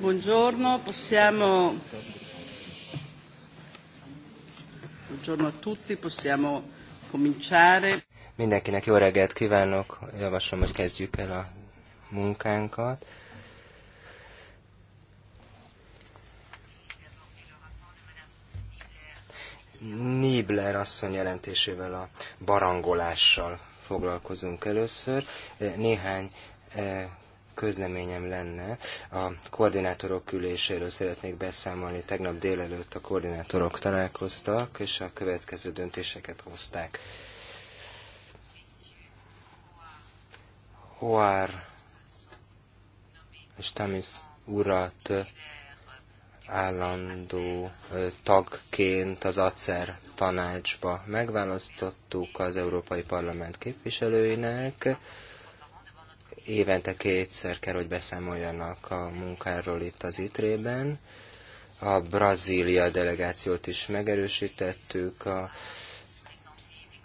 Buongiorno, possiamo... Buongiorno a tutti, possiamo cominciare. Mindenkinek jó reggelt kívánok, javaslom, hogy kezdjük el a munkánkat. Nibler asszony jelentésével a barangolással foglalkozunk először. Néhány eh, közleményem lenne. A koordinátorok üléséről szeretnék beszámolni. Tegnap délelőtt a koordinátorok találkoztak, és a következő döntéseket hozták. Hoár és Tamis urat állandó tagként az ACER tanácsba megválasztottuk az Európai Parlament képviselőinek évente kétszer kell, hogy beszámoljanak a munkáról itt az ITRE-ben. A Brazília delegációt is megerősítettük, a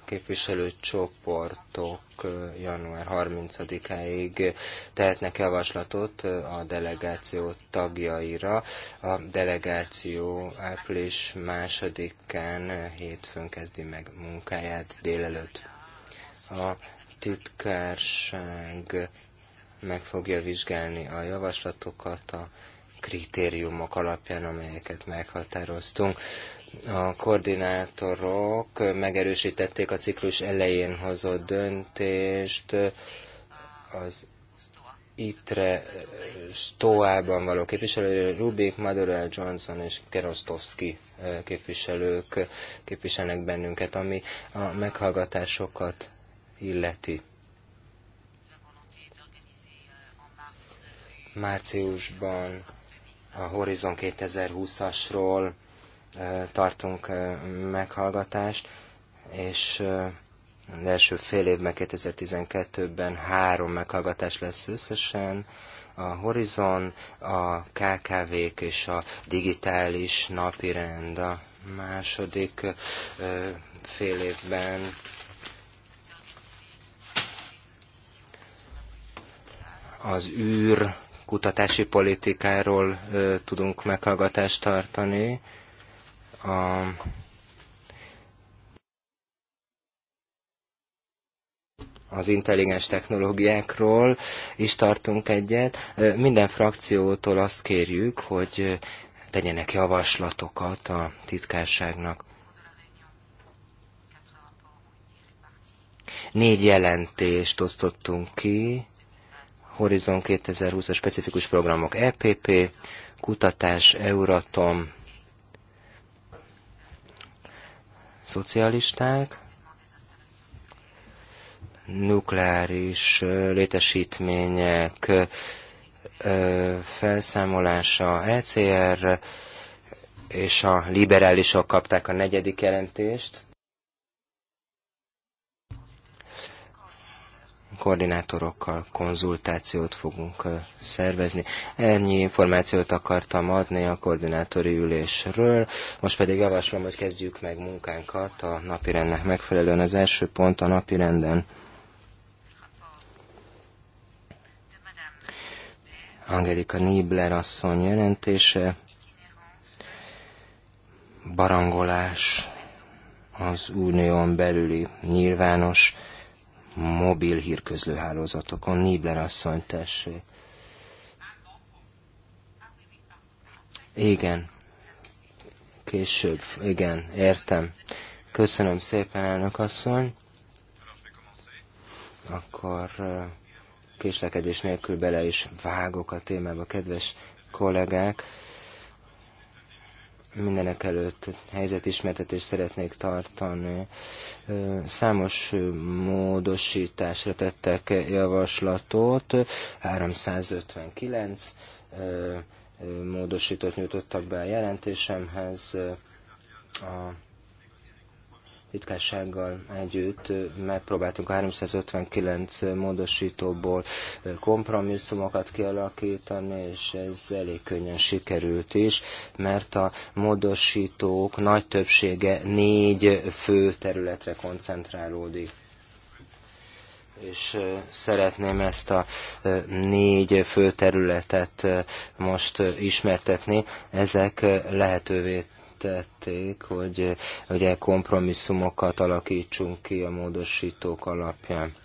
képviselőcsoportok január 30-áig tehetnek javaslatot a delegáció tagjaira. A delegáció április másodikán hétfőn kezdi meg munkáját délelőtt. A titkárság meg fogja vizsgálni a javaslatokat a kritériumok alapján, amelyeket meghatároztunk. A koordinátorok megerősítették a ciklus elején hozott döntést az ITRE Stoában való képviselő, Rubik, Madurell, Johnson és Kerostovski képviselők képviselnek bennünket, ami a meghallgatásokat illeti. Márciusban a Horizon 2020-asról tartunk meghallgatást, és az első fél évben, 2012-ben három meghallgatás lesz összesen, a Horizon, a KKV-k és a digitális napirend a második fél évben. Az űr kutatási politikáról tudunk meghallgatást tartani. A az intelligens technológiákról is tartunk egyet. Minden frakciótól azt kérjük, hogy tegyenek javaslatokat a titkárságnak. Négy jelentést osztottunk ki, Horizon 2020 specifikus programok EPP, kutatás, Euratom, szocialisták, nukleáris létesítmények felszámolása, ECR, és a liberálisok kapták a negyedik jelentést. koordinátorokkal konzultációt fogunk szervezni. Ennyi információt akartam adni a koordinátori ülésről, most pedig javaslom, hogy kezdjük meg munkánkat a napirendnek megfelelően. Az első pont a napirenden. Angelika Niebler asszony jelentése, barangolás az unión belüli nyilvános mobil hírközlőhálózatokon. Nibler asszony, tessék. Igen. Később. Igen, értem. Köszönöm szépen, elnök asszony. Akkor késlekedés nélkül bele is vágok a témába, kedves kollégák mindenek előtt helyzetismertetést szeretnék tartani. Számos módosításra tettek javaslatot, 359 módosítót nyújtottak be a jelentésemhez. A titkársággal együtt megpróbáltunk a 359 módosítóból kompromisszumokat kialakítani, és ez elég könnyen sikerült is, mert a módosítók nagy többsége négy fő területre koncentrálódik és szeretném ezt a négy fő területet most ismertetni. Ezek lehetővé tették, hogy ugye kompromisszumokat alakítsunk ki a módosítók alapján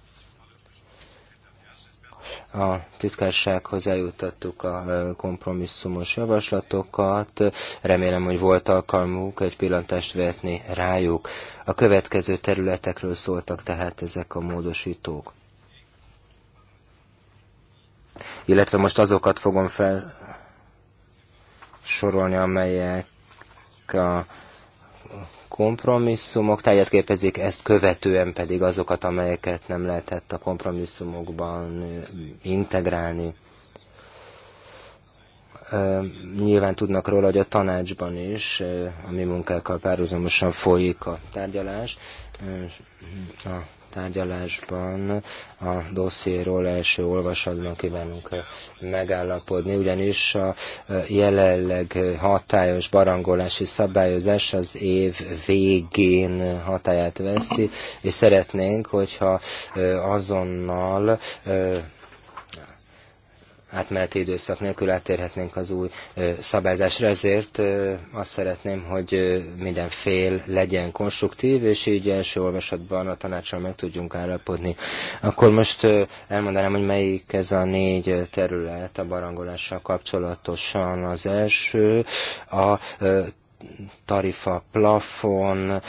a titkársághoz eljutottuk a e, kompromisszumos javaslatokat. Remélem, hogy volt alkalmuk egy pillantást vetni rájuk. A következő területekről szóltak tehát ezek a módosítók. Illetve most azokat fogom fel sorolni, amelyek ezek a kompromisszumok tárgyat képezik, ezt követően pedig azokat, amelyeket nem lehetett a kompromisszumokban integrálni. Nyilván tudnak róla, hogy a tanácsban is a mi munkákkal párhuzamosan folyik a tárgyalás, a tárgyalásban a dossziéról első olvasatban kívánunk megállapodni, ugyanis a jelenleg hatályos barangolási szabályozás az év végén hatáját veszti, és szeretnénk, hogyha azonnal átmeneti időszak nélkül áttérhetnénk az új szabályzásra. Ezért azt szeretném, hogy minden fél legyen konstruktív, és így első olvasatban a tanácsal meg tudjunk állapodni. Akkor most elmondanám, hogy melyik ez a négy terület a barangolással kapcsolatosan. Az első a tarifa, plafon,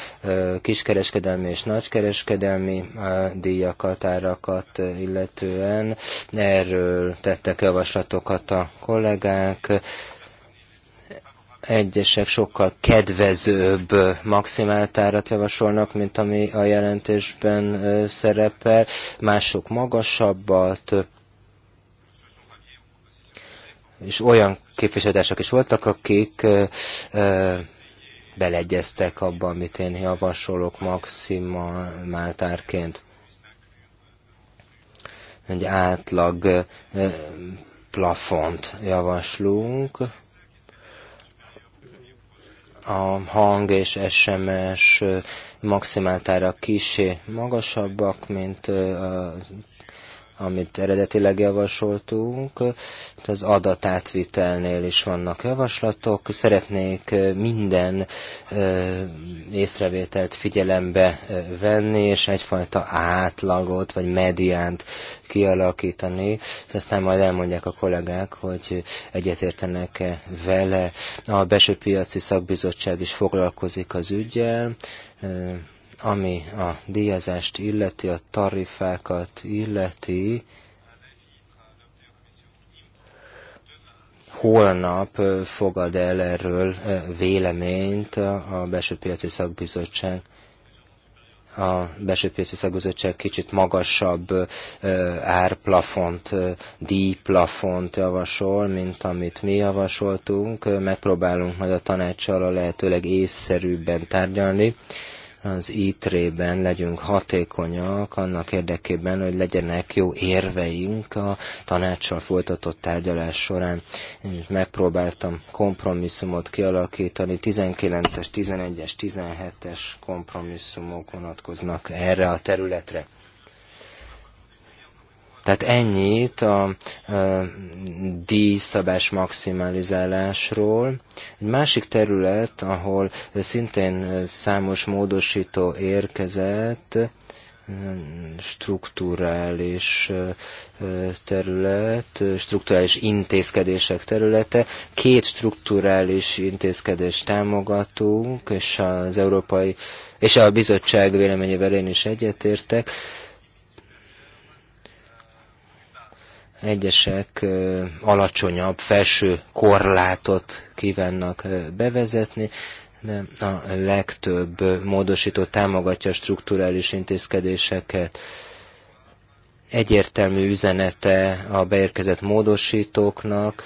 kiskereskedelmi és nagykereskedelmi díjakat, árakat illetően. Erről tettek javaslatokat a kollégák. Egyesek sokkal kedvezőbb maximált árat javasolnak, mint ami a jelentésben szerepel, mások magasabbat, és olyan képviselőtársak is voltak, akik beleegyeztek abba, amit én javasolok maximáltárként. Egy átlag plafont javaslunk. A hang és SMS maximáltára kisé magasabbak, mint a amit eredetileg javasoltunk. Az adatátvitelnél is vannak javaslatok. Szeretnék minden észrevételt figyelembe venni, és egyfajta átlagot vagy mediánt kialakítani. Aztán majd elmondják a kollégák, hogy egyetértenek-e vele. A Beső Piaci Szakbizottság is foglalkozik az ügyel ami a díjazást illeti, a tarifákat illeti, holnap fogad el erről véleményt a Belső Piaci Szakbizottság a Piaci szakbizottság kicsit magasabb árplafont, díjplafont javasol, mint amit mi javasoltunk. Megpróbálunk majd a tanácssal a lehetőleg észszerűbben tárgyalni az ítrében legyünk hatékonyak annak érdekében, hogy legyenek jó érveink a tanácssal folytatott tárgyalás során. Én megpróbáltam kompromisszumot kialakítani, 19-es, 11-es, 17-es kompromisszumok vonatkoznak erre a területre. Tehát ennyit a, a díjszabás maximalizálásról. Egy másik terület, ahol szintén számos módosító érkezett, strukturális terület, strukturális intézkedések területe. Két strukturális intézkedést támogatunk, és az Európai és a bizottság véleményével én is egyetértek. Egyesek alacsonyabb, felső korlátot kívánnak bevezetni, de a legtöbb módosító támogatja strukturális intézkedéseket. Egyértelmű üzenete a beérkezett módosítóknak,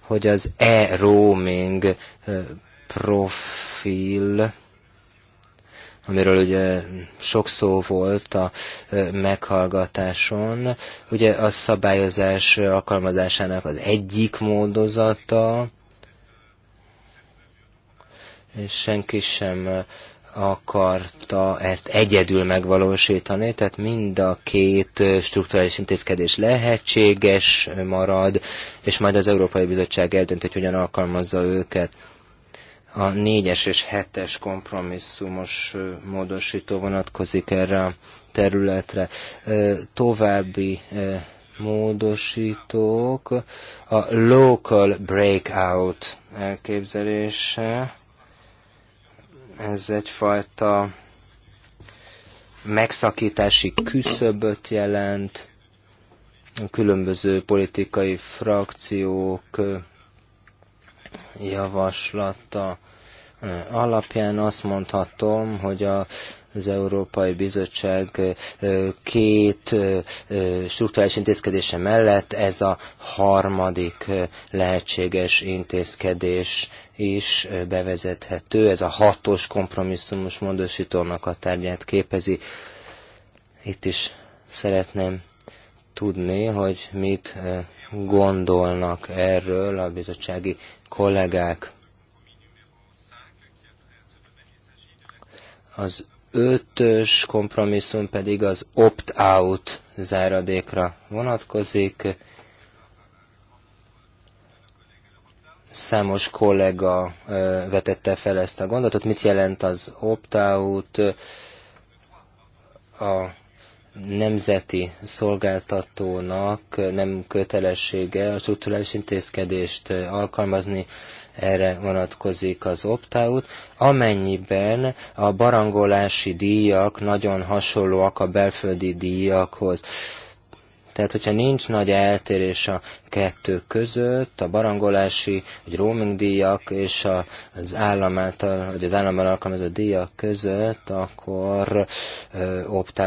hogy az e-roaming profil amiről ugye sok szó volt a meghallgatáson. Ugye a szabályozás alkalmazásának az egyik módozata, és senki sem akarta ezt egyedül megvalósítani, tehát mind a két strukturális intézkedés lehetséges marad, és majd az Európai Bizottság eldönt, hogy hogyan alkalmazza őket. A négyes és hetes kompromisszumos módosító vonatkozik erre a területre. További módosítók, a local breakout elképzelése, ez egyfajta megszakítási küszöböt jelent, különböző politikai frakciók javaslata eh, alapján azt mondhatom, hogy a az Európai Bizottság eh, két eh, struktúrális intézkedése mellett ez a harmadik lehetséges intézkedés is bevezethető. Ez a hatos kompromisszumos módosítónak a tárgyát képezi. Itt is szeretném tudni, hogy mit gondolnak erről a bizottsági kollégák. Az ötös kompromisszum pedig az opt-out záradékra vonatkozik. Számos kollega vetette fel ezt a gondot. Mit jelent az opt-out? A nemzeti szolgáltatónak nem kötelessége a struktúrális intézkedést alkalmazni, erre vonatkozik az opt-out, amennyiben a barangolási díjak nagyon hasonlóak a belföldi díjakhoz. Tehát, hogyha nincs nagy eltérés a kettő között, a barangolási, vagy roaming díjak és az állam által, vagy az államban alkalmazott díjak között, akkor opt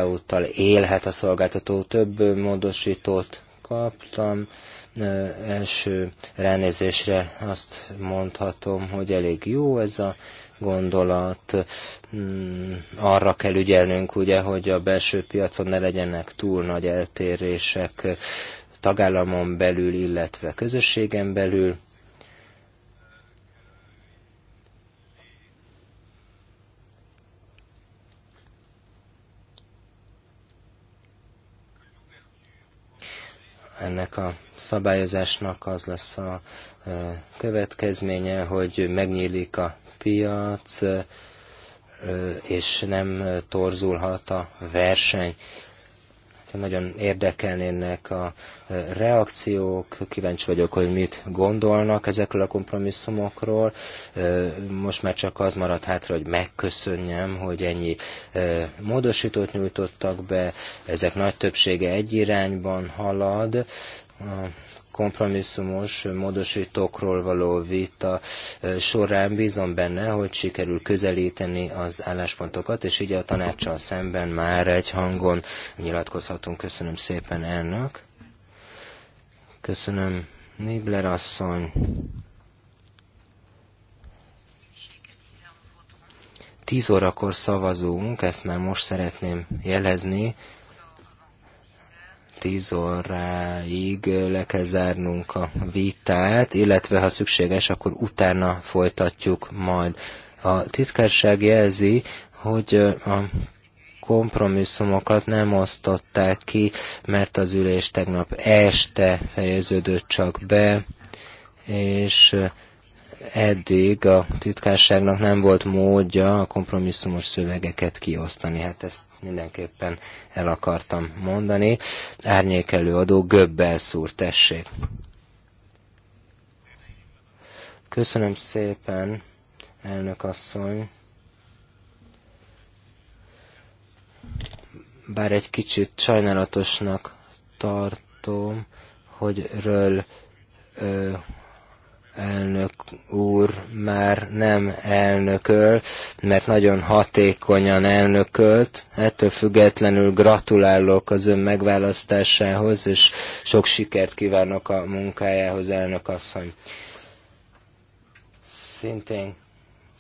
élhet a szolgáltató. Több módosítót kaptam első ránézésre azt mondhatom, hogy elég jó ez a gondolat, mm, arra kell ügyelnünk, ugye, hogy a belső piacon ne legyenek túl nagy eltérések tagállamon belül, illetve közösségen belül. ennek a szabályozásnak az lesz a következménye, hogy megnyílik a piac, és nem torzulhat a verseny. Nagyon érdekelnének a reakciók, kíváncsi vagyok, hogy mit gondolnak ezekről a kompromisszumokról. Most már csak az maradt hátra, hogy megköszönjem, hogy ennyi módosítót nyújtottak be, ezek nagy többsége egy irányban halad kompromisszumos módosítókról való vita során bízom benne, hogy sikerül közelíteni az álláspontokat, és így a tanácssal szemben már egy hangon nyilatkozhatunk. Köszönöm szépen, elnök. Köszönöm, Nibler asszony. Tíz órakor szavazunk, ezt már most szeretném jelezni. 10 óráig le kell zárnunk a vitát, illetve ha szükséges, akkor utána folytatjuk majd. A titkárság jelzi, hogy a kompromisszumokat nem osztották ki, mert az ülés tegnap este fejeződött csak be, és eddig a titkárságnak nem volt módja a kompromisszumos szövegeket kiosztani. Hát ezt mindenképpen el akartam mondani. Árnyékelő adó göbbel szúr, tessék. Köszönöm szépen, elnök asszony. Bár egy kicsit sajnálatosnak tartom, hogy ről ö, elnök úr már nem elnököl, mert nagyon hatékonyan elnökölt. Ettől függetlenül gratulálok az ön megválasztásához, és sok sikert kívánok a munkájához, elnök asszony. Szintén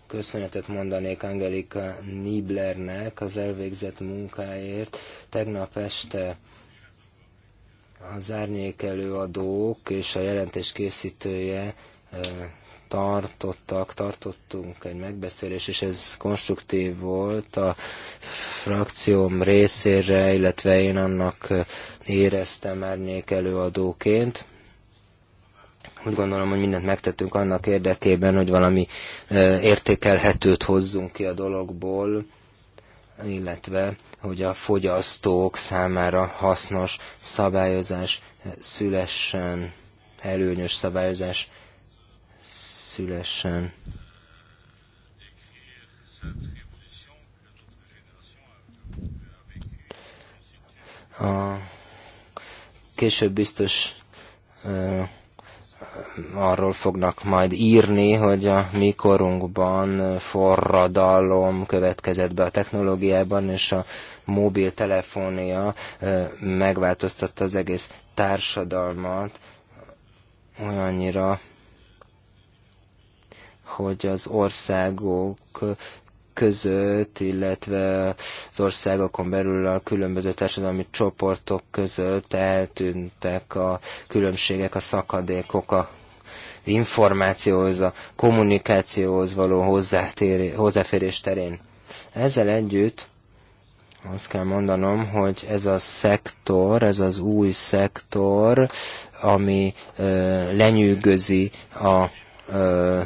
köszönetet mondanék Angelika Niblernek az elvégzett munkáért. Tegnap este az adók és a jelentés készítője tartottak, tartottunk egy megbeszélés, és ez konstruktív volt a frakcióm részére, illetve én annak éreztem árnyék előadóként. Úgy gondolom, hogy mindent megtettünk annak érdekében, hogy valami értékelhetőt hozzunk ki a dologból, illetve hogy a fogyasztók számára hasznos szabályozás szülessen, előnyös szabályozás szülessen. A később biztos arról fognak majd írni, hogy a mi korunkban forradalom következett be a technológiában, és a mobiltelefonia megváltoztatta az egész társadalmat olyannyira, hogy az országok között, illetve az országokon belül a különböző társadalmi csoportok között eltűntek a különbségek, a szakadékok, a információhoz, a kommunikációhoz való hozzáférés terén. Ezzel együtt azt kell mondanom, hogy ez a szektor, ez az új szektor, ami ö, lenyűgözi a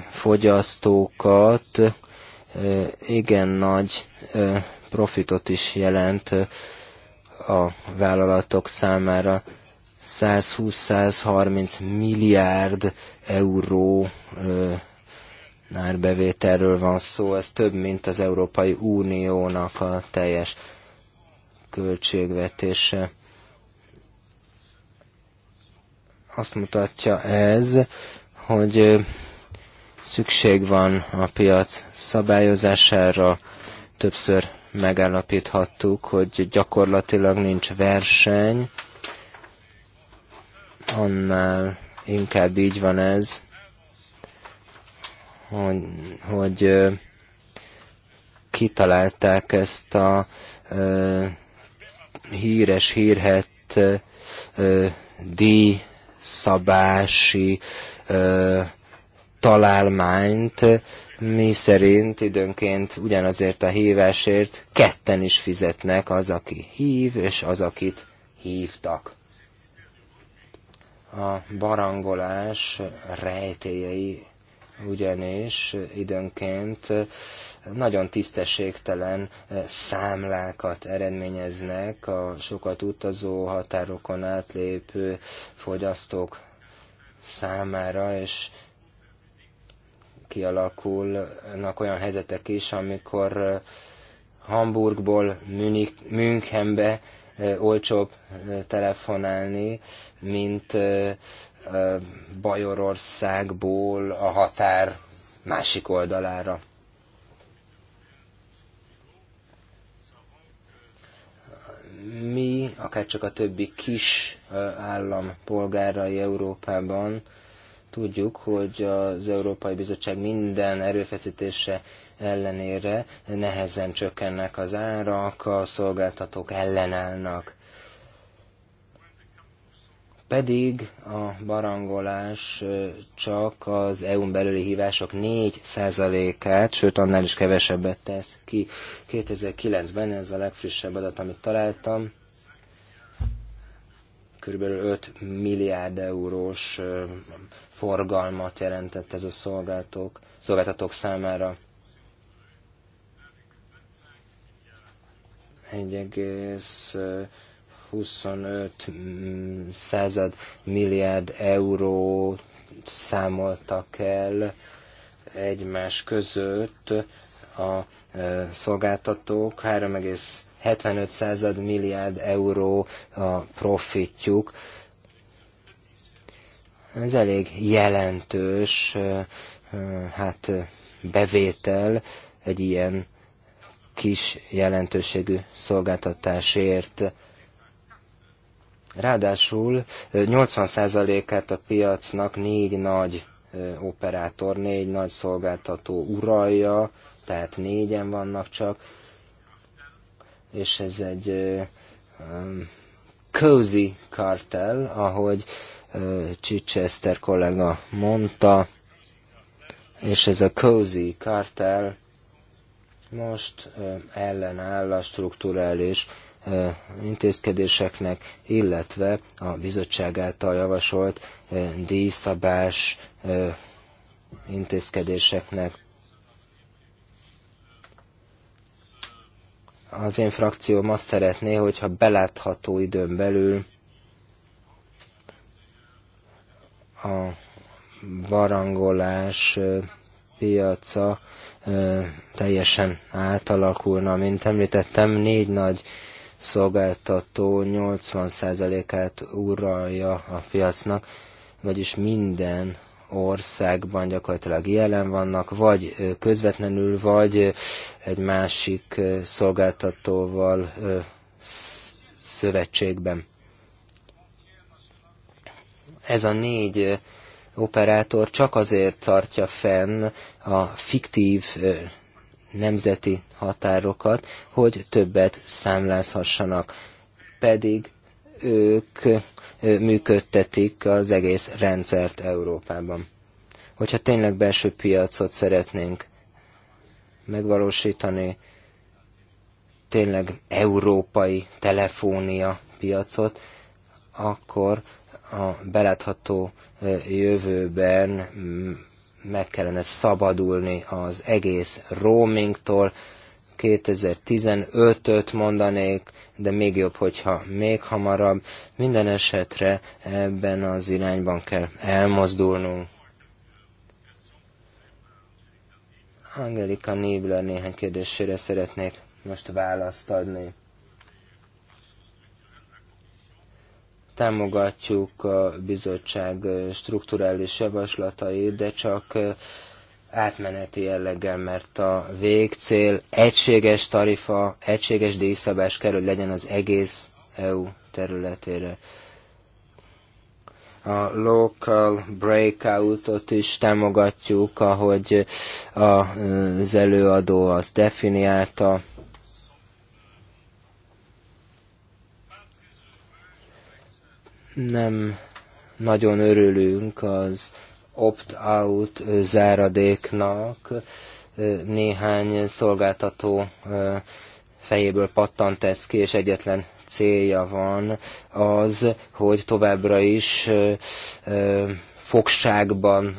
fogyasztókat igen nagy profitot is jelent a vállalatok számára. 120-130 milliárd euró árbevételről van szó, ez több, mint az Európai Uniónak a teljes költségvetése. Azt mutatja ez, hogy Szükség van a piac szabályozására. Többször megállapíthattuk, hogy gyakorlatilag nincs verseny. Annál inkább így van ez, hogy, hogy kitalálták ezt a ö, híres, hírhet ö, szabási ö, találmányt, mi szerint időnként ugyanazért a hívásért ketten is fizetnek az, aki hív, és az, akit hívtak. A barangolás rejtélyei ugyanis időnként nagyon tisztességtelen számlákat eredményeznek a sokat utazó határokon átlépő fogyasztók számára, és kialakulnak olyan helyzetek is, amikor Hamburgból Münich, Münchenbe olcsóbb telefonálni, mint Bajorországból a határ másik oldalára. Mi, akár csak a többi kis állam polgárai Európában Tudjuk, hogy az Európai Bizottság minden erőfeszítése ellenére nehezen csökkennek az árak, a szolgáltatók ellenállnak. Pedig a barangolás csak az EU-n belüli hívások 4%-át, sőt annál is kevesebbet tesz ki. 2009-ben ez a legfrissebb adat, amit találtam kb. 5 milliárd eurós forgalmat jelentett ez a szolgáltók, szolgáltatók számára. 1,25 század milliárd euró számoltak el egymás között a szolgáltatók, 3,75 század milliárd euró a profitjuk ez elég jelentős hát bevétel egy ilyen kis jelentőségű szolgáltatásért. Ráadásul 80%-át a piacnak négy nagy operátor, négy nagy szolgáltató uralja, tehát négyen vannak csak, és ez egy cozy kartel, ahogy Chichester kollega mondta, és ez a Cozy kartel most ellenáll a strukturális intézkedéseknek, illetve a bizottság által javasolt díjszabás intézkedéseknek. Az én frakcióm azt szeretné, hogyha belátható időn belül a barangolás piaca teljesen átalakulna. Mint említettem, négy nagy szolgáltató 80%-át uralja a piacnak, vagyis minden országban gyakorlatilag jelen vannak, vagy közvetlenül, vagy egy másik szolgáltatóval szövetségben ez a négy operátor csak azért tartja fenn a fiktív nemzeti határokat, hogy többet számlázhassanak. Pedig ők működtetik az egész rendszert Európában. Hogyha tényleg belső piacot szeretnénk megvalósítani, tényleg európai telefónia piacot, akkor a belátható jövőben meg kellene szabadulni az egész roamingtól. 2015-öt mondanék, de még jobb, hogyha még hamarabb. Minden esetre ebben az irányban kell elmozdulnunk. Angelika Nibler néhány kérdésére szeretnék most választ adni. Támogatjuk a bizottság strukturális javaslatait, de csak átmeneti jelleggel, mert a végcél egységes tarifa, egységes díjszabás kell, hogy legyen az egész EU területére. A local breakoutot is támogatjuk, ahogy az előadó azt definiálta. nem nagyon örülünk az opt-out záradéknak. Néhány szolgáltató fejéből pattant ez ki, és egyetlen célja van az, hogy továbbra is fogságban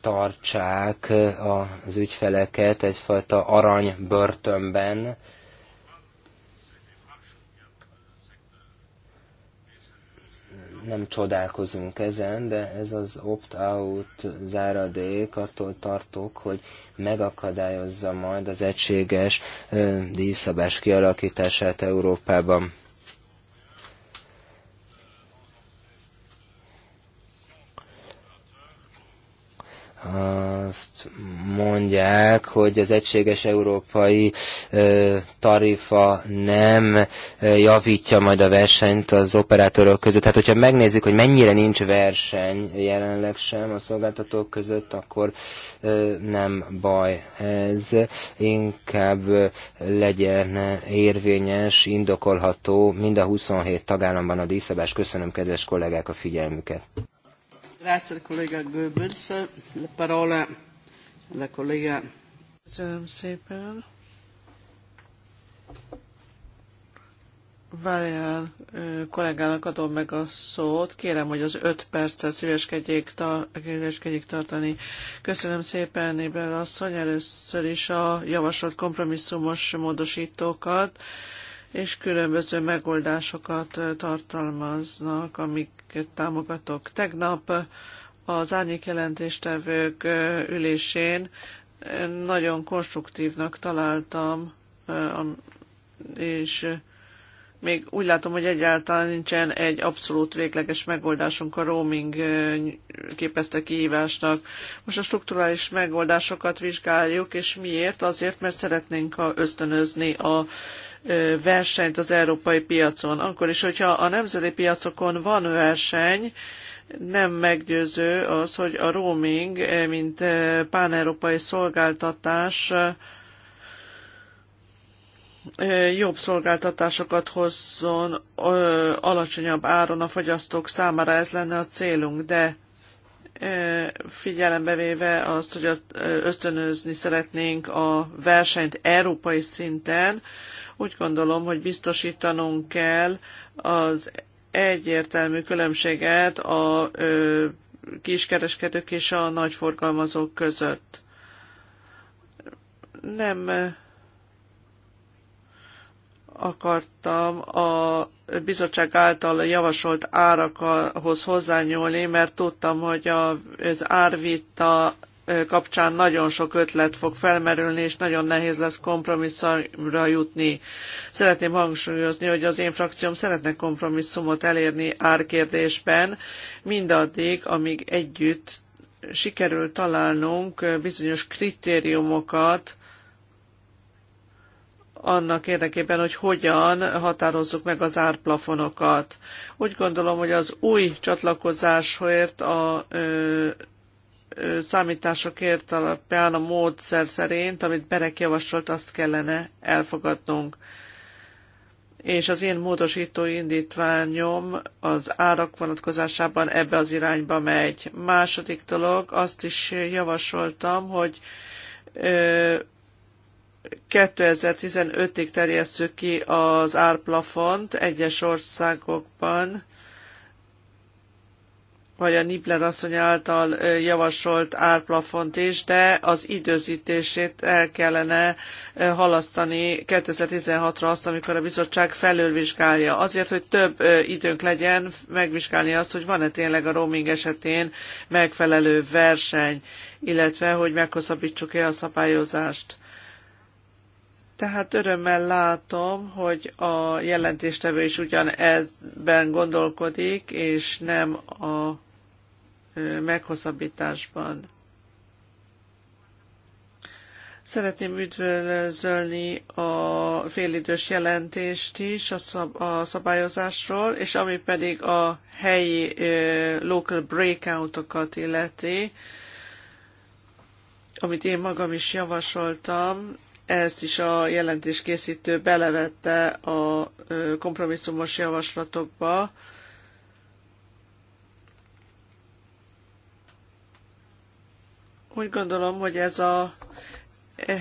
tartsák az ügyfeleket egyfajta aranybörtönben, nem csodálkozunk ezen, de ez az opt-out záradék attól tartok, hogy megakadályozza majd az egységes díjszabás kialakítását Európában. azt mondják, hogy az egységes európai tarifa nem javítja majd a versenyt az operátorok között. Tehát, hogyha megnézzük, hogy mennyire nincs verseny jelenleg sem a szolgáltatók között, akkor nem baj ez. Inkább legyen érvényes, indokolható mind a 27 tagállamban a díszabás. Köszönöm, kedves kollégák, a figyelmüket. Grazie, Goebbels. La parola Köszönöm szépen. Várjál, kollégának adom meg a szót. Kérem, hogy az öt percet szíveskedjék, szíveskedjék tartani. Köszönöm szépen, Éber asszony, először is a javasolt kompromisszumos módosítókat és különböző megoldásokat tartalmaznak, amiket támogatok. Tegnap az árnyék jelentéstevők ülésén nagyon konstruktívnak találtam, és még úgy látom, hogy egyáltalán nincsen egy abszolút végleges megoldásunk a roaming képezte kihívásnak. Most a strukturális megoldásokat vizsgáljuk, és miért? Azért, mert szeretnénk ösztönözni a versenyt az európai piacon. Akkor is, hogyha a nemzeti piacokon van verseny, nem meggyőző az, hogy a roaming, mint páneurópai szolgáltatás jobb szolgáltatásokat hozzon alacsonyabb áron a fogyasztók számára, ez lenne a célunk, de figyelembe véve azt, hogy ösztönözni szeretnénk a versenyt európai szinten, úgy gondolom, hogy biztosítanunk kell az egyértelmű különbséget a ö, kiskereskedők és a nagyforgalmazók között. Nem akartam a bizottság által javasolt árakhoz hozzányúlni, mert tudtam, hogy az árvita kapcsán nagyon sok ötlet fog felmerülni, és nagyon nehéz lesz kompromisszumra jutni. Szeretném hangsúlyozni, hogy az én frakcióm szeretne kompromisszumot elérni árkérdésben, mindaddig, amíg együtt sikerül találnunk bizonyos kritériumokat, annak érdekében, hogy hogyan határozzuk meg az árplafonokat. Úgy gondolom, hogy az új csatlakozásért a számításokért értelmében a módszer szerint, amit Berek javasolt, azt kellene elfogadnunk. És az én módosító indítványom az árak vonatkozásában ebbe az irányba megy. Második dolog, azt is javasoltam, hogy 2015-ig terjesszük ki az árplafont egyes országokban, vagy a Nibler asszony által javasolt árplafont is, de az időzítését el kellene halasztani 2016-ra azt, amikor a bizottság felülvizsgálja. Azért, hogy több időnk legyen megvizsgálni azt, hogy van-e tényleg a roaming esetén megfelelő verseny, illetve hogy meghosszabbítsuk-e a szabályozást. Tehát örömmel látom, hogy a jelentéstevő is ugyan ebben gondolkodik, és nem a meghosszabbításban. Szeretném üdvözölni a félidős jelentést is a, szab- a szabályozásról, és ami pedig a helyi local breakoutokat illeti, amit én magam is javasoltam, ezt is a jelentéskészítő belevette a kompromisszumos javaslatokba, Úgy gondolom, hogy ez a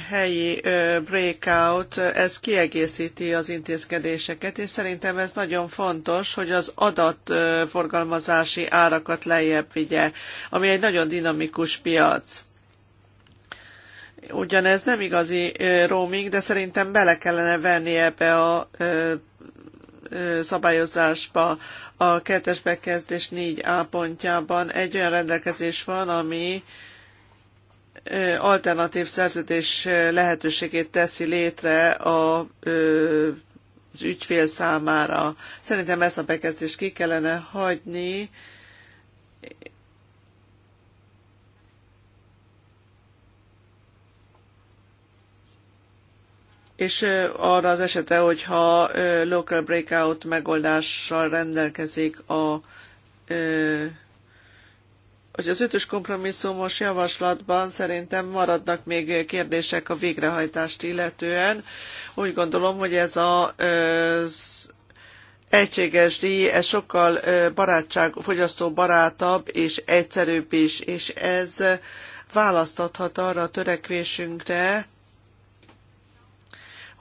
helyi breakout, ez kiegészíti az intézkedéseket, és szerintem ez nagyon fontos, hogy az adatforgalmazási árakat lejjebb vigye, ami egy nagyon dinamikus piac. Ugyanez nem igazi roaming, de szerintem bele kellene venni ebbe a szabályozásba a kettes bekezdés 4A pontjában egy olyan rendelkezés van, ami alternatív szerződés lehetőségét teszi létre a, az ügyfél számára. Szerintem ezt a bekezdést ki kellene hagyni, és arra az esetre, hogyha local breakout megoldással rendelkezik a hogy az ötös kompromisszumos javaslatban szerintem maradnak még kérdések a végrehajtást illetően. Úgy gondolom, hogy ez a az egységes díj, ez sokkal barátság, fogyasztó barátabb és egyszerűbb is, és ez választathat arra a törekvésünkre,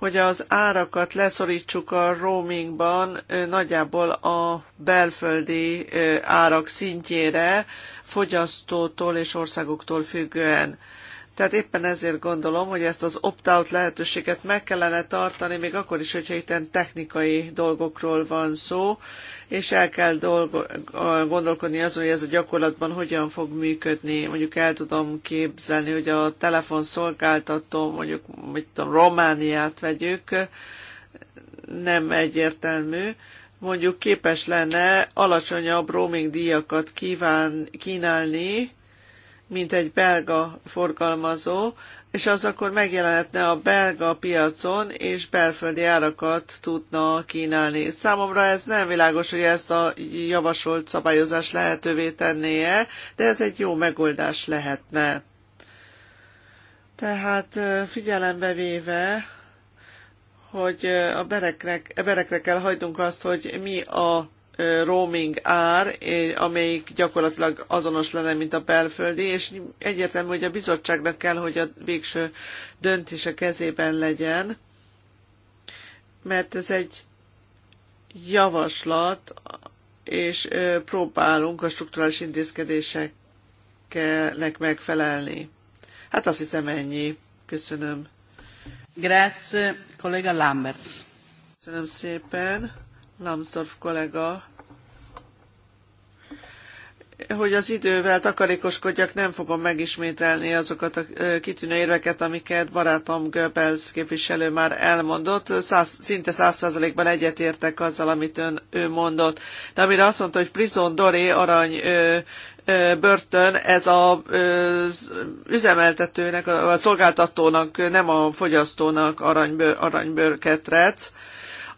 hogy az árakat leszorítsuk a roamingban nagyjából a belföldi árak szintjére, fogyasztótól és országoktól függően. Tehát éppen ezért gondolom, hogy ezt az opt-out lehetőséget meg kellene tartani, még akkor is, hogyha itt technikai dolgokról van szó, és el kell dolgo- gondolkodni azon, hogy ez a gyakorlatban hogyan fog működni. Mondjuk el tudom képzelni, hogy a telefonszolgáltató, mondjuk mit tudom, Romániát vegyük, nem egyértelmű, mondjuk képes lenne alacsonyabb roaming díjakat kíván, kínálni, mint egy belga forgalmazó, és az akkor megjelenhetne a belga piacon, és belföldi árakat tudna kínálni. Számomra ez nem világos, hogy ezt a javasolt szabályozás lehetővé tennie, de ez egy jó megoldás lehetne. Tehát figyelembe véve, hogy a bereknek, berekre kell hagynunk azt, hogy mi a roaming ár, amelyik gyakorlatilag azonos lenne, mint a belföldi, és egyértelmű, hogy a bizottságnak kell, hogy a végső döntés a kezében legyen, mert ez egy javaslat, és próbálunk a strukturális intézkedéseknek megfelelni. Hát azt hiszem ennyi. Köszönöm. Grazie, kollega Lamberts. Köszönöm szépen, Lambsdorff kollega hogy az idővel takarékoskodjak, nem fogom megismételni azokat a kitűnő érveket, amiket barátom Goebbels képviselő már elmondott. Száz, szinte száz százalékban egyetértek azzal, amit ön, ő mondott. De amire azt mondta, hogy Prison Doré arany ö, ö, börtön, ez a, az üzemeltetőnek, a szolgáltatónak, nem a fogyasztónak aranybör aranybőrketrec.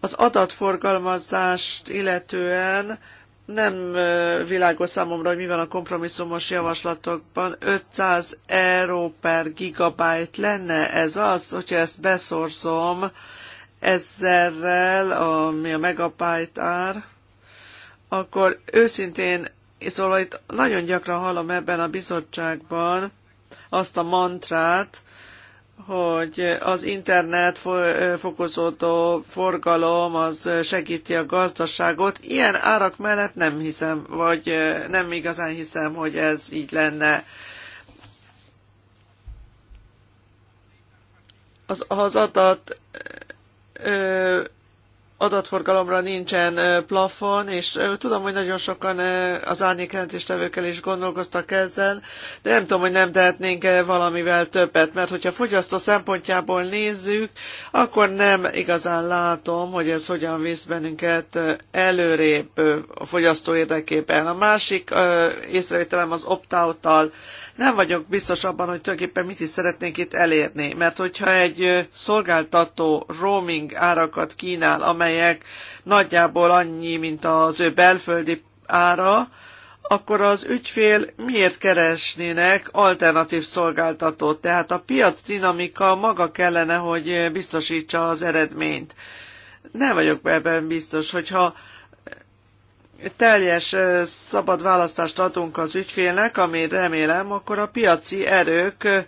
Az adatforgalmazást illetően nem világos számomra, hogy mi van a kompromisszumos javaslatokban. 500 euró per gigabyte lenne ez az, hogyha ezt beszorzom ezerrel, ami a megabyte ár, akkor őszintén, szóval itt nagyon gyakran hallom ebben a bizottságban azt a mantrát, hogy az internet fokozódó forgalom az segíti a gazdaságot. Ilyen árak mellett nem hiszem, vagy nem igazán hiszem, hogy ez így lenne. Az, az adat ö, adatforgalomra nincsen plafon, és tudom, hogy nagyon sokan az árnyékjelentéstevőkkel is gondolkoztak ezzel, de nem tudom, hogy nem tehetnénk -e valamivel többet, mert hogyha fogyasztó szempontjából nézzük, akkor nem igazán látom, hogy ez hogyan visz bennünket előrébb a fogyasztó érdekében. A másik észrevételem az opt-out-tal nem vagyok biztos abban, hogy tulajdonképpen mit is szeretnénk itt elérni, mert hogyha egy szolgáltató roaming árakat kínál, amelyek nagyjából annyi, mint az ő belföldi ára, akkor az ügyfél miért keresnének alternatív szolgáltatót? Tehát a piac dinamika maga kellene, hogy biztosítsa az eredményt. Nem vagyok ebben biztos, hogyha teljes szabad választást adunk az ügyfélnek, ami remélem, akkor a piaci erők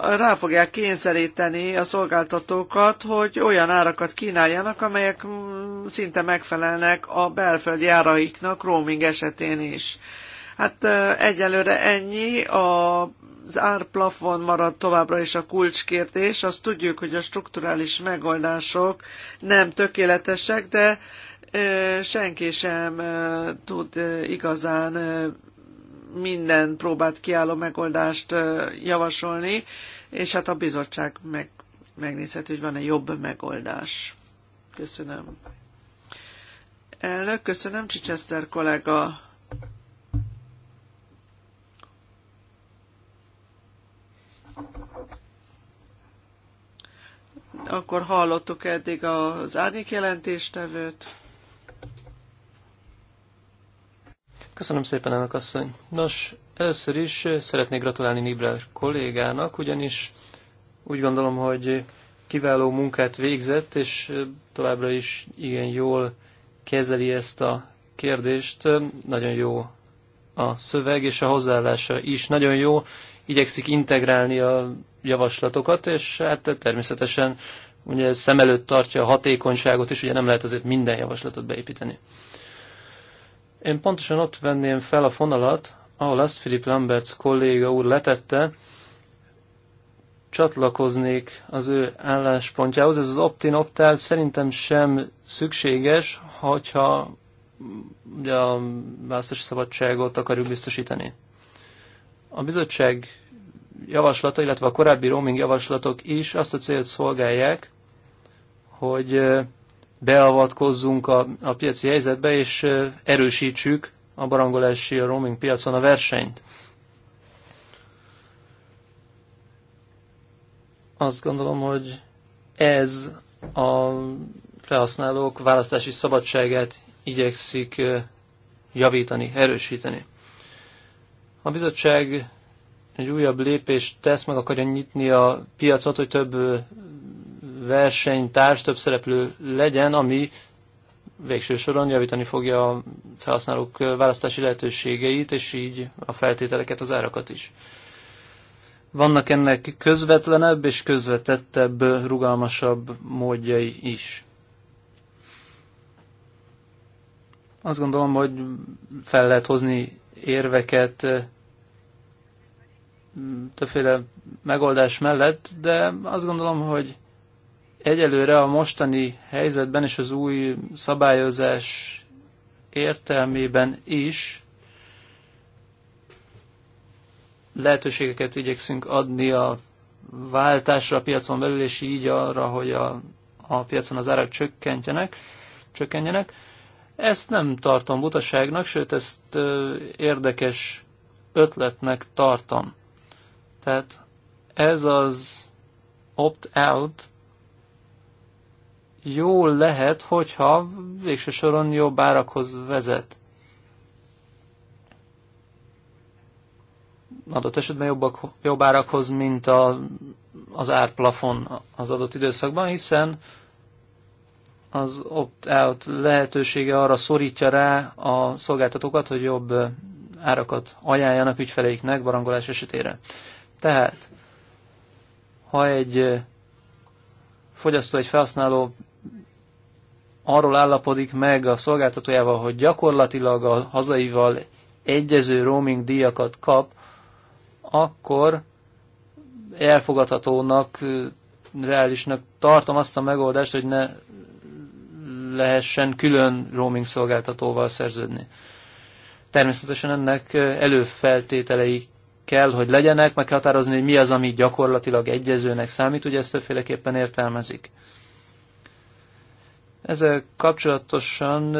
rá fogják kényszeríteni a szolgáltatókat, hogy olyan árakat kínáljanak, amelyek mm, szinte megfelelnek a belföldi áraiknak roaming esetén is. Hát egyelőre ennyi, az árplafon marad továbbra is a kulcskérdés. Azt tudjuk, hogy a strukturális megoldások nem tökéletesek, de senki sem tud igazán minden próbát kiálló megoldást javasolni, és hát a bizottság meg, megnézheti, hogy van-e jobb megoldás. Köszönöm. Elnök, köszönöm, Csicseszter kollega. Akkor hallottuk eddig az árnyék jelentéstevőt. Köszönöm szépen, elnök asszony. Nos, először is szeretnék gratulálni Nibler kollégának, ugyanis úgy gondolom, hogy kiváló munkát végzett, és továbbra is igen jól kezeli ezt a kérdést. Nagyon jó a szöveg, és a hozzáállása is nagyon jó. Igyekszik integrálni a javaslatokat, és hát természetesen ugye szem előtt tartja a hatékonyságot, és ugye nem lehet azért minden javaslatot beépíteni. Én pontosan ott venném fel a fonalat, ahol azt Philip Lamberts kolléga úr letette, csatlakoznék az ő álláspontjához. Ez az optin in opt szerintem sem szükséges, hogyha ugye a választási szabadságot akarjuk biztosítani. A bizottság javaslata, illetve a korábbi roaming javaslatok is azt a célt szolgálják, hogy beavatkozzunk a, a piaci helyzetbe, és erősítsük a barangolási, a roaming piacon a versenyt. Azt gondolom, hogy ez a felhasználók választási szabadságát igyekszik javítani, erősíteni. A bizottság egy újabb lépést tesz, meg akarja nyitni a piacot, hogy több versenytárs, több szereplő legyen, ami végső soron javítani fogja a felhasználók választási lehetőségeit, és így a feltételeket, az árakat is. Vannak ennek közvetlenebb és közvetettebb, rugalmasabb módjai is. Azt gondolom, hogy fel lehet hozni érveket eh, többféle megoldás mellett, de azt gondolom, hogy egyelőre a mostani helyzetben és az új szabályozás értelmében is lehetőségeket igyekszünk adni a váltásra a piacon belül, és így arra, hogy a, a piacon az árak csökkentjenek, csökkenjenek. Ezt nem tartom butaságnak, sőt, ezt ö, érdekes ötletnek tartom. Tehát ez az opt-out jól lehet, hogyha végső soron jobb árakhoz vezet. Adott esetben jobbak, jobb árakhoz, mint a, az árplafon az adott időszakban, hiszen az opt-out lehetősége arra szorítja rá a szolgáltatókat, hogy jobb árakat ajánljanak ügyfeleiknek barangolás esetére. Tehát, ha egy fogyasztó, egy felhasználó arról állapodik meg a szolgáltatójával, hogy gyakorlatilag a hazaival egyező roaming díjakat kap, akkor elfogadhatónak, reálisnak tartom azt a megoldást, hogy ne lehessen külön roaming szolgáltatóval szerződni. Természetesen ennek előfeltételei kell, hogy legyenek, meghatározni, hogy mi az, ami gyakorlatilag egyezőnek számít, ugye ezt többféleképpen értelmezik. Ezzel kapcsolatosan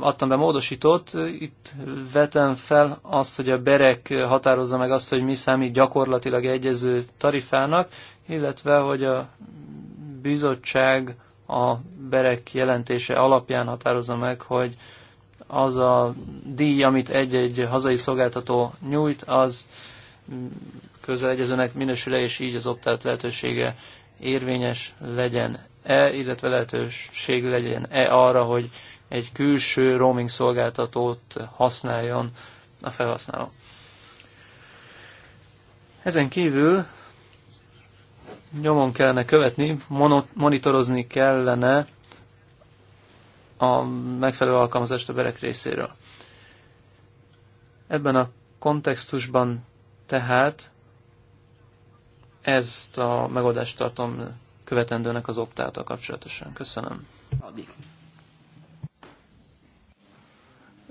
adtam be módosítót, itt vetem fel azt, hogy a berek határozza meg azt, hogy mi számít gyakorlatilag egyező tarifának, illetve hogy a bizottság a berek jelentése alapján határozza meg, hogy az a díj, amit egy-egy hazai szolgáltató nyújt, az közel egyezőnek minősül -e, és így az optált lehetősége érvényes legyen. -e, illetve lehetőség legyen-e arra, hogy egy külső roaming szolgáltatót használjon a felhasználó. Ezen kívül nyomon kellene követni, monitorozni kellene a megfelelő alkalmazást a berek részéről. Ebben a kontextusban tehát ezt a megoldást tartom követendőnek az optáltal kapcsolatosan. Köszönöm.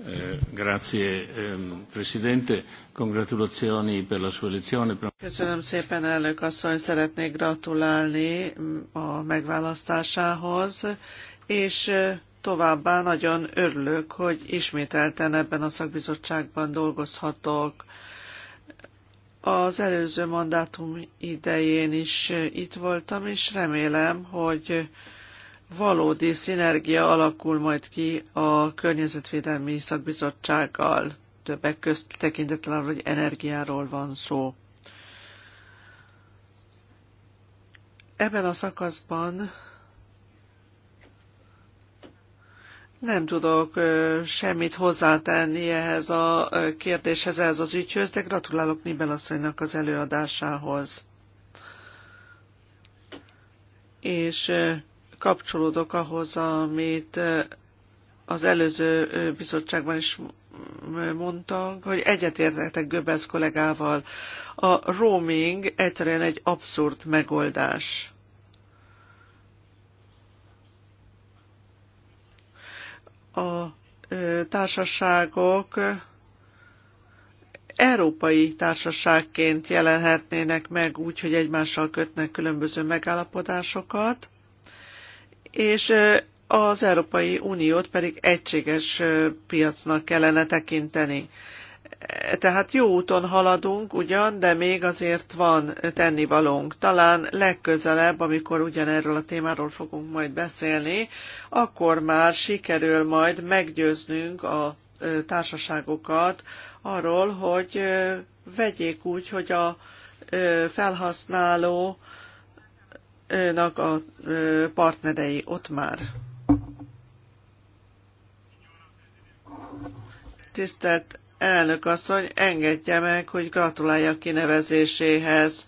Eh, ehm, elezione. Köszönöm szépen, elnök asszony, szeretnék gratulálni mm, a megválasztásához, és eh, továbbá nagyon örülök, hogy ismételten ebben a szakbizottságban dolgozhatok. Az előző mandátum idején is itt voltam, és remélem, hogy valódi szinergia alakul majd ki a Környezetvédelmi Szakbizottsággal, többek közt tekintetlenül, hogy energiáról van szó. Ebben a szakaszban Nem tudok semmit hozzátenni ehhez a kérdéshez, ehhez az ügyhöz, de gratulálok Nibel asszonynak az előadásához. És kapcsolódok ahhoz, amit az előző bizottságban is mondtak, hogy egyetértek Göbels kollégával. A roaming egyszerűen egy abszurd megoldás a társaságok európai társaságként jelenhetnének meg úgy, hogy egymással kötnek különböző megállapodásokat, és az Európai Uniót pedig egységes piacnak kellene tekinteni tehát jó úton haladunk ugyan, de még azért van tennivalónk. Talán legközelebb, amikor ugyanerről a témáról fogunk majd beszélni, akkor már sikerül majd meggyőznünk a társaságokat arról, hogy vegyék úgy, hogy a felhasználónak a partnerei ott már. Tisztelt Elnök asszony, engedje meg, hogy gratuláljak kinevezéséhez.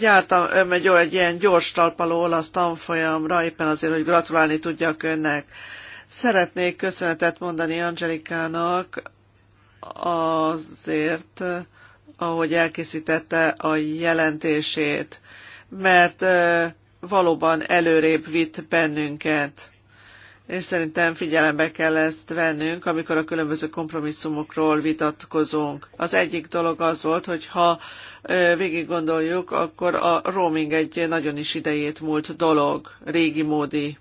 Jártam egy, egy ilyen gyors talpaló olasz tanfolyamra, éppen azért, hogy gratulálni tudjak önnek. Szeretnék köszönetet mondani Angelikának azért, ahogy elkészítette a jelentését, mert valóban előrébb vitt bennünket és szerintem figyelembe kell ezt vennünk, amikor a különböző kompromisszumokról vitatkozunk. Az egyik dolog az volt, hogy ha végig gondoljuk, akkor a roaming egy nagyon is idejét múlt dolog, régi módi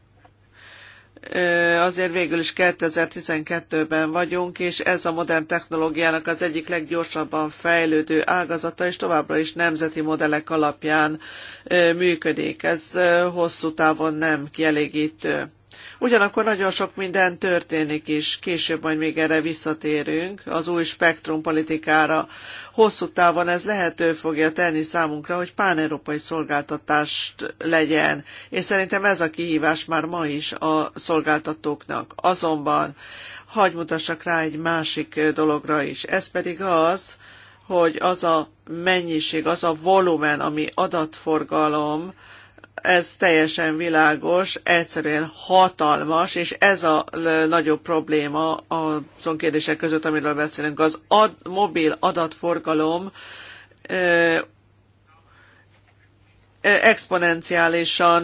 azért végül is 2012-ben vagyunk, és ez a modern technológiának az egyik leggyorsabban fejlődő ágazata, és továbbra is nemzeti modellek alapján működik. Ez hosszú távon nem kielégítő. Ugyanakkor nagyon sok minden történik is, később majd még erre visszatérünk, az új spektrum politikára. Hosszú távon ez lehető fogja tenni számunkra, hogy páneurópai szolgáltatást legyen, és szerintem ez a kihívás már ma is a szolgáltatóknak. Azonban hagy mutassak rá egy másik dologra is, ez pedig az, hogy az a mennyiség, az a volumen, ami adatforgalom, ez teljesen világos, egyszerűen hatalmas, és ez a nagyobb probléma azon kérdések között, amiről beszélünk. Az ad, mobil adatforgalom exponenciálisan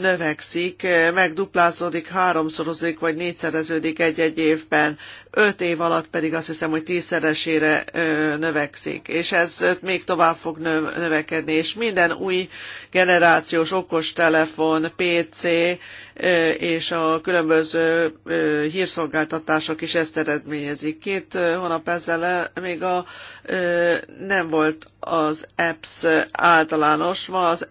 növekszik, megduplázódik, háromszorozódik vagy négyszereződik egy-egy évben. 5 év alatt pedig azt hiszem, hogy tízszeresére növekszik, és ez még tovább fog növekedni, és minden új generációs okostelefon, PC és a különböző hírszolgáltatások is ezt eredményezik. Két hónap ezzel még a, nem volt az apps általános, ma az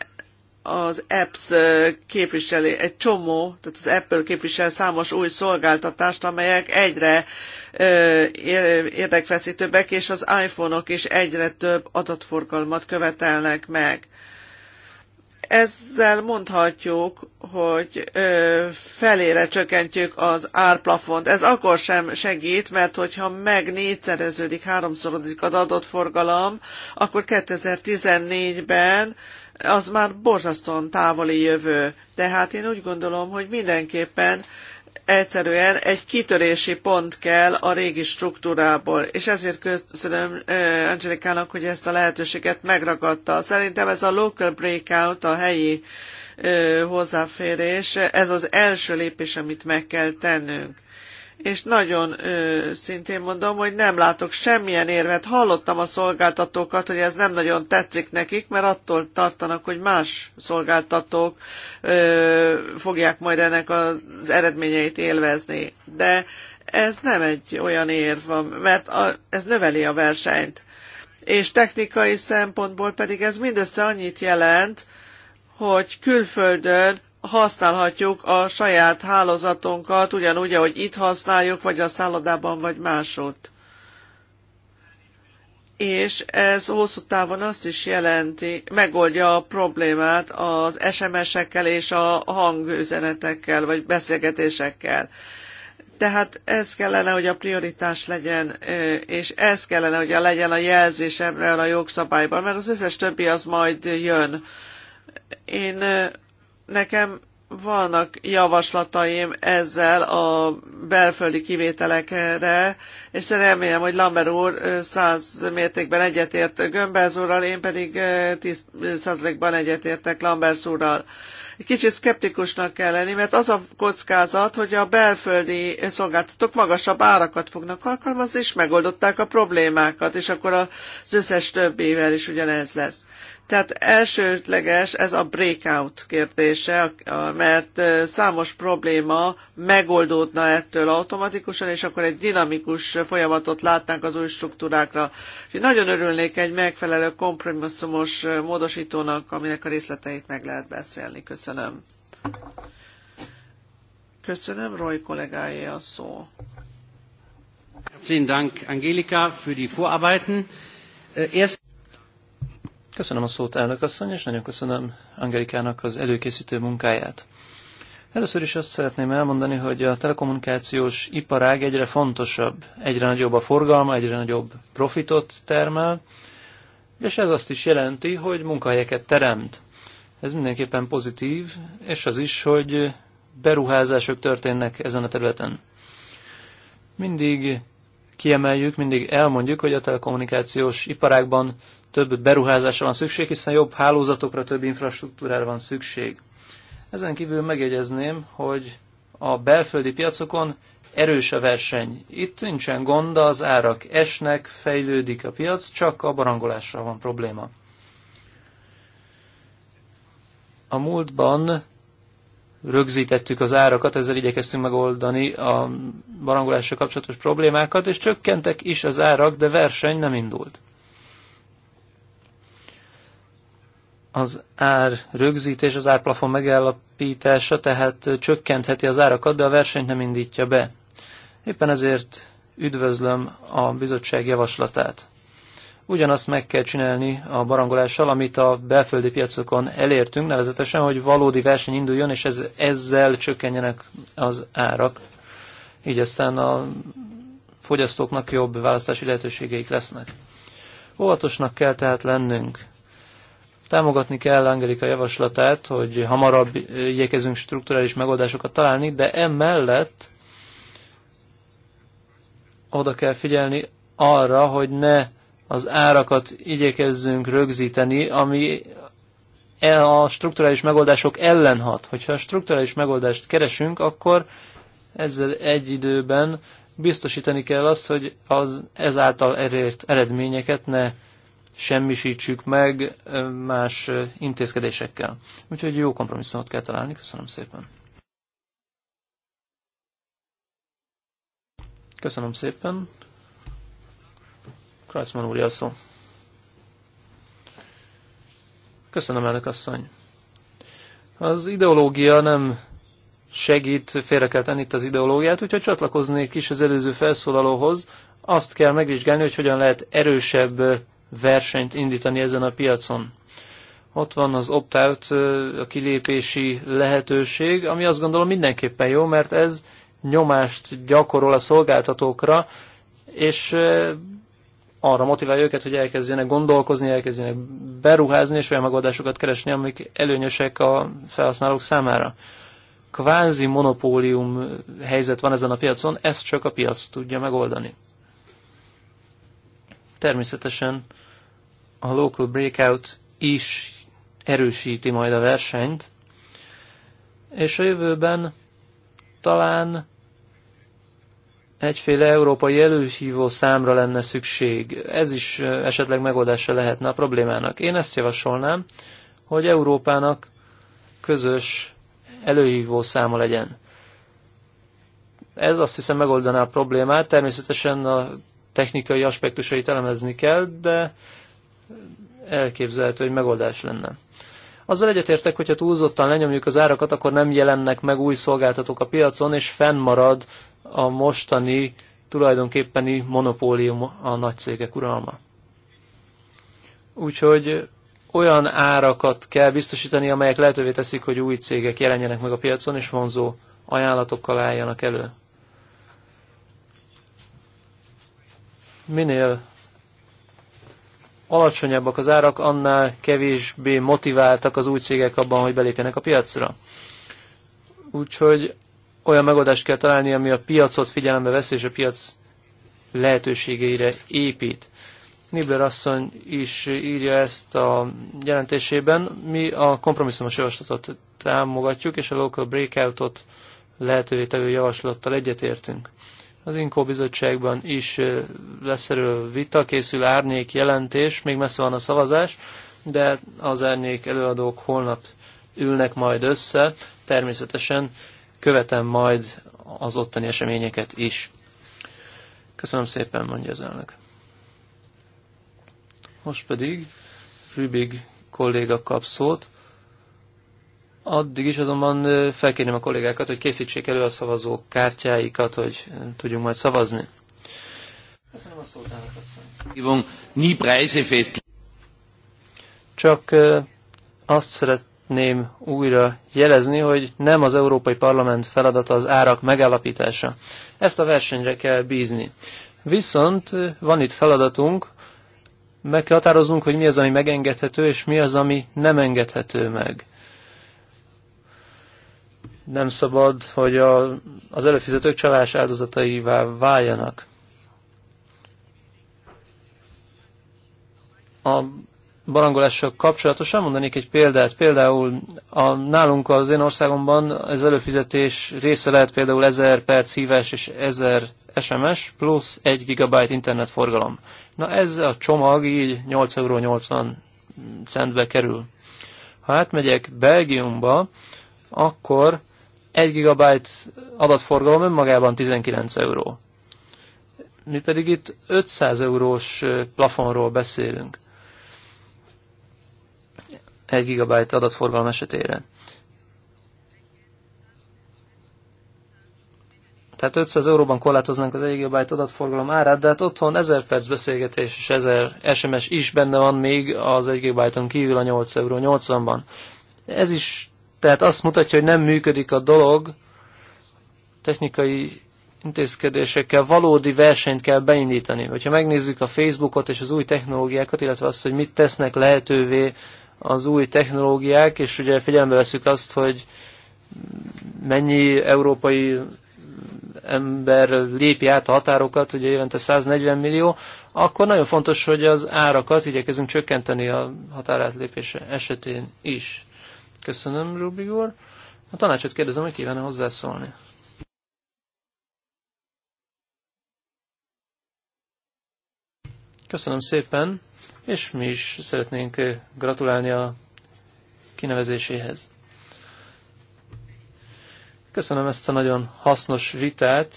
az apps e képviseli egy csomó, tehát az Apple képvisel számos új szolgáltatást, amelyek egyre érdekfeszítőbbek, és az iPhone-ok is egyre több adatforgalmat követelnek meg. Ezzel mondhatjuk, hogy ö, felére csökkentjük az árplafont. Ez akkor sem segít, mert hogyha meg négyszereződik, háromszorodik az adott forgalom, akkor 2014-ben az már borzasztóan távoli jövő. Tehát én úgy gondolom, hogy mindenképpen egyszerűen egy kitörési pont kell a régi struktúrából, és ezért köszönöm Angelikának, hogy ezt a lehetőséget megragadta. Szerintem ez a local breakout, a helyi hozzáférés, ez az első lépés, amit meg kell tennünk és nagyon ö, szintén mondom, hogy nem látok semmilyen érvet. Hallottam a szolgáltatókat, hogy ez nem nagyon tetszik nekik, mert attól tartanak, hogy más szolgáltatók ö, fogják majd ennek az eredményeit élvezni. De ez nem egy olyan érv, mert a, ez növeli a versenyt. És technikai szempontból pedig ez mindössze annyit jelent, hogy külföldön használhatjuk a saját hálózatunkat, ugyanúgy, ahogy itt használjuk, vagy a szállodában, vagy másod. És ez hosszú távon azt is jelenti, megoldja a problémát az SMS-ekkel és a hangüzenetekkel, vagy beszélgetésekkel. Tehát ez kellene, hogy a prioritás legyen, és ez kellene, hogy a legyen a jelzés ebben a jogszabályban, mert az összes többi az majd jön. Én nekem vannak javaslataim ezzel a belföldi kivételekre, és remélem, hogy Lamber úr száz mértékben egyetért Gömbelz úrral, én pedig tíz százalékban egyetértek Lamberz úrral. Kicsit szkeptikusnak kell lenni, mert az a kockázat, hogy a belföldi szolgáltatók magasabb árakat fognak alkalmazni, és megoldották a problémákat, és akkor az összes többével is ugyanez lesz. Tehát elsődleges ez a breakout kérdése, mert számos probléma megoldódna ettől automatikusan, és akkor egy dinamikus folyamatot látnánk az új struktúrákra. Úgyhogy nagyon örülnék egy megfelelő kompromisszumos módosítónak, aminek a részleteit meg lehet beszélni. Köszönöm. Köszönöm, Roy kollégáé a szó. Herzlichen Dank, Angelika, für die Vorarbeiten. Äh, erst Köszönöm a szót, elnök asszony, és nagyon köszönöm Angelikának az előkészítő munkáját. Először is azt szeretném elmondani, hogy a telekommunikációs iparág egyre fontosabb, egyre nagyobb a forgalma, egyre nagyobb profitot termel, és ez azt is jelenti, hogy munkahelyeket teremt. Ez mindenképpen pozitív, és az is, hogy beruházások történnek ezen a területen. Mindig kiemeljük, mindig elmondjuk, hogy a telekommunikációs iparágban több beruházásra van szükség, hiszen jobb hálózatokra, több infrastruktúrára van szükség. Ezen kívül megjegyezném, hogy a belföldi piacokon erős a verseny. Itt nincsen gond, az árak esnek, fejlődik a piac, csak a barangolással van probléma. A múltban rögzítettük az árakat, ezzel igyekeztünk megoldani a barangolással kapcsolatos problémákat, és csökkentek is az árak, de verseny nem indult. az ár rögzítés, az árplafon megállapítása, tehát csökkentheti az árakat, de a versenyt nem indítja be. Éppen ezért üdvözlöm a bizottság javaslatát. Ugyanazt meg kell csinálni a barangolással, amit a belföldi piacokon elértünk, nevezetesen, hogy valódi verseny induljon, és ez, ezzel csökkenjenek az árak. Így aztán a fogyasztóknak jobb választási lehetőségeik lesznek. Óvatosnak kell tehát lennünk Támogatni kell Angelika javaslatát, hogy hamarabb igyekezünk strukturális megoldásokat találni, de emellett oda kell figyelni arra, hogy ne az árakat igyekezzünk rögzíteni, ami e a strukturális megoldások ellen hat. Hogyha strukturális megoldást keresünk, akkor ezzel egy időben biztosítani kell azt, hogy az ezáltal elért eredményeket ne semmisítsük meg más intézkedésekkel. Úgyhogy jó kompromisszumot kell találni. Köszönöm szépen. Köszönöm szépen. Kreisman úr, jelszó. Köszönöm, elnök asszony. Az ideológia nem segít, félre kell tenni itt az ideológiát, úgyhogy csatlakoznék is az előző felszólalóhoz. Azt kell megvizsgálni, hogy hogyan lehet erősebb versenyt indítani ezen a piacon. Ott van az opt-out, a kilépési lehetőség, ami azt gondolom mindenképpen jó, mert ez nyomást gyakorol a szolgáltatókra, és arra motiválja őket, hogy elkezdjenek gondolkozni, elkezdjenek beruházni, és olyan megoldásokat keresni, amik előnyösek a felhasználók számára. Kvázi monopólium helyzet van ezen a piacon, ezt csak a piac tudja megoldani. Természetesen a local breakout is erősíti majd a versenyt, és a jövőben talán egyféle európai előhívó számra lenne szükség. Ez is esetleg megoldása lehetne a problémának. Én ezt javasolnám, hogy Európának közös előhívó száma legyen. Ez azt hiszem megoldaná a problémát, természetesen a technikai aspektusait elemezni kell, de elképzelhető, hogy megoldás lenne. Azzal egyetértek, hogyha túlzottan lenyomjuk az árakat, akkor nem jelennek meg új szolgáltatók a piacon, és fennmarad a mostani tulajdonképpeni monopólium a nagy cégek uralma. Úgyhogy olyan árakat kell biztosítani, amelyek lehetővé teszik, hogy új cégek jelenjenek meg a piacon, és vonzó ajánlatokkal álljanak elő. Minél alacsonyabbak az árak, annál kevésbé motiváltak az új cégek abban, hogy belépjenek a piacra. Úgyhogy olyan megoldást kell találni, ami a piacot figyelembe veszi, és a piac lehetőségeire épít. Nibler asszony is írja ezt a jelentésében. Mi a kompromisszumos javaslatot támogatjuk, és a local breakoutot lehetővé tevő javaslattal egyetértünk. Az Inkó bizottságban is lesz erről vita, készül árnyék jelentés, még messze van a szavazás, de az árnyék előadók holnap ülnek majd össze. Természetesen követem majd az ottani eseményeket is. Köszönöm szépen, mondja az elnök. Most pedig Rübig kolléga kap szót, Addig is azonban felkérném a kollégákat, hogy készítsék elő a szavazók kártyáikat, hogy tudjunk majd szavazni. Köszönöm a szót, elnök Csak azt szeretném újra jelezni, hogy nem az Európai Parlament feladata az árak megállapítása. Ezt a versenyre kell bízni. Viszont van itt feladatunk, meg kell határoznunk, hogy mi az, ami megengedhető, és mi az, ami nem engedhető meg nem szabad, hogy a, az előfizetők csalás áldozataivá váljanak. A barangolással kapcsolatosan mondanék egy példát. Például a, nálunk az én országomban az előfizetés része lehet például 1000 perc hívás és 1000 SMS plusz 1 gigabyte internetforgalom. Na ez a csomag így 8,80 euró centbe kerül. Ha átmegyek Belgiumba, akkor 1 GB adatforgalom önmagában 19 euró. Mi pedig itt 500 eurós plafonról beszélünk. 1 GB adatforgalom esetére. Tehát 500 euróban korlátoznánk az 1 GB adatforgalom árát, de hát otthon 1000 perc beszélgetés és 1000 SMS is benne van még az 1 GB-on kívül a 8 euró 80-ban. Ez is tehát azt mutatja, hogy nem működik a dolog, technikai intézkedésekkel valódi versenyt kell beindítani. Hogyha megnézzük a Facebookot és az új technológiákat, illetve azt, hogy mit tesznek lehetővé az új technológiák, és ugye figyelembe veszük azt, hogy mennyi európai ember lépi át a határokat, ugye évente 140 millió, akkor nagyon fontos, hogy az árakat igyekezünk csökkenteni a határátlépése esetén is. Köszönöm, Rubik úr. A tanácsot kérdezem, hogy kívánna hozzászólni. Köszönöm szépen, és mi is szeretnénk eh, gratulálni a kinevezéséhez. Köszönöm ezt a nagyon hasznos vitát.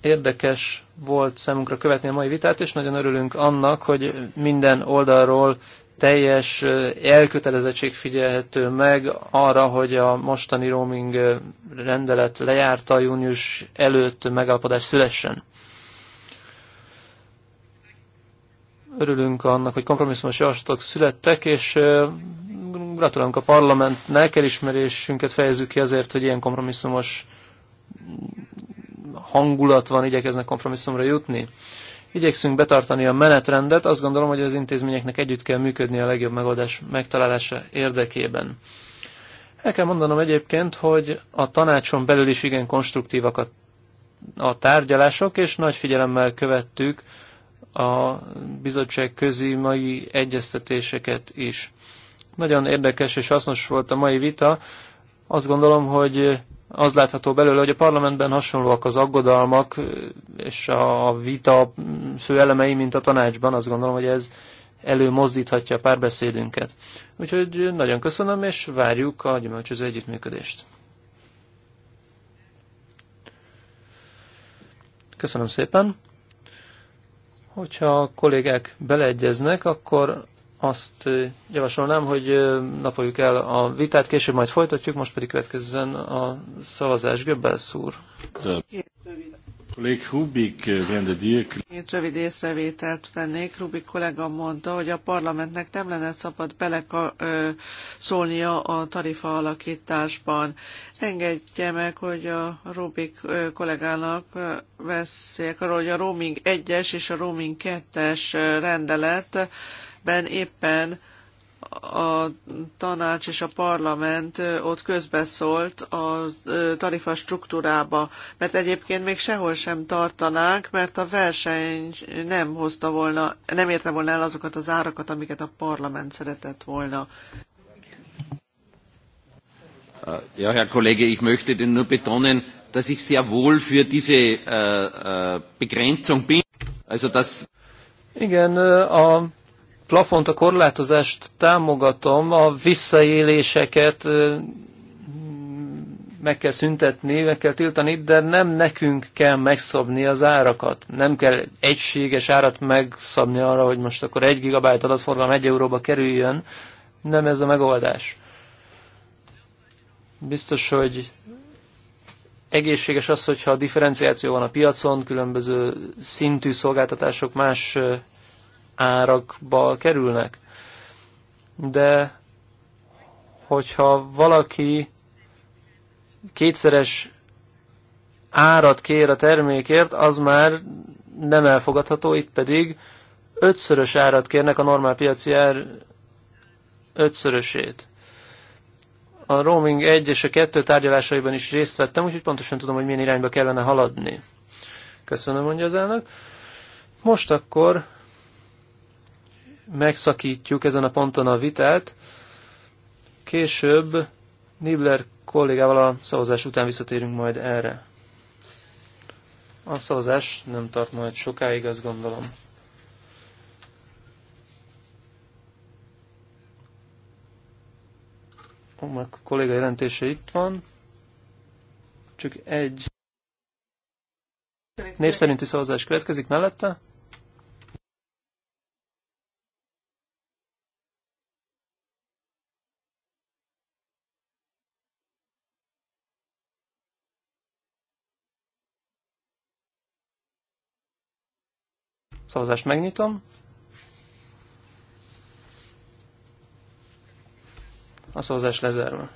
Érdekes volt számunkra követni a mai vitát, és nagyon örülünk annak, hogy minden oldalról teljes elkötelezettség figyelhető meg arra, hogy a mostani roaming rendelet lejárta június előtt megállapodás szülessen. Örülünk annak, hogy kompromisszumos javaslatok születtek, és gratulálunk a parlamentnek, elismerésünket fejezzük ki azért, hogy ilyen kompromisszumos hangulat van, igyekeznek kompromisszumra jutni. Igyekszünk betartani a menetrendet, azt gondolom, hogy az intézményeknek együtt kell működni a legjobb megoldás megtalálása érdekében. El kell mondanom egyébként, hogy a tanácson belül is igen konstruktívak a, a tárgyalások, és nagy figyelemmel követtük a bizottság közi mai egyeztetéseket is. Nagyon érdekes és hasznos volt a mai vita. Azt gondolom, hogy az látható belőle, hogy a parlamentben hasonlóak az aggodalmak és a vita fő elemei, mint a tanácsban. Azt gondolom, hogy ez előmozdíthatja a párbeszédünket. Úgyhogy nagyon köszönöm, és várjuk a gyümölcsöző együttműködést. Köszönöm szépen. Hogyha a kollégák beleegyeznek, akkor azt javasolnám, hogy napoljuk el a vitát, később majd folytatjuk, most pedig következzen a szavazás. Göbbels úr. Kollég Én rövid észrevételt tennék. Rubik kollega mondta, hogy a parlamentnek nem lenne szabad bele szólnia a tarifa alakításban. Engedje meg, hogy a Rubik kollégának veszélyek arról, hogy a roaming 1-es és a roaming 2-es rendelet évben éppen a tanács és a parlament ott közbeszólt a tarifa struktúrába, mert egyébként még sehol sem tartanák, mert a verseny nem hozta volna, nem érte volna el azokat az árakat, amiket a parlament szeretett volna. Äh, ja, Herr Kollege, ich möchte den nur betonen, dass ich sehr wohl für diese uh, Begrenzung bin. Also das Igen, a plafont, a korlátozást támogatom, a visszaéléseket meg kell szüntetni, meg kell tiltani, de nem nekünk kell megszabni az árakat. Nem kell egységes árat megszabni arra, hogy most akkor egy gigabájt adatforgalom egy euróba kerüljön. Nem ez a megoldás. Biztos, hogy egészséges az, hogyha a differenciáció van a piacon, különböző szintű szolgáltatások más árakba kerülnek. De hogyha valaki kétszeres árat kér a termékért, az már nem elfogadható, itt pedig ötszörös árat kérnek a normál piaci ár ötszörösét. A roaming 1 és a 2 tárgyalásaiban is részt vettem, úgyhogy pontosan tudom, hogy milyen irányba kellene haladni. Köszönöm, mondja az elnök. Most akkor megszakítjuk ezen a ponton a vitát. Később Nibler kollégával a szavazás után visszatérünk majd erre. A szavazás nem tart majd sokáig, azt gondolom. a kolléga jelentése itt van. Csak egy név szerinti szavazás következik mellette. Szavazást megnyitom. A szavazás lezárva.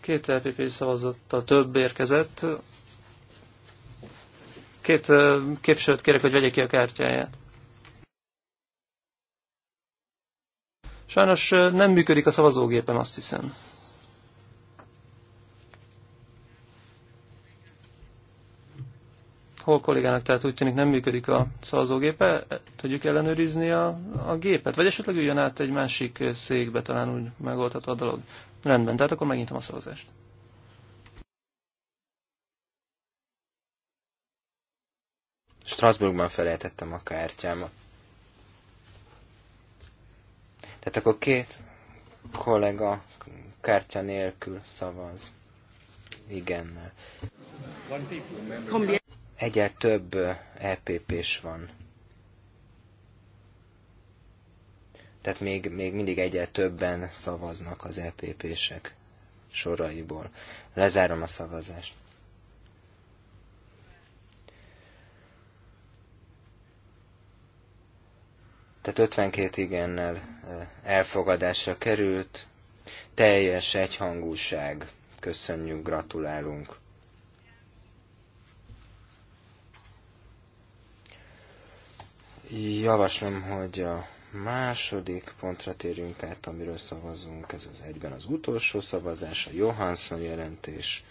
Két LPP a több érkezett. Két képviselőt kérek, hogy vegye ki a kártyáját. Sajnos nem működik a szavazógépen, azt hiszem. Hol kollégának, tehát úgy tűnik nem működik a szavazógépe, tudjuk ellenőrizni a, a gépet, vagy esetleg üljön át egy másik székbe, talán úgy megoldható a dolog. Rendben, tehát akkor megnyitom a szavazást. Strasbourgban felejtettem a kártyámat. Tehát akkor két kollega kártya nélkül szavaz. Igen. Egyre több EPP-s van. Tehát még, még mindig egyre többen szavaznak az EPP-sek soraiból. Lezárom a szavazást. Tehát 52 igennel elfogadásra került, teljes egyhangúság. Köszönjük, gratulálunk. Javaslom, hogy a második pontra térjünk át, amiről szavazunk. Ez az egyben az utolsó szavazás, a Johansson jelentés.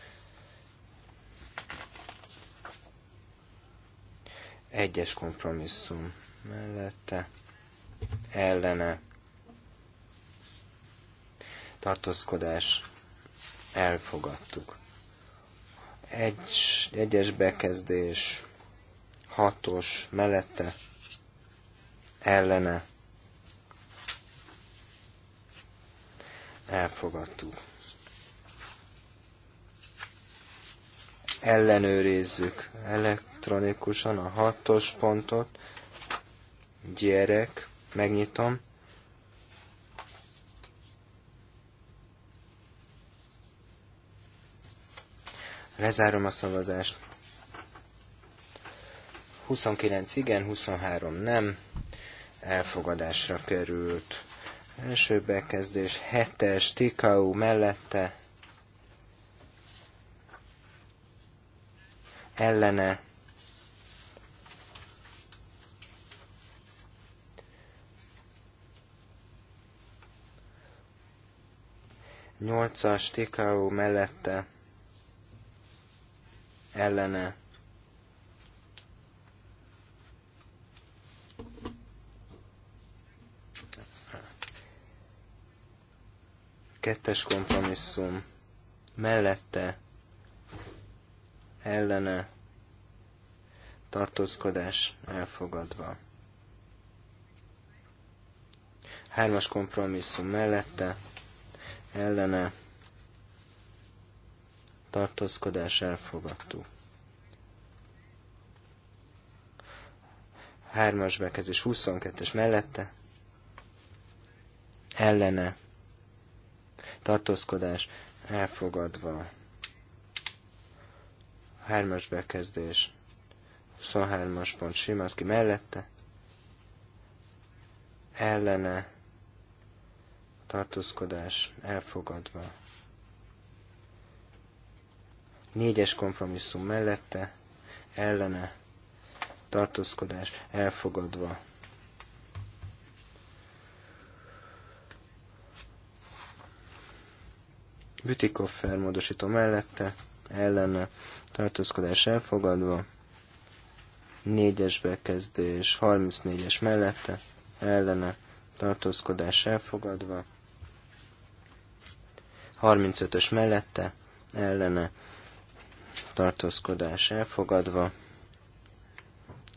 Egyes kompromisszum mellette ellene tartózkodás elfogadtuk. Egy, egyes bekezdés, hatos mellette ellene elfogadtuk. Ellenőrizzük elektronikusan a hatos pontot, gyerek, megnyitom. Lezárom a szavazást. 29 igen, 23 nem. Elfogadásra került. Első bekezdés 7-es, Tikau mellette. Ellene Nyolcas as TKO mellette ellene kettes kompromisszum mellette ellene tartózkodás elfogadva. Hármas kompromisszum mellette ellene tartózkodás elfogadtuk. Hármas bekezés 22-es mellette ellene tartózkodás elfogadva. Hármas bekezdés 23-as pont Simaszki mellette ellene tartózkodás elfogadva. Négyes kompromisszum mellette, ellene, tartózkodás elfogadva. Bütikoffer módosító mellette, ellene, tartózkodás elfogadva. Négyes bekezdés, 34-es mellette, ellene, tartózkodás elfogadva. 35-ös mellette ellene tartózkodás elfogadva,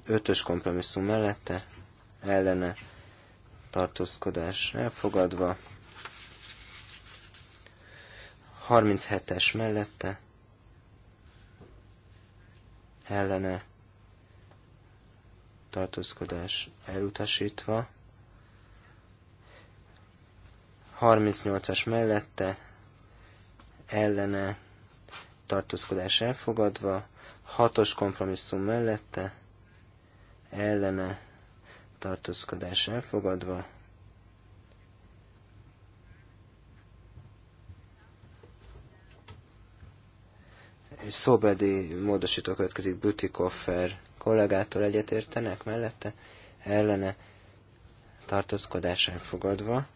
5-ös kompromisszum mellette ellene tartózkodás elfogadva, 37-es mellette ellene tartózkodás elutasítva, 38-as mellette ellene tartózkodás elfogadva, hatos kompromisszum mellette, ellene tartózkodás elfogadva, és szóbedi módosító következik Butikoffer kollégától egyetértenek mellette, ellene tartózkodás elfogadva,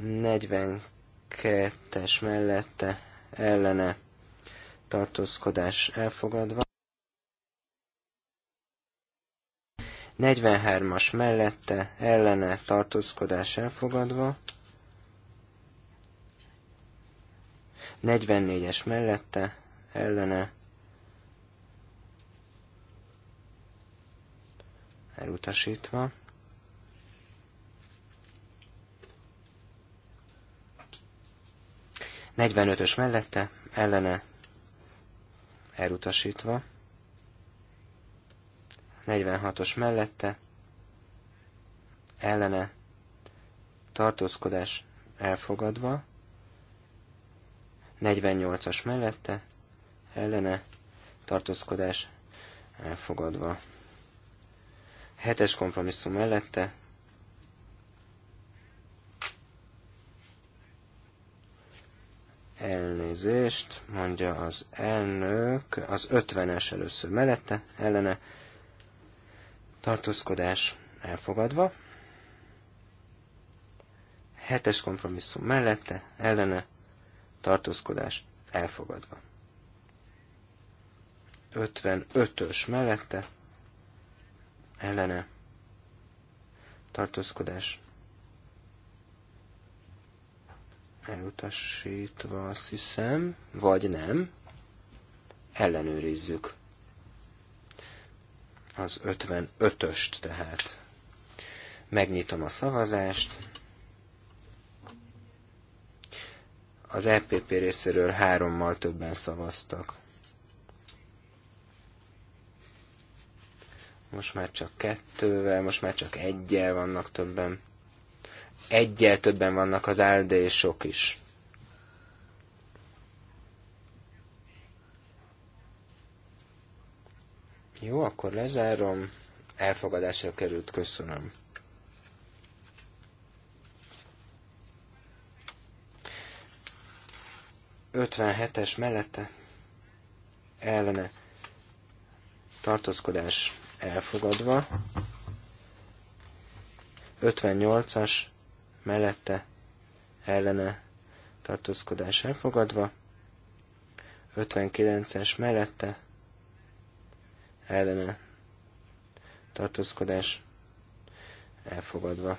40 kettes mellette ellene tartózkodás elfogadva. 43-as mellette ellene tartózkodás elfogadva. 44-es mellette ellene elutasítva. 45-ös mellette, ellene elutasítva. 46-os mellette, ellene tartózkodás elfogadva. 48-as mellette, ellene tartózkodás elfogadva. 7-es kompromisszum mellette, elnézést, mondja az elnök, az 50-es először mellette, ellene, tartózkodás elfogadva, 7-es kompromisszum mellette, ellene, tartózkodás elfogadva. 55-ös mellette, ellene, tartózkodás elutasítva azt hiszem, vagy nem, ellenőrizzük az 55-öst tehát. Megnyitom a szavazást. Az EPP részéről hárommal többen szavaztak. Most már csak kettővel, most már csak egyel vannak többen egyel többen vannak az sok is. Jó, akkor lezárom. Elfogadásra került, köszönöm. Ötvenhetes mellette ellene tartózkodás elfogadva. 58-as mellette ellene tartózkodás elfogadva, 59-es mellette ellene tartózkodás elfogadva.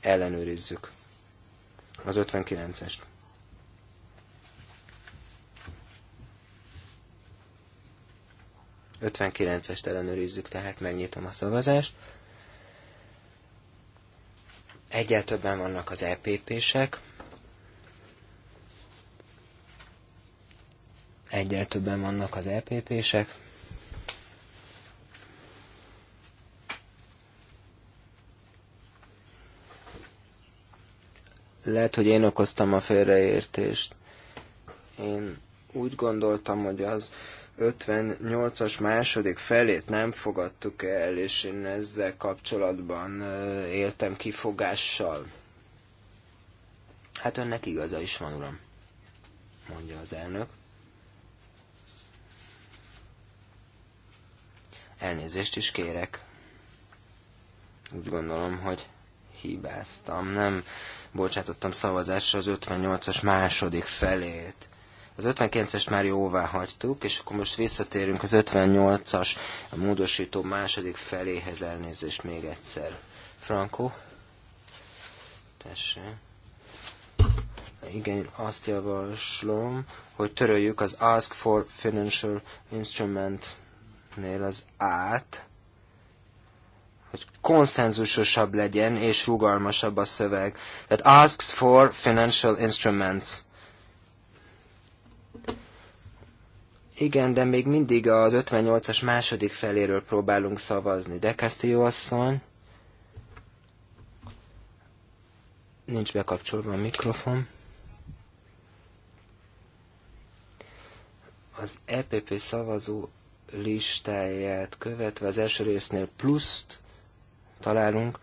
Ellenőrizzük az 59-est. Ötvenkilencest ellenőrizzük, tehát megnyitom a szavazást egyel többen vannak az EPP-sek, egyel többen vannak az EPP-sek, lehet, hogy én okoztam a félreértést. Én úgy gondoltam, hogy az 58-as második felét nem fogadtuk el, és én ezzel kapcsolatban éltem kifogással. Hát önnek igaza is van, uram, mondja az elnök. Elnézést is kérek. Úgy gondolom, hogy hibáztam. Nem bocsátottam szavazásra az 58-as második felét. Az 59-est már jóvá hagytuk, és akkor most visszatérünk az 58-as a módosító második feléhez elnézést még egyszer. Franco? Tessék. Igen, azt javaslom, hogy töröljük az Ask for Financial Instrument-nél az át, hogy konszenzusosabb legyen és rugalmasabb a szöveg. Tehát asks for financial instruments. Igen, de még mindig az 58-as második feléről próbálunk szavazni. De Castillo asszony? Nincs bekapcsolva a mikrofon. Az EPP szavazó listáját követve az első résznél pluszt találunk,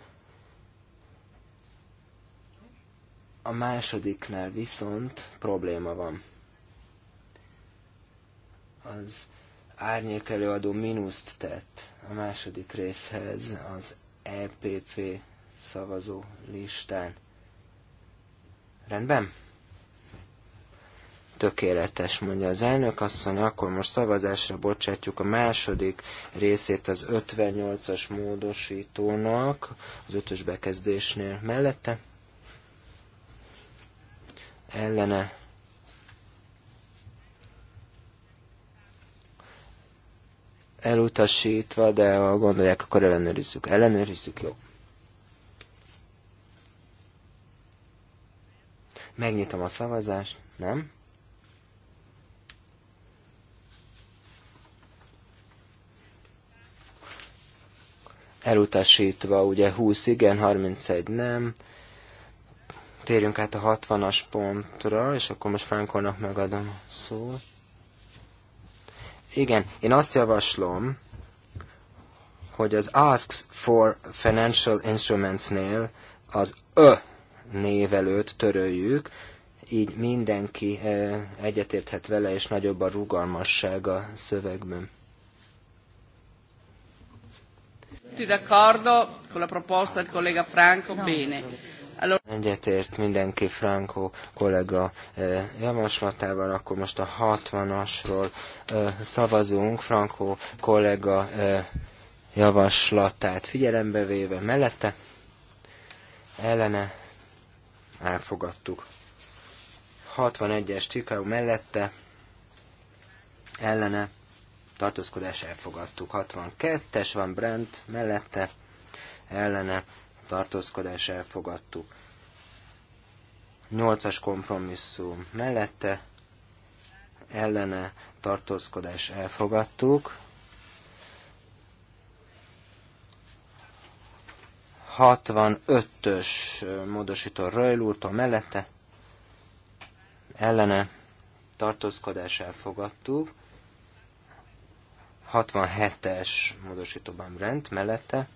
a másodiknál viszont probléma van az árnyék előadó mínuszt tett a második részhez az EPP szavazó listán. Rendben? Tökéletes, mondja az elnök asszony, akkor most szavazásra bocsátjuk a második részét az 58-as módosítónak, az ötös bekezdésnél mellette. Ellene elutasítva, de ha gondolják, akkor ellenőrizzük. Ellenőrizzük, jó. Megnyitom a szavazást, nem? Elutasítva, ugye 20 igen, 31 nem. Térjünk át a 60-as pontra, és akkor most Frankolnak megadom a szót. Igen, én azt javaslom, hogy az Asks for Financial Instruments-nél az Ö név előtt töröljük, így mindenki eh, egyetérthet vele, és nagyobb a rugalmasság a szövegben. Tutti d'accordo con la proposta del collega Franco? Bene. Egyetért mindenki Franco kollega eh, javaslatával, akkor most a 60-asról eh, szavazunk, Franco kollega eh, javaslatát figyelembe véve mellette, ellene elfogadtuk. 61-es Chicago mellette, ellene tartózkodás elfogadtuk. 62-es van Brent mellette, ellene tartózkodás elfogadtuk. Nyolcas kompromisszum mellette ellene tartózkodás elfogadtuk. Hatvanötös módosító rajlultó mellette ellene tartózkodás elfogadtuk. 67-es módosítóban rend mellette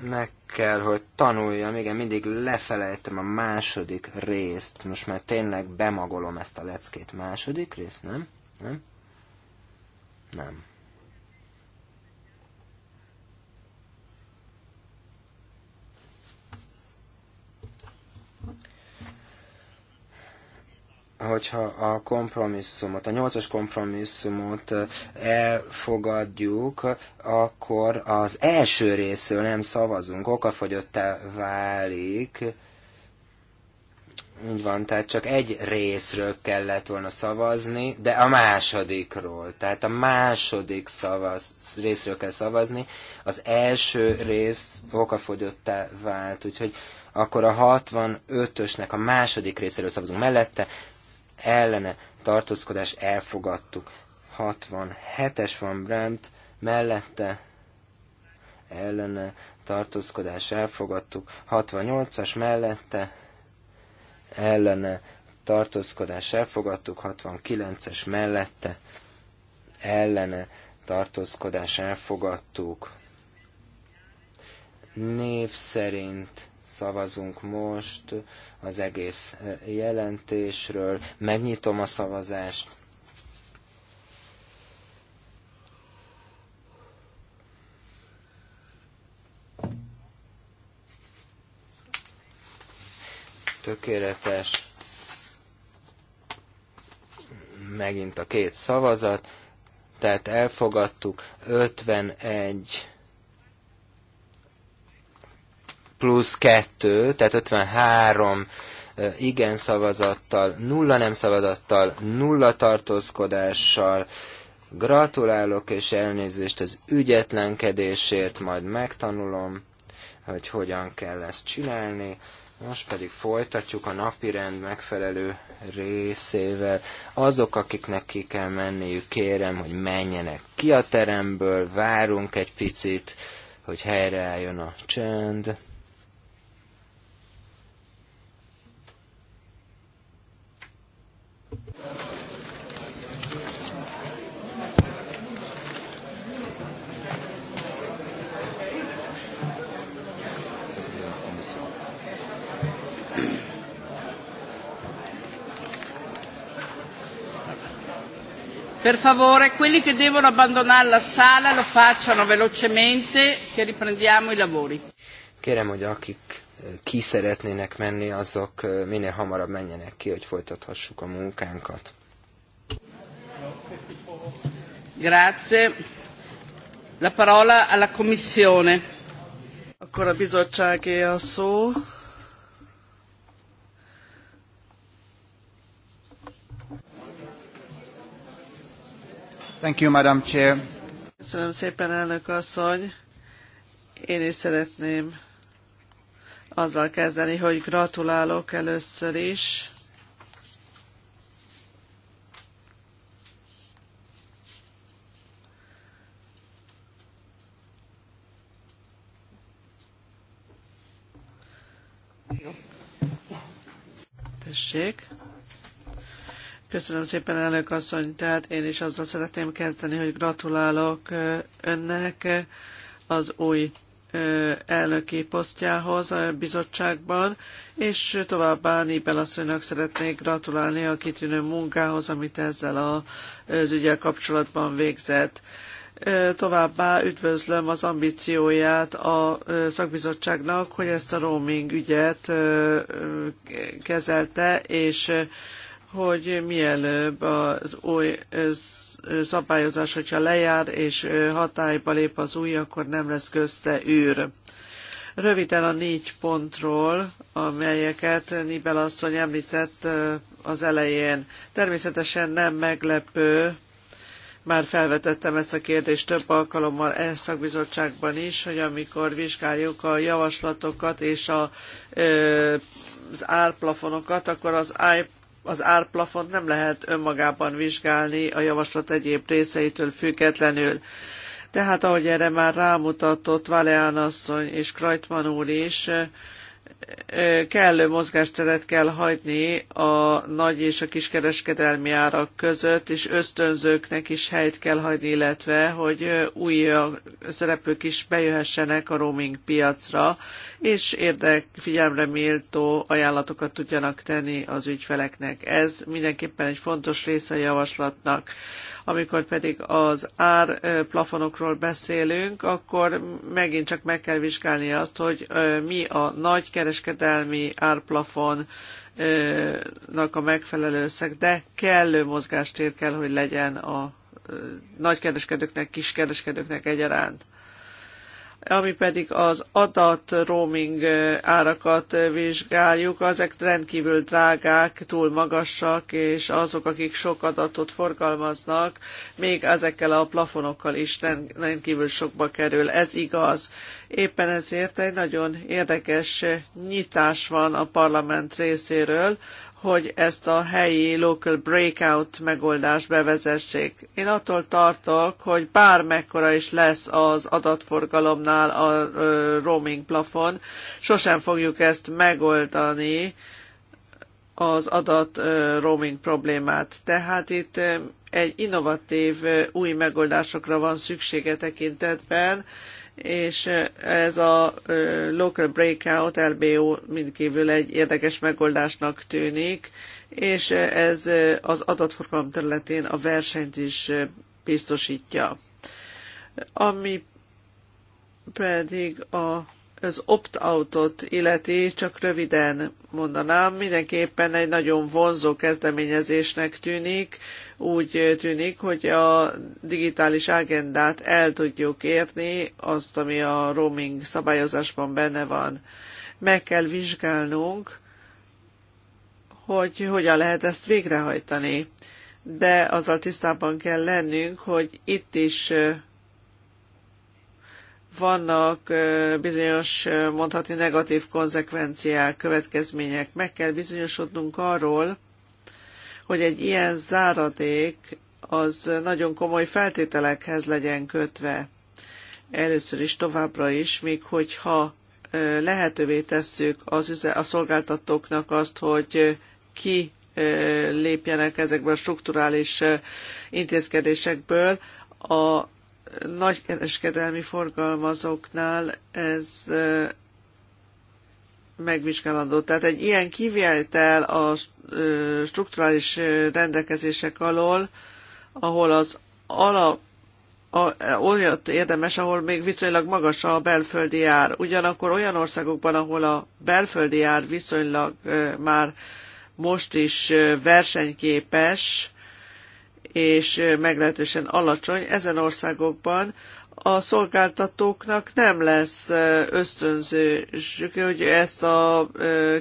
meg kell, hogy tanuljam, igen, mindig lefelejtem a második részt. Most már tényleg bemagolom ezt a leckét. Második rész, nem? Nem? Nem. hogyha a kompromisszumot, a nyolcas kompromisszumot eh, elfogadjuk, akkor az első részről nem szavazunk, okafogyottá válik. Így van, tehát csak egy részről kellett volna szavazni, de a másodikról. Tehát a második szavaz, részről kell szavazni, az első rész okafogyottá vált, úgyhogy akkor a 65-ösnek a második részéről szavazunk mellette, ellene tartózkodás elfogadtuk. 67-es van Bremt, mellette ellene tartózkodás elfogadtuk. 68-as mellette ellene tartózkodás elfogadtuk. 69-es mellette ellene tartózkodás elfogadtuk. Név szerint Szavazunk most az egész eh, jelentésről. Megnyitom a szavazást. Tökéletes. Megint a két szavazat. Tehát elfogadtuk 51 plusz 2, tehát 53 igen szavazattal, nulla nem szavazattal, nulla tartózkodással. Gratulálok és elnézést az ügyetlenkedésért, majd megtanulom, hogy hogyan kell ezt csinálni. Most pedig folytatjuk a napi rend megfelelő részével. Azok, akiknek ki kell menniük, kérem, hogy menjenek ki a teremből, várunk egy picit, hogy helyreálljon a csend. Per favore, quelli che devono abbandonare la sala lo facciano velocemente, che riprendiamo i lavori. Kérem, hogy akik ki szeretnének menni, azok minél hamarabb menjenek ki, hogy folytathassuk a munkánkat. Grazie. La parola alla Commissione. Akkor a bizottságé a szó. Thank you, Madam Chair. Köszönöm szépen, elnök asszony. Én is szeretném azzal kezdeni, hogy gratulálok először is. Tessék. Köszönöm szépen, elnök asszony. Tehát én is azzal szeretném kezdeni, hogy gratulálok önnek az új elnöki posztjához a bizottságban, és továbbá Nibel asszonynak szeretnék gratulálni a kitűnő munkához, amit ezzel a, az ügyel kapcsolatban végzett. Továbbá üdvözlöm az ambícióját a szakbizottságnak, hogy ezt a roaming ügyet kezelte, és hogy mielőbb az új szabályozás, hogyha lejár és hatályba lép az új, akkor nem lesz közte űr. Röviden a négy pontról, amelyeket Nibel asszony említett az elején. Természetesen nem meglepő, már felvetettem ezt a kérdést több alkalommal e szakbizottságban is, hogy amikor vizsgáljuk a javaslatokat és a, az árplafonokat, akkor az az árplafont nem lehet önmagában vizsgálni a javaslat egyéb részeitől függetlenül. Tehát ahogy erre már rámutatott Valéán asszony és Krajtman úr is, kellő mozgásteret kell hagyni a nagy és a kiskereskedelmi árak között, és ösztönzőknek is helyt kell hagyni, illetve, hogy új szereplők is bejöhessenek a roaming piacra, és érdek figyelemre méltó ajánlatokat tudjanak tenni az ügyfeleknek. Ez mindenképpen egy fontos része a javaslatnak. Amikor pedig az ár plafonokról beszélünk, akkor megint csak meg kell vizsgálni azt, hogy mi a nagy kereskedelmi árplafon, nak a megfelelő összeg, de kellő mozgástér kell, hogy legyen a nagykereskedőknek, kiskereskedőknek egyaránt ami pedig az adat roaming árakat vizsgáljuk, ezek rendkívül drágák, túl magasak, és azok, akik sok adatot forgalmaznak, még ezekkel a plafonokkal is rendkívül sokba kerül. Ez igaz. Éppen ezért egy nagyon érdekes nyitás van a parlament részéről, hogy ezt a helyi local breakout megoldást bevezessék. Én attól tartok, hogy bármekkora is lesz az adatforgalomnál a roaming plafon, sosem fogjuk ezt megoldani, az adat roaming problémát. Tehát itt egy innovatív új megoldásokra van szüksége tekintetben, és ez a Local Breakout, LBO mindkívül egy érdekes megoldásnak tűnik, és ez az adatforgalom területén a versenyt is biztosítja. Ami pedig a az opt-outot illeti, csak röviden mondanám, mindenképpen egy nagyon vonzó kezdeményezésnek tűnik, úgy tűnik, hogy a digitális agendát el tudjuk érni, azt, ami a roaming szabályozásban benne van. Meg kell vizsgálnunk, hogy hogyan lehet ezt végrehajtani. De azzal tisztában kell lennünk, hogy itt is vannak bizonyos, mondhatni, negatív konzekvenciák, következmények. Meg kell bizonyosodnunk arról, hogy egy ilyen záradék az nagyon komoly feltételekhez legyen kötve. Először is továbbra is, még hogyha lehetővé tesszük az üze, a szolgáltatóknak azt, hogy ki lépjenek ezekből a strukturális intézkedésekből, a nagykereskedelmi forgalmazóknál ez megvizsgálandó. Tehát egy ilyen kivétel a strukturális rendelkezések alól, ahol az alap a, olyat érdemes, ahol még viszonylag magas a belföldi ár. Ugyanakkor olyan országokban, ahol a belföldi ár viszonylag e, már most is versenyképes, és meglehetősen alacsony, ezen országokban a szolgáltatóknak nem lesz ösztönzősük, hogy ezt a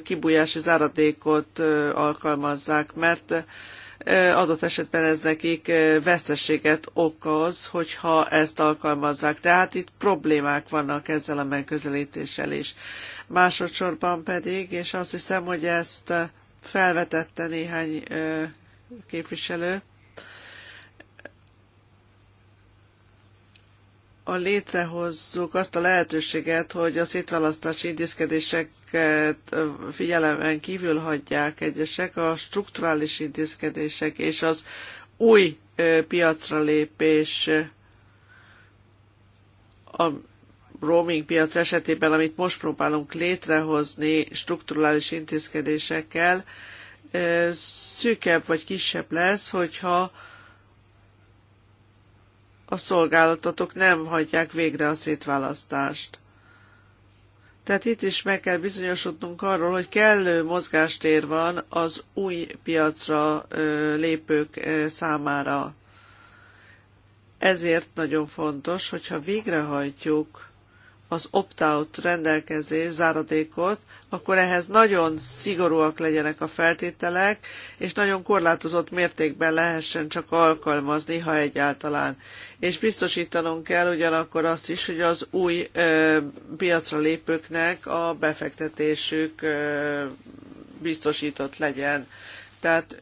kibújási záradékot alkalmazzák, mert adott esetben ez nekik veszteséget okoz, hogyha ezt alkalmazzák. Tehát itt problémák vannak ezzel a megközelítéssel is. Másodszorban pedig, és azt hiszem, hogy ezt felvetette néhány képviselő, a létrehozzuk azt a lehetőséget, hogy a szétválasztási intézkedéseket figyelemen kívül hagyják egyesek, a strukturális intézkedések és az új piacra lépés a roaming piac esetében, amit most próbálunk létrehozni strukturális intézkedésekkel, szűkebb vagy kisebb lesz, hogyha a szolgáltatók nem hagyják végre a szétválasztást. Tehát itt is meg kell bizonyosodnunk arról, hogy kellő mozgástér van az új piacra lépők számára. Ezért nagyon fontos, hogyha végrehajtjuk az opt-out rendelkezés, záradékot, akkor ehhez nagyon szigorúak legyenek a feltételek, és nagyon korlátozott mértékben lehessen csak alkalmazni, ha egyáltalán. És biztosítanunk kell ugyanakkor azt is, hogy az új ö, piacra lépőknek a befektetésük ö, biztosított legyen. Tehát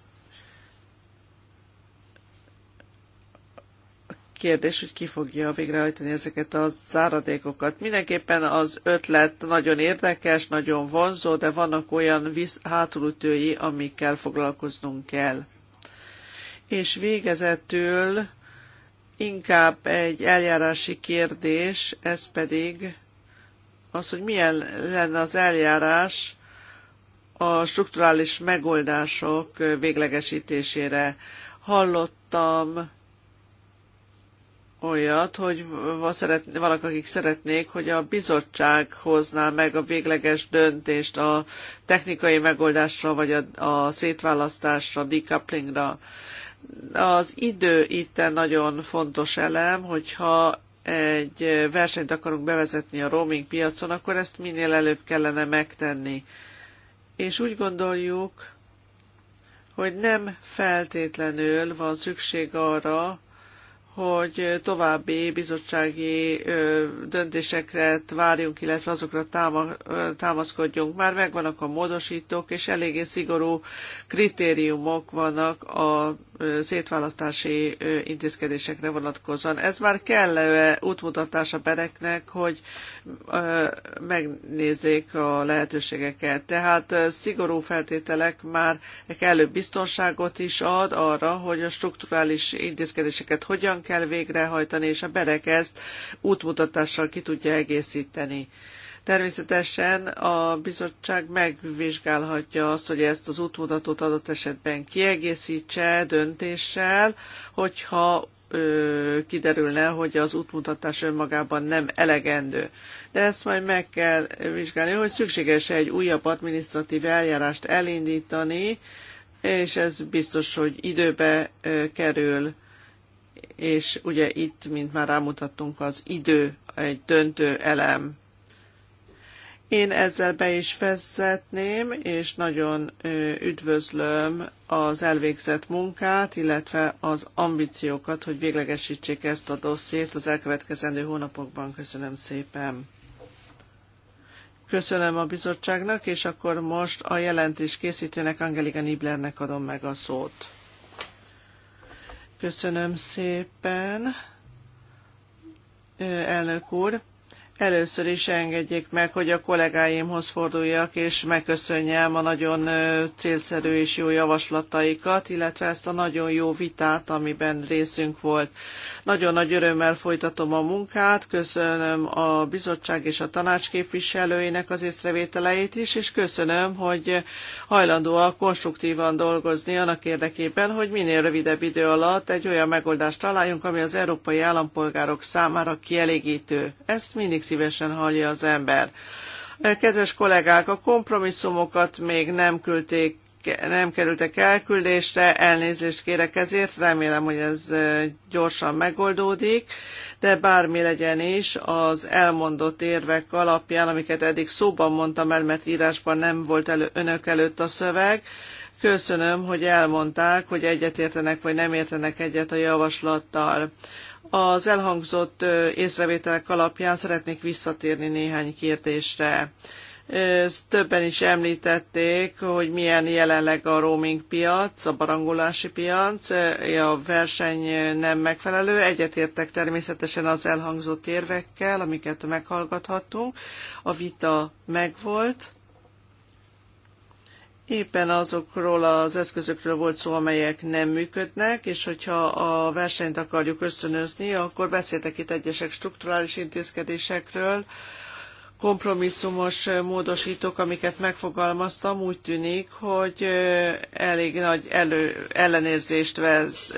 kérdés, hogy ki fogja végrehajtani ezeket a záradékokat. Mindenképpen az ötlet nagyon érdekes, nagyon vonzó, de vannak olyan hátulütői, amikkel foglalkoznunk kell. És végezetül inkább egy eljárási kérdés, ez pedig az, hogy milyen lenne az eljárás a strukturális megoldások véglegesítésére. Hallottam olyat, hogy vannak, akik szeretnék, hogy a bizottság hozná meg a végleges döntést a technikai megoldásra, vagy a, a szétválasztásra, decouplingra. Az idő itt nagyon fontos elem, hogyha egy versenyt akarunk bevezetni a roaming piacon, akkor ezt minél előbb kellene megtenni. És úgy gondoljuk, hogy nem feltétlenül van szükség arra, hogy további bizottsági döntésekre várjunk, illetve azokra támaszkodjunk. Már megvannak a módosítók, és eléggé szigorú kritériumok vannak a szétválasztási intézkedésekre vonatkozóan. Ez már kell -e útmutatás a bereknek, hogy megnézzék a lehetőségeket. Tehát szigorú feltételek már előbb biztonságot is ad arra, hogy a strukturális intézkedéseket hogyan kell végrehajtani, és a berek ezt útmutatással ki tudja egészíteni. Természetesen a bizottság megvizsgálhatja azt, hogy ezt az útmutatót adott esetben kiegészítse döntéssel, hogyha kiderülne, hogy az útmutatás önmagában nem elegendő. De ezt majd meg kell vizsgálni, hogy szükséges -e egy újabb adminisztratív eljárást elindítani, és ez biztos, hogy időbe kerül és ugye itt, mint már rámutattunk, az idő egy döntő elem. Én ezzel be is vezetném, és nagyon üdvözlöm az elvégzett munkát, illetve az ambíciókat, hogy véglegesítsék ezt a dossziét az elkövetkezendő hónapokban. Köszönöm szépen! Köszönöm a bizottságnak, és akkor most a jelentés készítőnek, Angelika Niblernek adom meg a szót. Köszönöm szépen, elnök úr. Először is engedjék meg, hogy a kollégáimhoz forduljak, és megköszönjem a nagyon célszerű és jó javaslataikat, illetve ezt a nagyon jó vitát, amiben részünk volt. Nagyon nagy örömmel folytatom a munkát, köszönöm a bizottság és a tanács képviselőinek az észrevételeit is, és köszönöm, hogy hajlandóak konstruktívan dolgozni annak érdekében, hogy minél rövidebb idő alatt egy olyan megoldást találjunk, ami az európai állampolgárok számára kielégítő. Ezt mindig szívesen hallja az ember. Kedves kollégák, a kompromisszumokat még nem küldték nem kerültek elküldésre, elnézést kérek ezért, remélem, hogy ez gyorsan megoldódik, de bármi legyen is, az elmondott érvek alapján, amiket eddig szóban mondtam el, mert írásban nem volt elő, önök előtt a szöveg, Köszönöm, hogy elmondták, hogy egyetértenek vagy nem értenek egyet a javaslattal. Az elhangzott észrevételek alapján szeretnék visszatérni néhány kérdésre. Ezt többen is említették, hogy milyen jelenleg a roaming piac, a barangolási piac, a verseny nem megfelelő. Egyetértek természetesen az elhangzott érvekkel, amiket meghallgathattunk. A vita megvolt. Éppen azokról az eszközökről volt szó, amelyek nem működnek, és hogyha a versenyt akarjuk ösztönözni, akkor beszéltek itt egyesek strukturális intézkedésekről, kompromisszumos módosítók, amiket megfogalmaztam, úgy tűnik, hogy elég nagy elő, ellenérzést vez,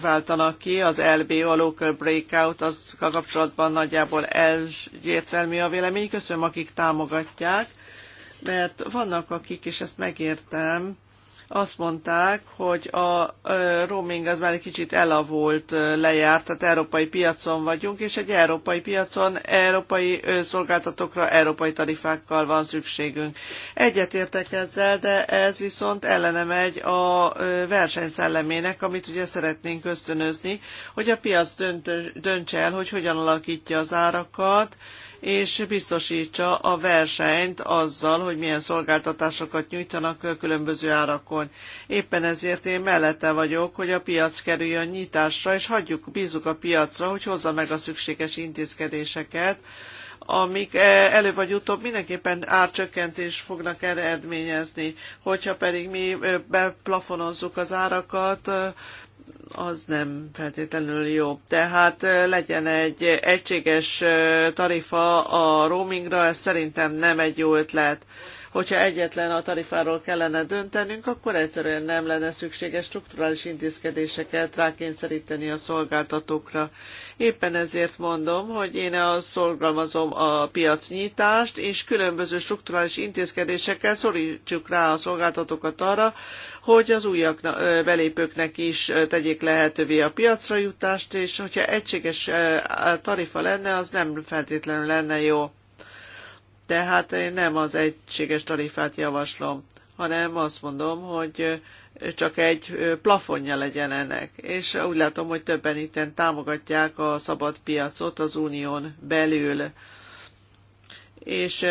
váltanak ki. Az LBO, a Local Breakout, az kapcsolatban nagyjából egyértelmű a vélemény. Köszönöm, akik támogatják mert vannak akik, és ezt megértem, azt mondták, hogy a roaming az már egy kicsit elavult, lejárt, tehát európai piacon vagyunk, és egy európai piacon európai szolgáltatókra európai tarifákkal van szükségünk. Egyetértek ezzel, de ez viszont ellene megy a versenyszellemének, amit ugye szeretnénk ösztönözni, hogy a piac döntse el, hogy hogyan alakítja az árakat, és biztosítsa a versenyt azzal, hogy milyen szolgáltatásokat nyújtanak különböző árakon. Éppen ezért én mellette vagyok, hogy a piac kerüljön nyitásra, és hagyjuk, bízunk a piacra, hogy hozza meg a szükséges intézkedéseket, amik eh, előbb vagy utóbb mindenképpen árcsökkentés fognak eredményezni. Hogyha pedig mi eh, beplafonozzuk az árakat, eh, az nem feltétlenül jó. Tehát legyen egy egységes tarifa a roamingra, ez szerintem nem egy jó ötlet. Hogyha egyetlen a tarifáról kellene döntenünk, akkor egyszerűen nem lenne szükséges strukturális intézkedéseket rákényszeríteni a szolgáltatókra. Éppen ezért mondom, hogy én a szorgalmazom a piacnyitást, és különböző strukturális intézkedésekkel szorítsuk rá a szolgáltatókat arra, hogy az újak belépőknek is tegyék lehetővé a piacra jutást, és hogyha egységes tarifa lenne, az nem feltétlenül lenne jó. Tehát én nem az egységes tarifát javaslom, hanem azt mondom, hogy csak egy plafonja legyen ennek. És úgy látom, hogy többen itten támogatják a szabad piacot az unión belül. És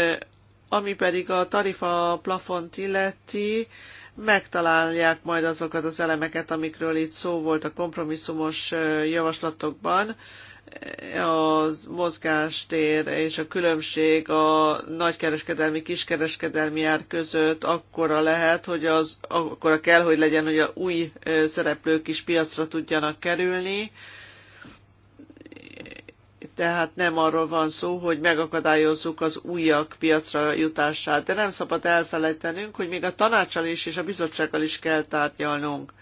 ami pedig a tarifa plafont illeti, megtalálják majd azokat az elemeket, amikről itt szó volt a kompromisszumos javaslatokban, a mozgástér és a különbség a nagykereskedelmi, kiskereskedelmi ár között akkora lehet, hogy az akkora kell, hogy legyen, hogy a új szereplők is piacra tudjanak kerülni, tehát nem arról van szó, hogy megakadályozzuk az újak piacra jutását, de nem szabad elfelejtenünk, hogy még a tanácsal is és a bizottsággal is kell tárgyalnunk.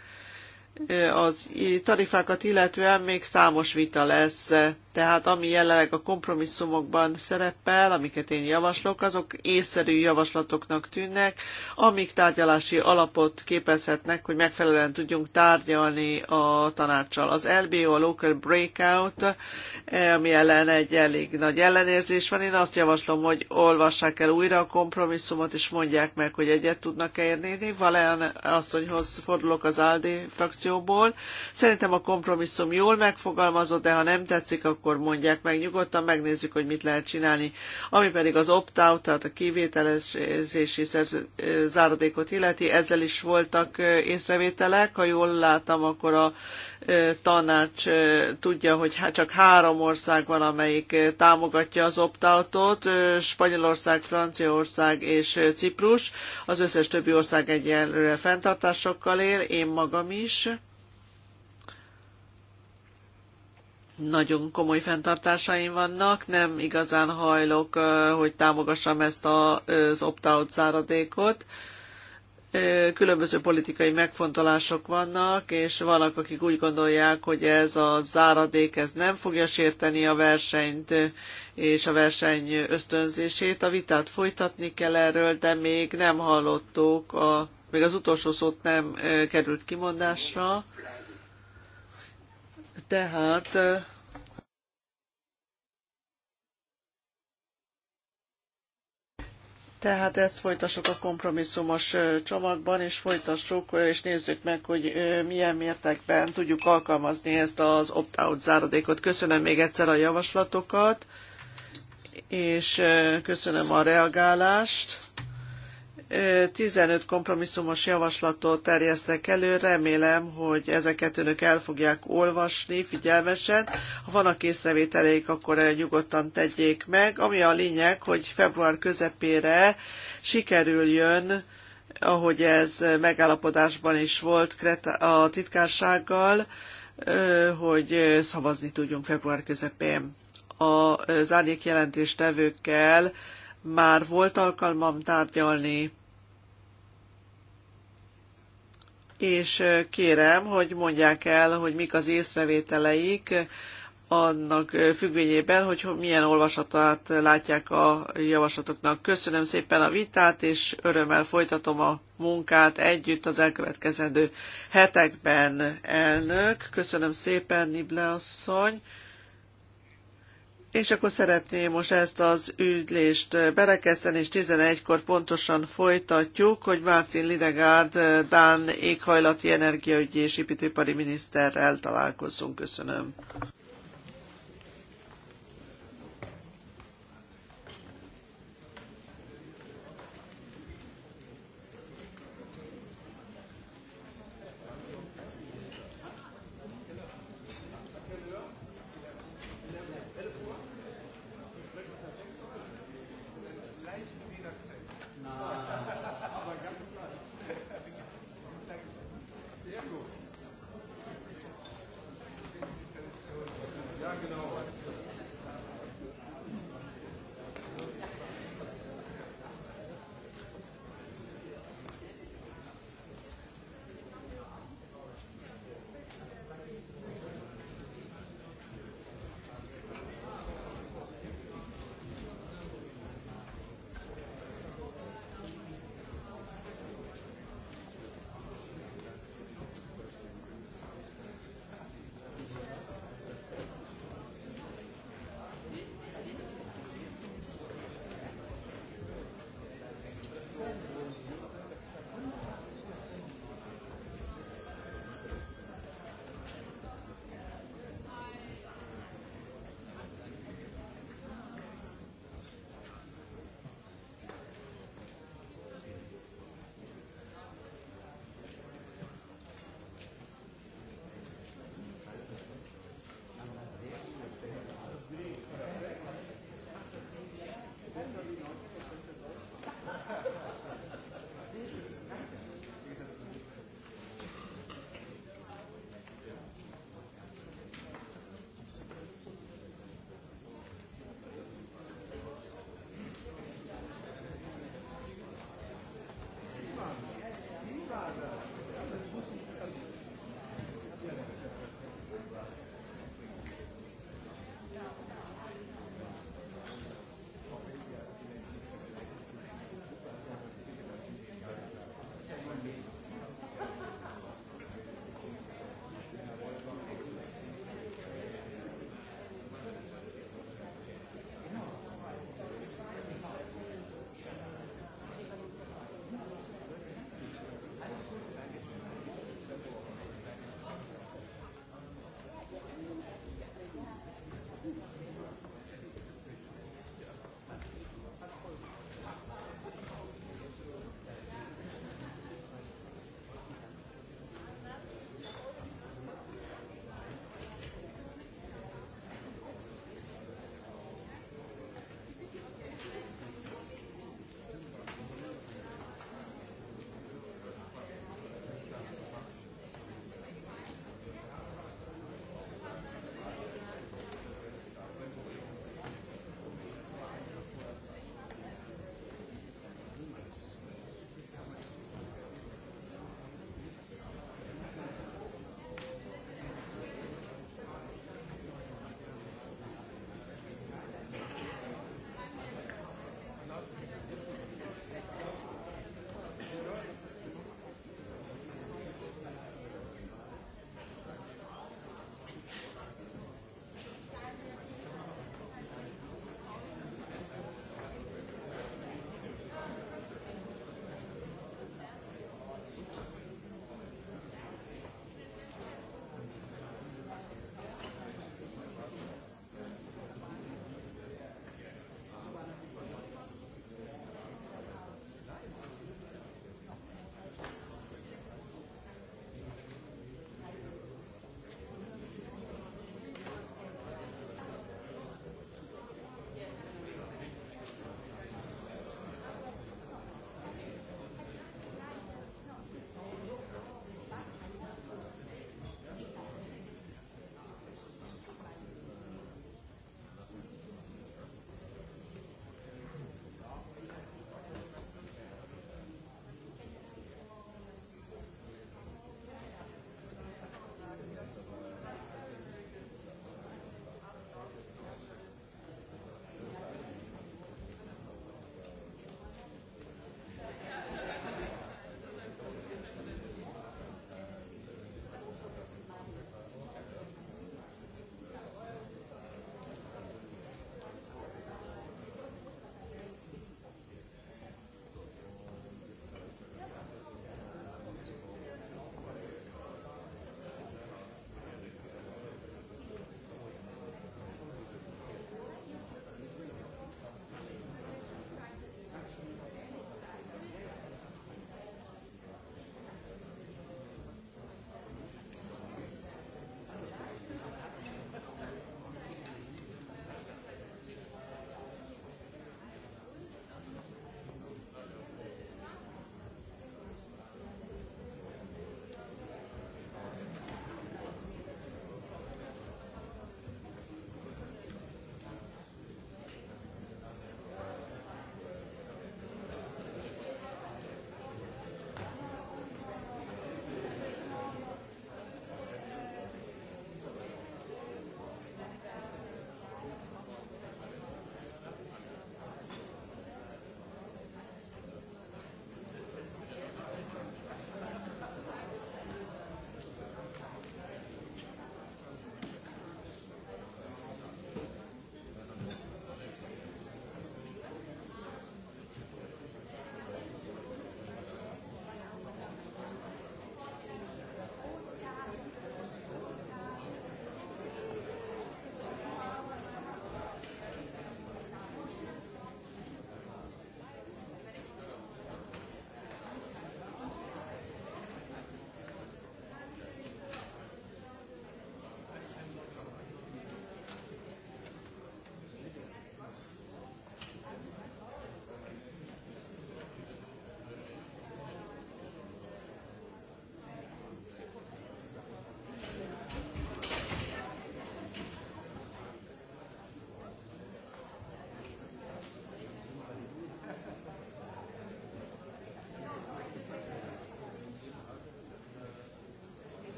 Az tarifákat illetően még számos vita lesz tehát ami jelenleg a kompromisszumokban szerepel, amiket én javaslok, azok észszerű javaslatoknak tűnnek, amik tárgyalási alapot képezhetnek, hogy megfelelően tudjunk tárgyalni a tanácssal. Az LBO, a Local Breakout, ami ellen egy elég nagy ellenérzés van, én azt javaslom, hogy olvassák el újra a kompromisszumot, és mondják meg, hogy egyet tudnak -e érni. Valán asszonyhoz fordulok az ALDI frakcióból. Szerintem a kompromisszum jól megfogalmazott, de ha nem tetszik, a akkor mondják meg nyugodtan, megnézzük, hogy mit lehet csinálni. Ami pedig az opt-out, tehát a kivételezési záradékot illeti, ezzel is voltak észrevételek. Ha jól látom, akkor a tanács tudja, hogy csak három ország van, amelyik támogatja az opt-outot, Spanyolország, Franciaország és Ciprus. Az összes többi ország egyelőre fenntartásokkal él, én magam is. nagyon komoly fenntartásaim vannak, nem igazán hajlok, hogy támogassam ezt az opt-out záradékot. Különböző politikai megfontolások vannak, és vannak, akik úgy gondolják, hogy ez a záradék ez nem fogja sérteni a versenyt és a verseny ösztönzését. A vitát folytatni kell erről, de még nem hallottuk, a, még az utolsó szót nem került kimondásra tehát Tehát ezt folytassuk a kompromisszumos csomagban, és folytassuk, és nézzük meg, hogy milyen mértékben tudjuk alkalmazni ezt az opt-out záradékot. Köszönöm még egyszer a javaslatokat, és köszönöm a reagálást. 15 kompromisszumos javaslatot terjesztek elő, remélem, hogy ezeket önök el fogják olvasni figyelmesen. Ha vannak észrevételeik, akkor nyugodtan tegyék meg. Ami a lényeg, hogy február közepére sikerüljön, ahogy ez megállapodásban is volt a titkársággal, hogy szavazni tudjunk február közepén. Az árnyék jelentéstevőkkel már volt alkalmam tárgyalni, és kérem, hogy mondják el, hogy mik az észrevételeik annak függvényében, hogy milyen olvasatát látják a javaslatoknak. Köszönöm szépen a vitát, és örömmel folytatom a munkát együtt az elkövetkezendő hetekben, elnök. Köszönöm szépen, Nible asszony. És akkor szeretném most ezt az ügylést berekezteni, és 11-kor pontosan folytatjuk, hogy Martin Lidegard, Dán éghajlati energiaügyi és építőipari miniszterrel találkozzunk. Köszönöm.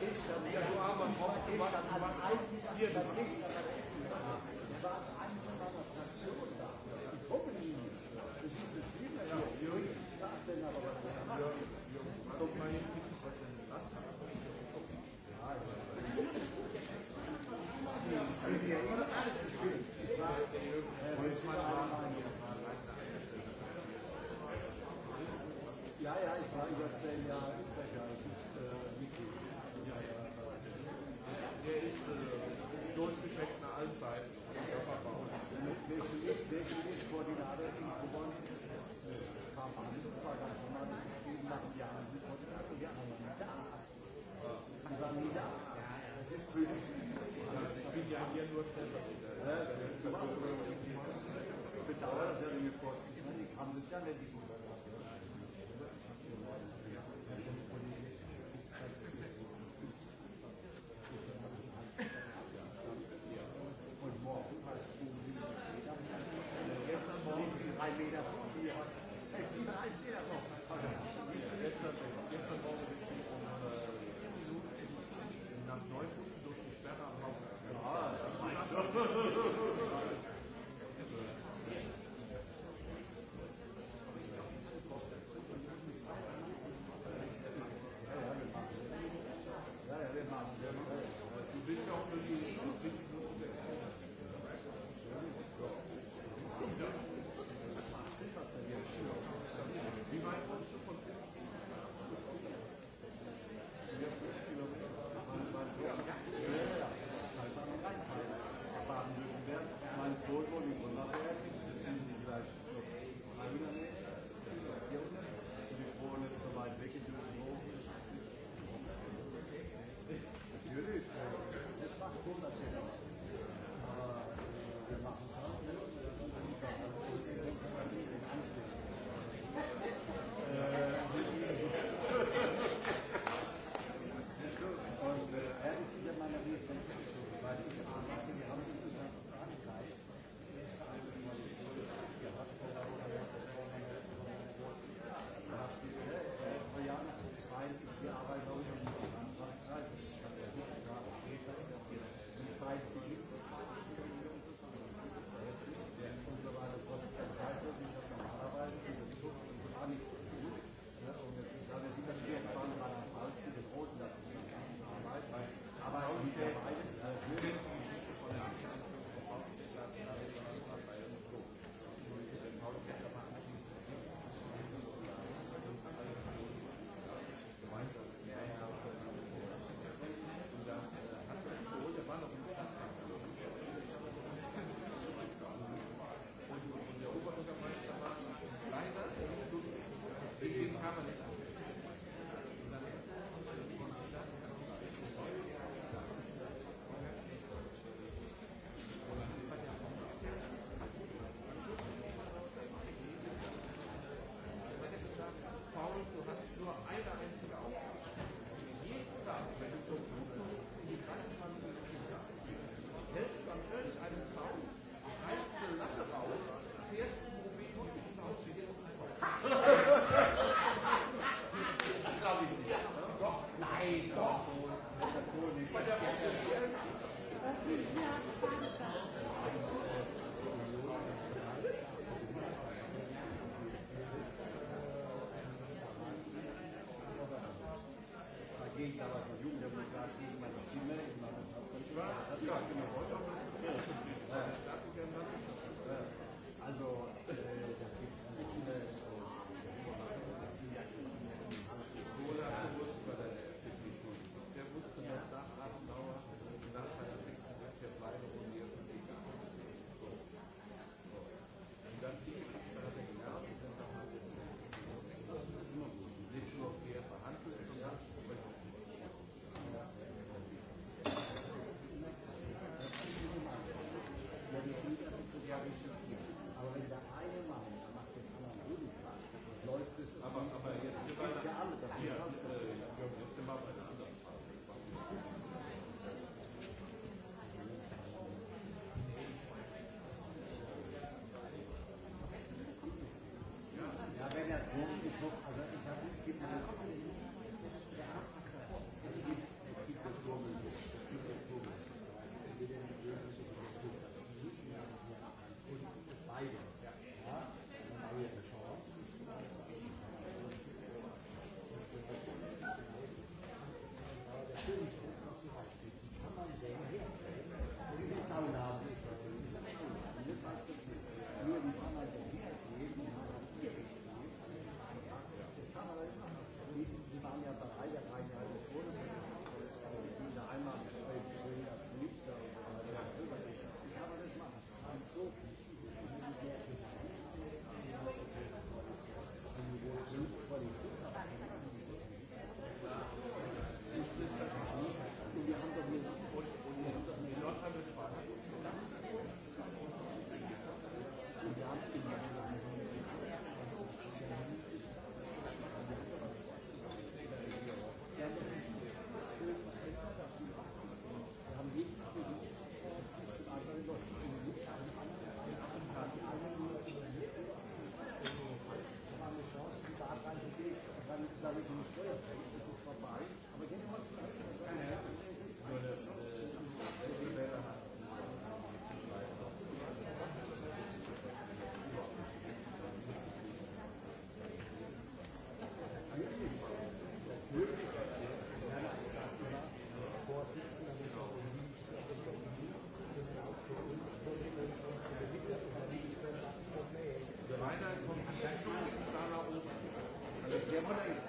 Gestern, ja, du armer Kopf, du warst eigentlich hier.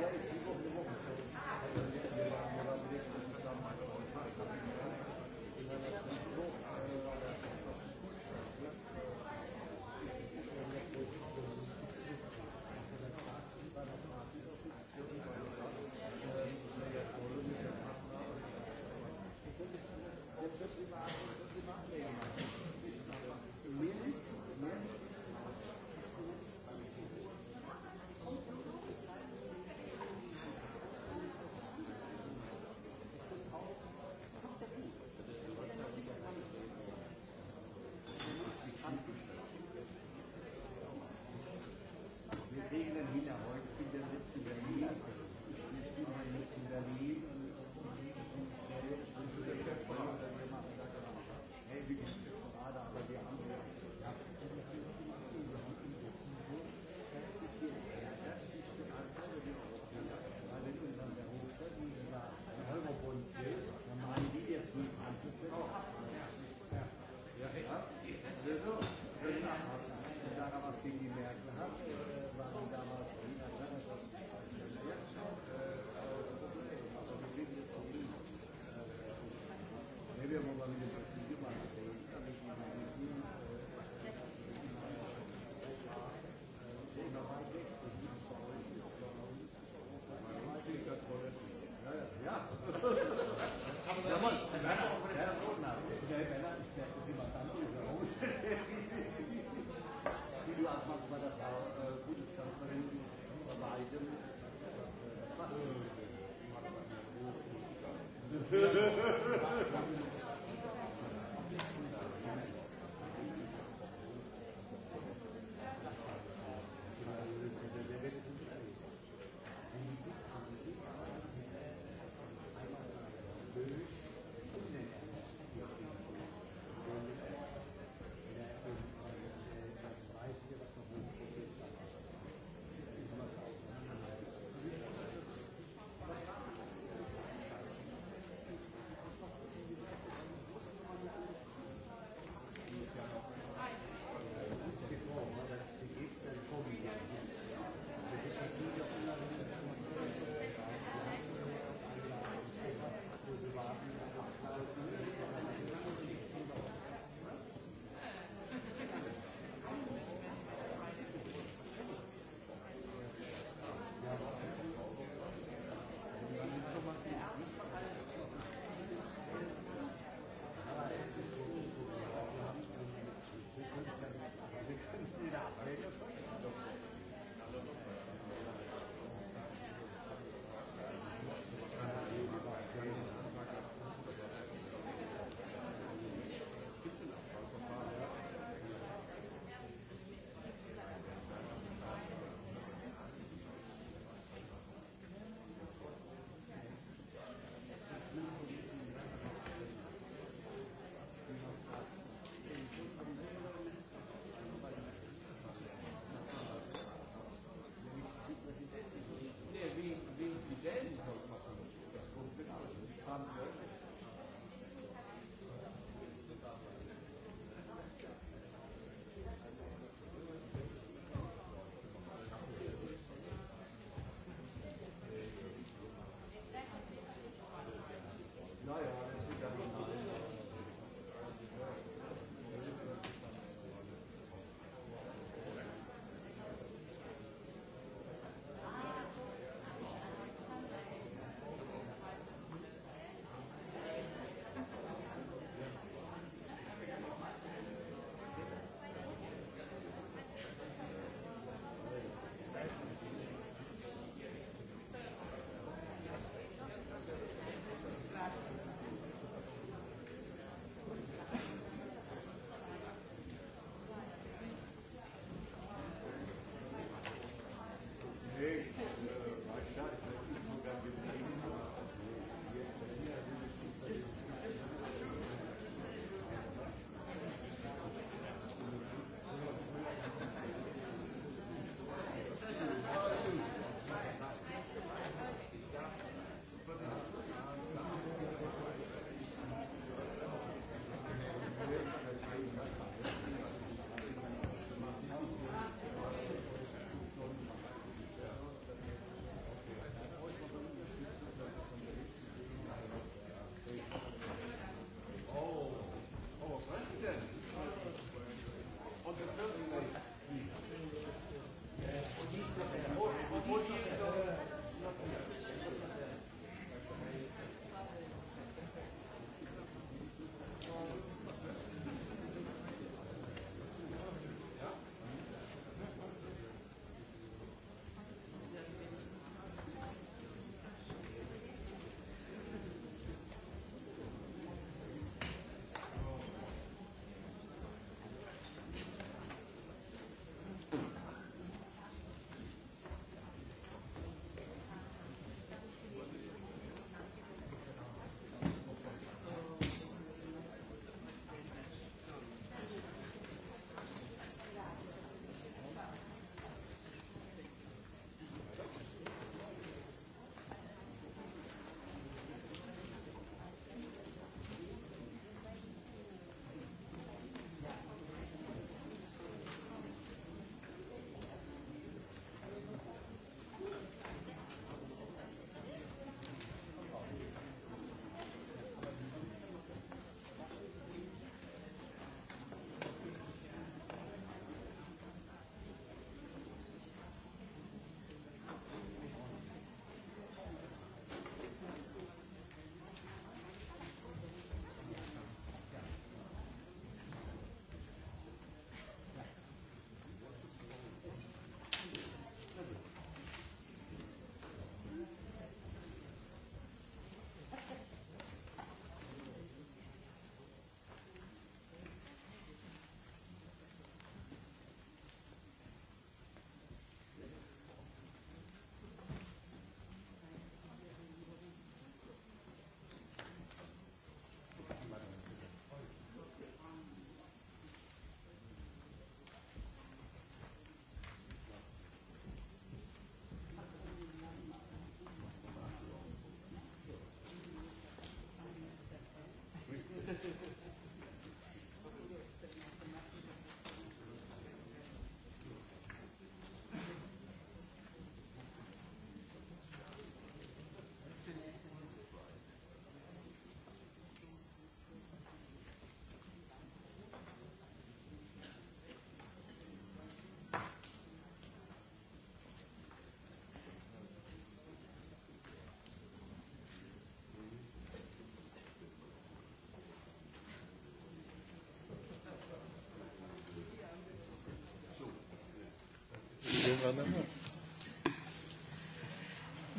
Yeah, Regnen hinaus. Seviyorum onları.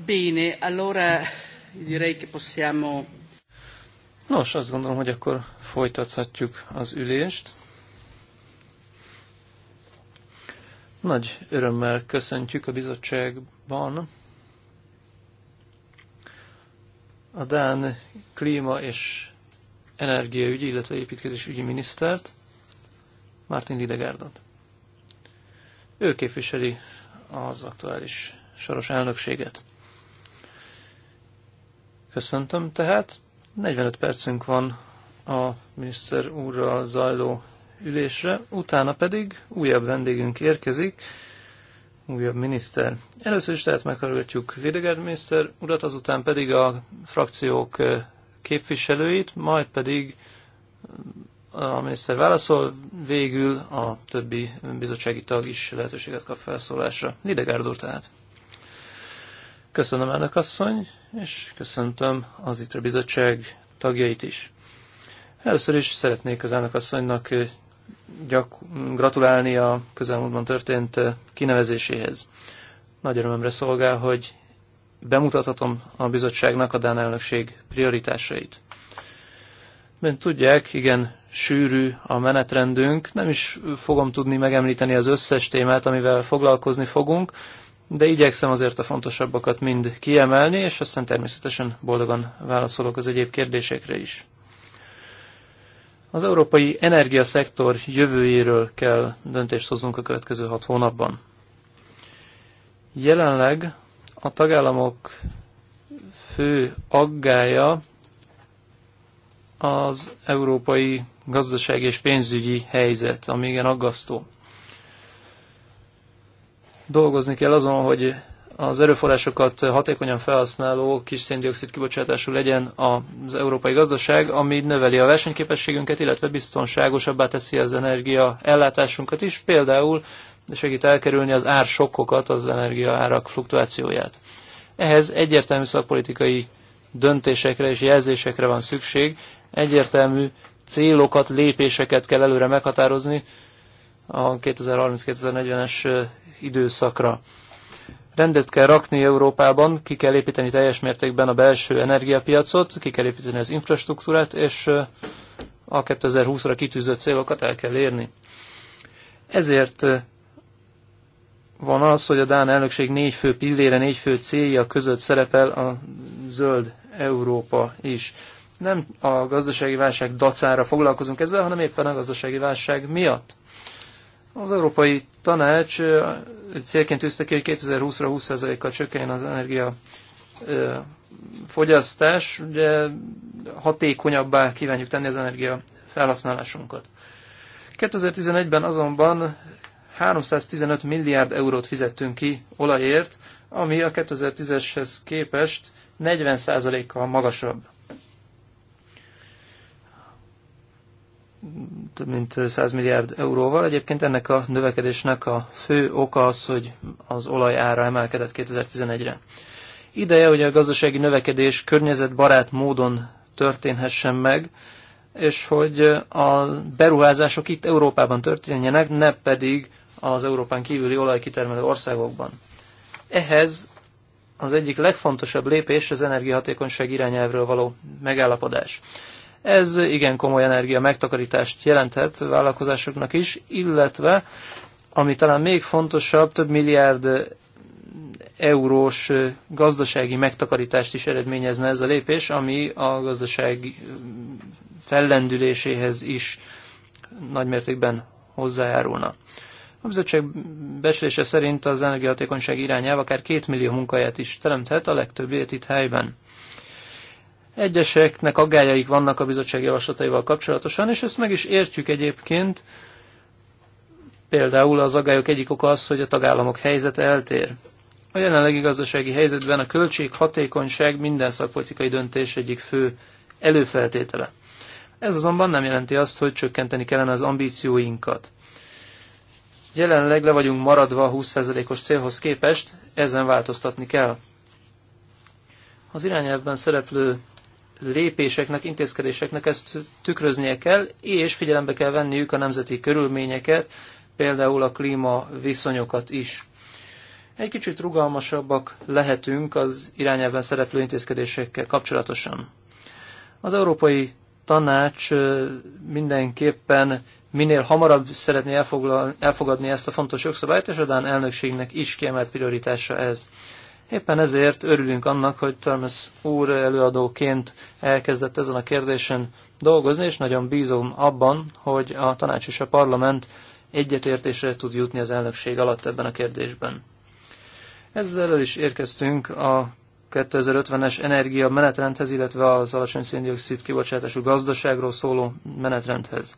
Bene, allora direi che possiamo... Nos, azt gondolom, hogy akkor folytathatjuk az ülést. Nagy örömmel köszöntjük a bizottságban a Dán klíma és energiaügyi, illetve ügyi minisztert, Martin Lidegárdot. Ő képviseli az aktuális soros elnökséget. Köszöntöm tehát. 45 percünk van a miniszter úrral zajló ülésre, utána pedig újabb vendégünk érkezik, újabb miniszter. Először is tehát meghallgatjuk Videgard miniszter urat, azután pedig a frakciók képviselőit, majd pedig a miniszter válaszol, végül a többi bizottsági tag is lehetőséget kap felszólásra. Lidegárd úr tehát. Köszönöm elnök asszony, és köszöntöm az ITRA bizottság tagjait is. Először is szeretnék az elnök asszonynak gratulálni a közelmúltban történt kinevezéséhez. Nagy örömömre szolgál, hogy bemutathatom a bizottságnak a Dán elnökség prioritásait. Mint tudják, igen, sűrű a menetrendünk, nem is fogom tudni megemlíteni az összes témát, amivel foglalkozni fogunk, de igyekszem azért a fontosabbakat mind kiemelni, és aztán természetesen boldogan válaszolok az egyéb kérdésekre is. Az európai energiaszektor jövőjéről kell döntést hoznunk a következő hat hónapban. Jelenleg a tagállamok fő aggája az európai gazdasági és pénzügyi helyzet, ami igen aggasztó. Dolgozni kell azon, hogy az erőforrásokat hatékonyan felhasználó kis széndiokszid kibocsátású legyen az európai gazdaság, ami növeli a versenyképességünket, illetve biztonságosabbá teszi az energia ellátásunkat is, például segít elkerülni az ársokkokat, az energiaárak fluktuációját. Ehhez egyértelmű szakpolitikai döntésekre és jelzésekre van szükség, egyértelmű célokat, lépéseket kell előre meghatározni a 2030-2040-es időszakra. Rendet kell rakni Európában, ki kell építeni teljes mértékben a belső energiapiacot, ki kell építeni az infrastruktúrát, és a 2020-ra kitűzött célokat el kell érni. Ezért van az, hogy a Dán elnökség négy fő pillére, négy fő célja között szerepel a zöld Európa is nem a gazdasági válság dacára foglalkozunk ezzel, hanem éppen a gazdasági válság miatt. Az Európai Tanács célként tűzte ki, hogy 2020-ra 20%-kal csökkenjen az energia fogyasztás, ugye hatékonyabbá kívánjuk tenni az energia felhasználásunkat. 2011-ben azonban 315 milliárd eurót fizettünk ki olajért, ami a 2010-eshez képest 40%-kal magasabb. több mint 100 milliárd euróval. Egyébként ennek a növekedésnek a fő oka az, hogy az olaj ára emelkedett 2011-re. Ideje, hogy a gazdasági növekedés környezetbarát módon történhessen meg, és hogy a beruházások itt Európában történjenek, ne pedig az Európán kívüli olajkitermelő országokban. Ehhez az egyik legfontosabb lépés az energiahatékonyság irányelvről való megállapodás. Ez igen komoly energia megtakarítást jelenthet vállalkozásoknak is, illetve, ami talán még fontosabb, több milliárd eurós gazdasági megtakarítást is eredményezne ez a lépés, ami a gazdaság fellendüléséhez is nagymértékben hozzájárulna. A bizottság beszélése szerint az energiahatékonyság irányába akár két millió munkáját is teremthet, a legtöbbét itt helyben. Egyeseknek aggájaik vannak a bizottság javaslataival kapcsolatosan, és ezt meg is értjük egyébként. Például az aggályok egyik oka az, hogy a tagállamok helyzete eltér. A jelenlegi gazdasági helyzetben a költséghatékonyság minden szakpolitikai döntés egyik fő előfeltétele. Ez azonban nem jelenti azt, hogy csökkenteni kellene az ambícióinkat. Jelenleg le vagyunk maradva a 20%-os célhoz képest, ezen változtatni kell. Az irányelvben szereplő lépéseknek, intézkedéseknek ezt tükröznie kell, és figyelembe kell venniük a nemzeti körülményeket, például a klíma viszonyokat is. Egy kicsit rugalmasabbak lehetünk az irányelven szereplő intézkedésekkel kapcsolatosan. Az Európai Tanács mindenképpen minél hamarabb szeretné elfogadni ezt a fontos jogszabályt, és Adán elnökségnek is kiemelt prioritása ez. Éppen ezért örülünk annak, hogy Thomas úr előadóként elkezdett ezen a kérdésen dolgozni, és nagyon bízom abban, hogy a tanács és a parlament egyetértésre tud jutni az elnökség alatt ebben a kérdésben. Ezzel el is érkeztünk a 2050-es energia menetrendhez, illetve az alacsony széndiokszid kibocsátású gazdaságról szóló menetrendhez.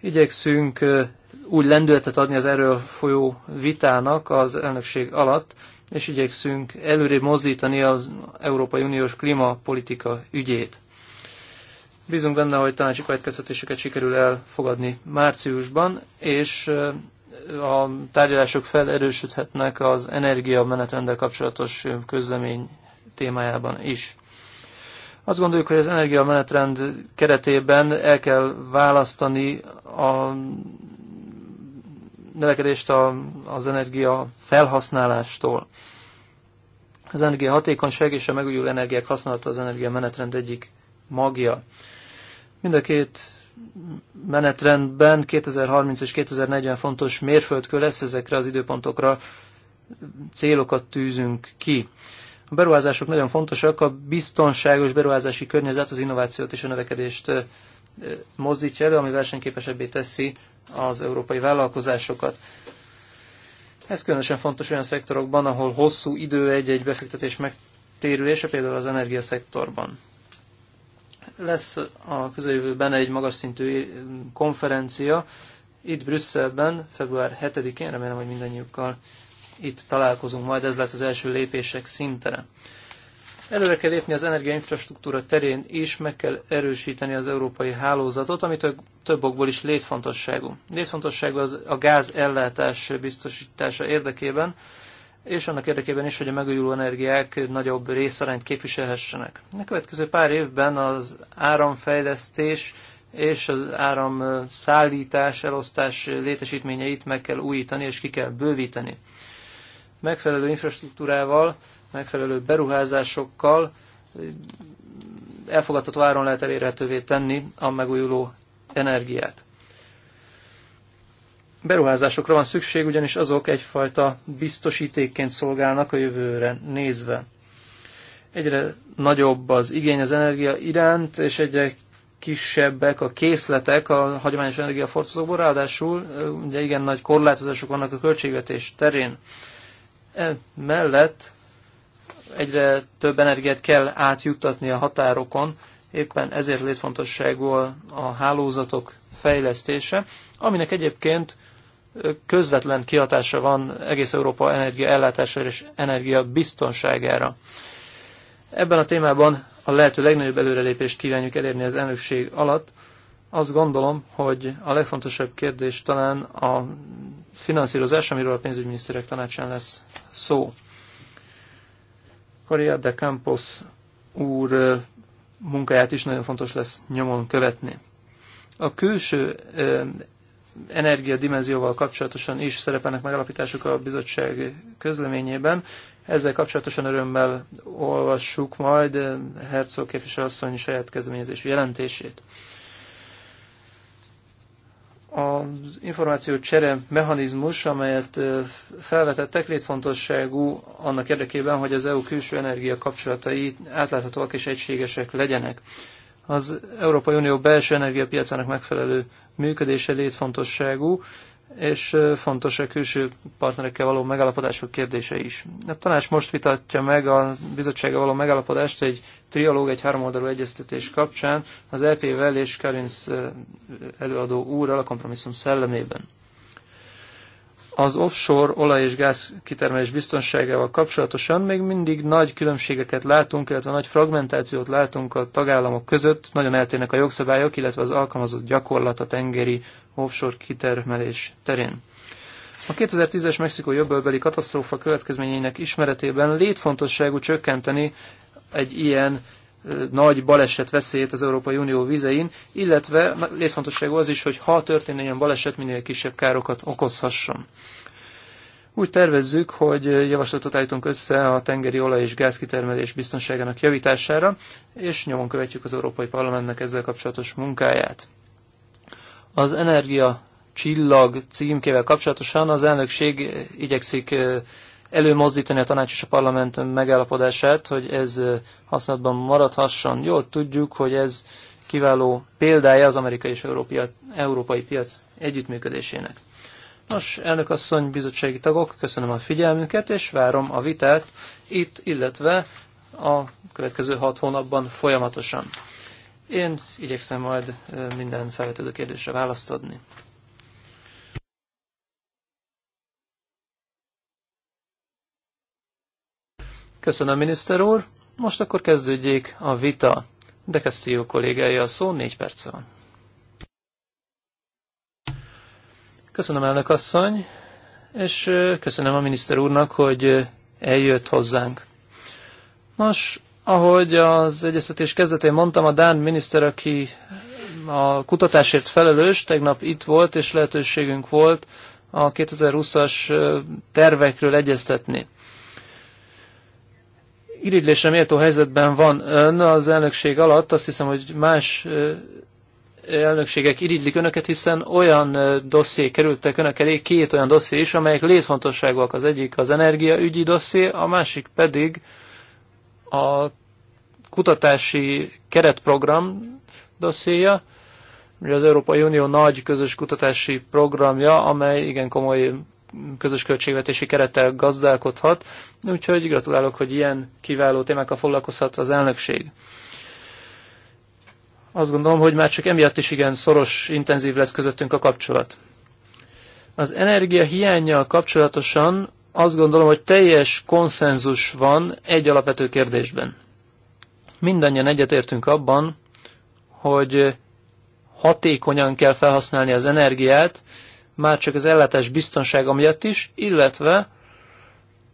Igyekszünk úgy lendületet adni az erről folyó vitának az elnökség alatt, és igyekszünk előrébb mozdítani az Európai Uniós klímapolitika ügyét. Bízunk benne, hogy tanácsi következtetéseket sikerül elfogadni márciusban, és a tárgyalások felerősödhetnek az energia energiamenetrendel kapcsolatos közlemény témájában is. Azt gondoljuk, hogy az menetrend keretében el kell választani a növekedést a, az energia felhasználástól. Az energia hatékonyság és a megújuló energiák használata az energia menetrend egyik magja. Mind a két menetrendben 2030 és 2040 fontos mérföldkő lesz, ezekre az időpontokra célokat tűzünk ki. A beruházások nagyon fontosak, a biztonságos beruházási környezet az innovációt és a növekedést mozdítja elő, ami versenyképesebbé teszi az európai vállalkozásokat. Ez különösen fontos olyan szektorokban, ahol hosszú idő egy-egy befektetés megtérülése, például az energiaszektorban. Lesz a közeljövőben egy magas szintű eh, konferencia itt Brüsszelben, február 7-én, remélem, hogy mindannyiukkal itt találkozunk, majd ez lett az első lépések szintere. Előre kell lépni az energiainfrastruktúra terén is, meg kell erősíteni az európai hálózatot, ami több, több okból is létfontosságú. Létfontosságú az a gáz ellátás biztosítása érdekében, és annak érdekében is, hogy a megújuló energiák nagyobb részarányt képviselhessenek. A következő pár évben az áramfejlesztés és az áram szállítás, elosztás létesítményeit meg kell újítani és ki kell bővíteni. Megfelelő infrastruktúrával megfelelő beruházásokkal elfogadható áron lehet elérhetővé tenni a megújuló energiát. Beruházásokra van szükség, ugyanis azok egyfajta biztosítékként szolgálnak a jövőre nézve. Egyre nagyobb az igény az energia iránt, és egyre kisebbek a készletek a hagyományos energiaforcozókból, ráadásul ugye igen nagy korlátozások vannak a költségvetés terén. E mellett egyre több energiát kell átjuttatni a határokon, éppen ezért létfontosságú a hálózatok fejlesztése, aminek egyébként közvetlen kihatása van egész Európa energia ellátására és energia biztonságára. Ebben a témában a lehető legnagyobb előrelépést kívánjuk elérni az elnökség alatt. Azt gondolom, hogy a legfontosabb kérdés talán a finanszírozás, amiről a pénzügyminiszterek tanácsán lesz szó. Korea de Campos úr munkáját is nagyon fontos lesz nyomon követni. A külső energiadimenzióval kapcsolatosan is szerepelnek megalapítások a bizottság közleményében. Ezzel kapcsolatosan örömmel olvassuk majd Herzog asszony saját kezdeményezésű jelentését az információ csere mechanizmus, amelyet felvetettek, létfontosságú annak érdekében, hogy az EU külső energia kapcsolatai átláthatóak és egységesek legyenek. Az Európai Unió belső energiapiacának megfelelő működése létfontosságú, és fontos a külső partnerekkel való megállapodások kérdése is. A tanács most vitatja meg a bizottsága való megállapodást egy trialóg, egy háromoldalú egyeztetés kapcsán az EP-vel és Karinz előadó úrral a kompromisszum szellemében. Az offshore olaj- és gázkitermelés biztonságával kapcsolatosan még mindig nagy különbségeket látunk, illetve nagy fragmentációt látunk a tagállamok között. Nagyon eltérnek a jogszabályok, illetve az alkalmazott gyakorlat a tengeri offshore kitermelés terén. A 2010-es Mexikó jövőbeli katasztrófa következményeinek ismeretében létfontosságú csökkenteni egy ilyen nagy baleset veszélyét az Európai Unió vizein, illetve létfontosságú az is, hogy ha történne ilyen baleset, minél kisebb károkat okozhasson. Úgy tervezzük, hogy javaslatot állítunk össze a tengeri olaj és gázkitermelés biztonságának javítására, és nyomon követjük az Európai Parlamentnek ezzel kapcsolatos munkáját. Az energia csillag címkével kapcsolatosan az elnökség igyekszik előmozdítani a tanács és a parlament megállapodását, hogy ez használatban maradhasson. Jól tudjuk, hogy ez kiváló példája az amerikai és európai, piac együttműködésének. Nos, elnök asszony, bizottsági tagok, köszönöm a figyelmüket, és várom a vitát itt, illetve a következő hat hónapban folyamatosan. Én igyekszem majd minden felvetődő kérdésre választ adni. Köszönöm, miniszter úr. Most akkor kezdődjék a vita. De Castillo kollégája a szó, négy perc van. Köszönöm, elnök asszony, és köszönöm a miniszter úrnak, hogy eljött hozzánk. Nos, ahogy az egyeztetés kezdetén mondtam, a Dán miniszter, aki a kutatásért felelős, tegnap itt volt, és lehetőségünk volt a 2020-as tervekről egyeztetni irigylésre méltó helyzetben van ön az elnökség alatt. Azt hiszem, hogy más elnökségek irigylik önöket, hiszen olyan dosszié kerültek önök elé, két olyan dosszié is, amelyek létfontosságúak. Az egyik az energiaügyi dosszié, a másik pedig a kutatási keretprogram dossziéja, az Európai Unió nagy közös kutatási programja, amely igen komoly közös költségvetési kerettel gazdálkodhat, úgyhogy gratulálok, hogy ilyen kiváló témákkal foglalkozhat az elnökség. Azt gondolom, hogy már csak emiatt is igen szoros, intenzív lesz közöttünk a kapcsolat. Az energia hiányjal kapcsolatosan azt gondolom, hogy teljes konszenzus van egy alapvető kérdésben. Mindannyian egyetértünk abban, hogy hatékonyan kell felhasználni az energiát, már csak az ellátás biztonsága miatt is, illetve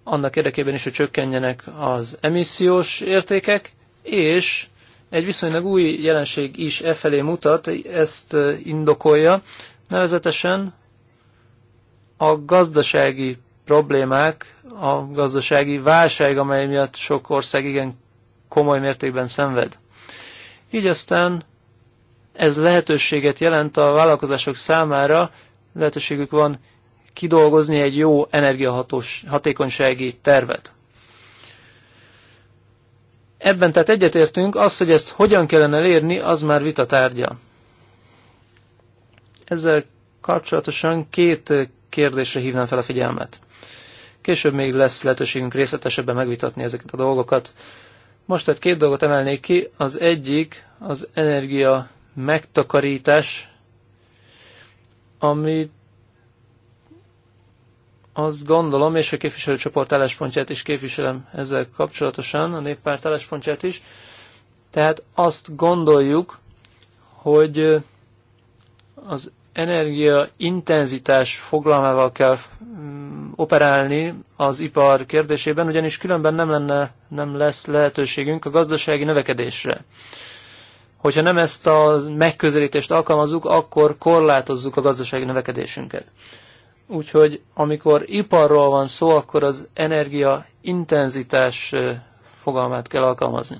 annak érdekében is, hogy csökkenjenek az emissziós értékek, és egy viszonylag új jelenség is e felé mutat, ezt indokolja, nevezetesen a gazdasági problémák, a gazdasági válság, amely miatt sok ország igen komoly mértékben szenved. Így aztán ez lehetőséget jelent a vállalkozások számára lehetőségük van kidolgozni egy jó energiahatós hatékonysági tervet. Ebben tehát egyetértünk, az, hogy ezt hogyan kellene elérni, az már vita tárgya. Ezzel kapcsolatosan két kérdésre hívnám fel a figyelmet. Később még lesz lehetőségünk részletesebben megvitatni ezeket a dolgokat. Most tehát két dolgot emelnék ki. Az egyik az energia megtakarítás ami azt gondolom, és a képviselőcsoport álláspontját is képviselem ezzel kapcsolatosan, a néppárt álláspontját is, tehát azt gondoljuk, hogy az energia intenzitás foglalmával kell mm, operálni az ipar kérdésében, ugyanis különben nem, lenne, nem lesz lehetőségünk a gazdasági növekedésre. Hogyha nem ezt a megközelítést alkalmazzuk, akkor korlátozzuk a gazdasági növekedésünket. Úgyhogy amikor iparról van szó, akkor az energia intenzitás fogalmát kell alkalmazni.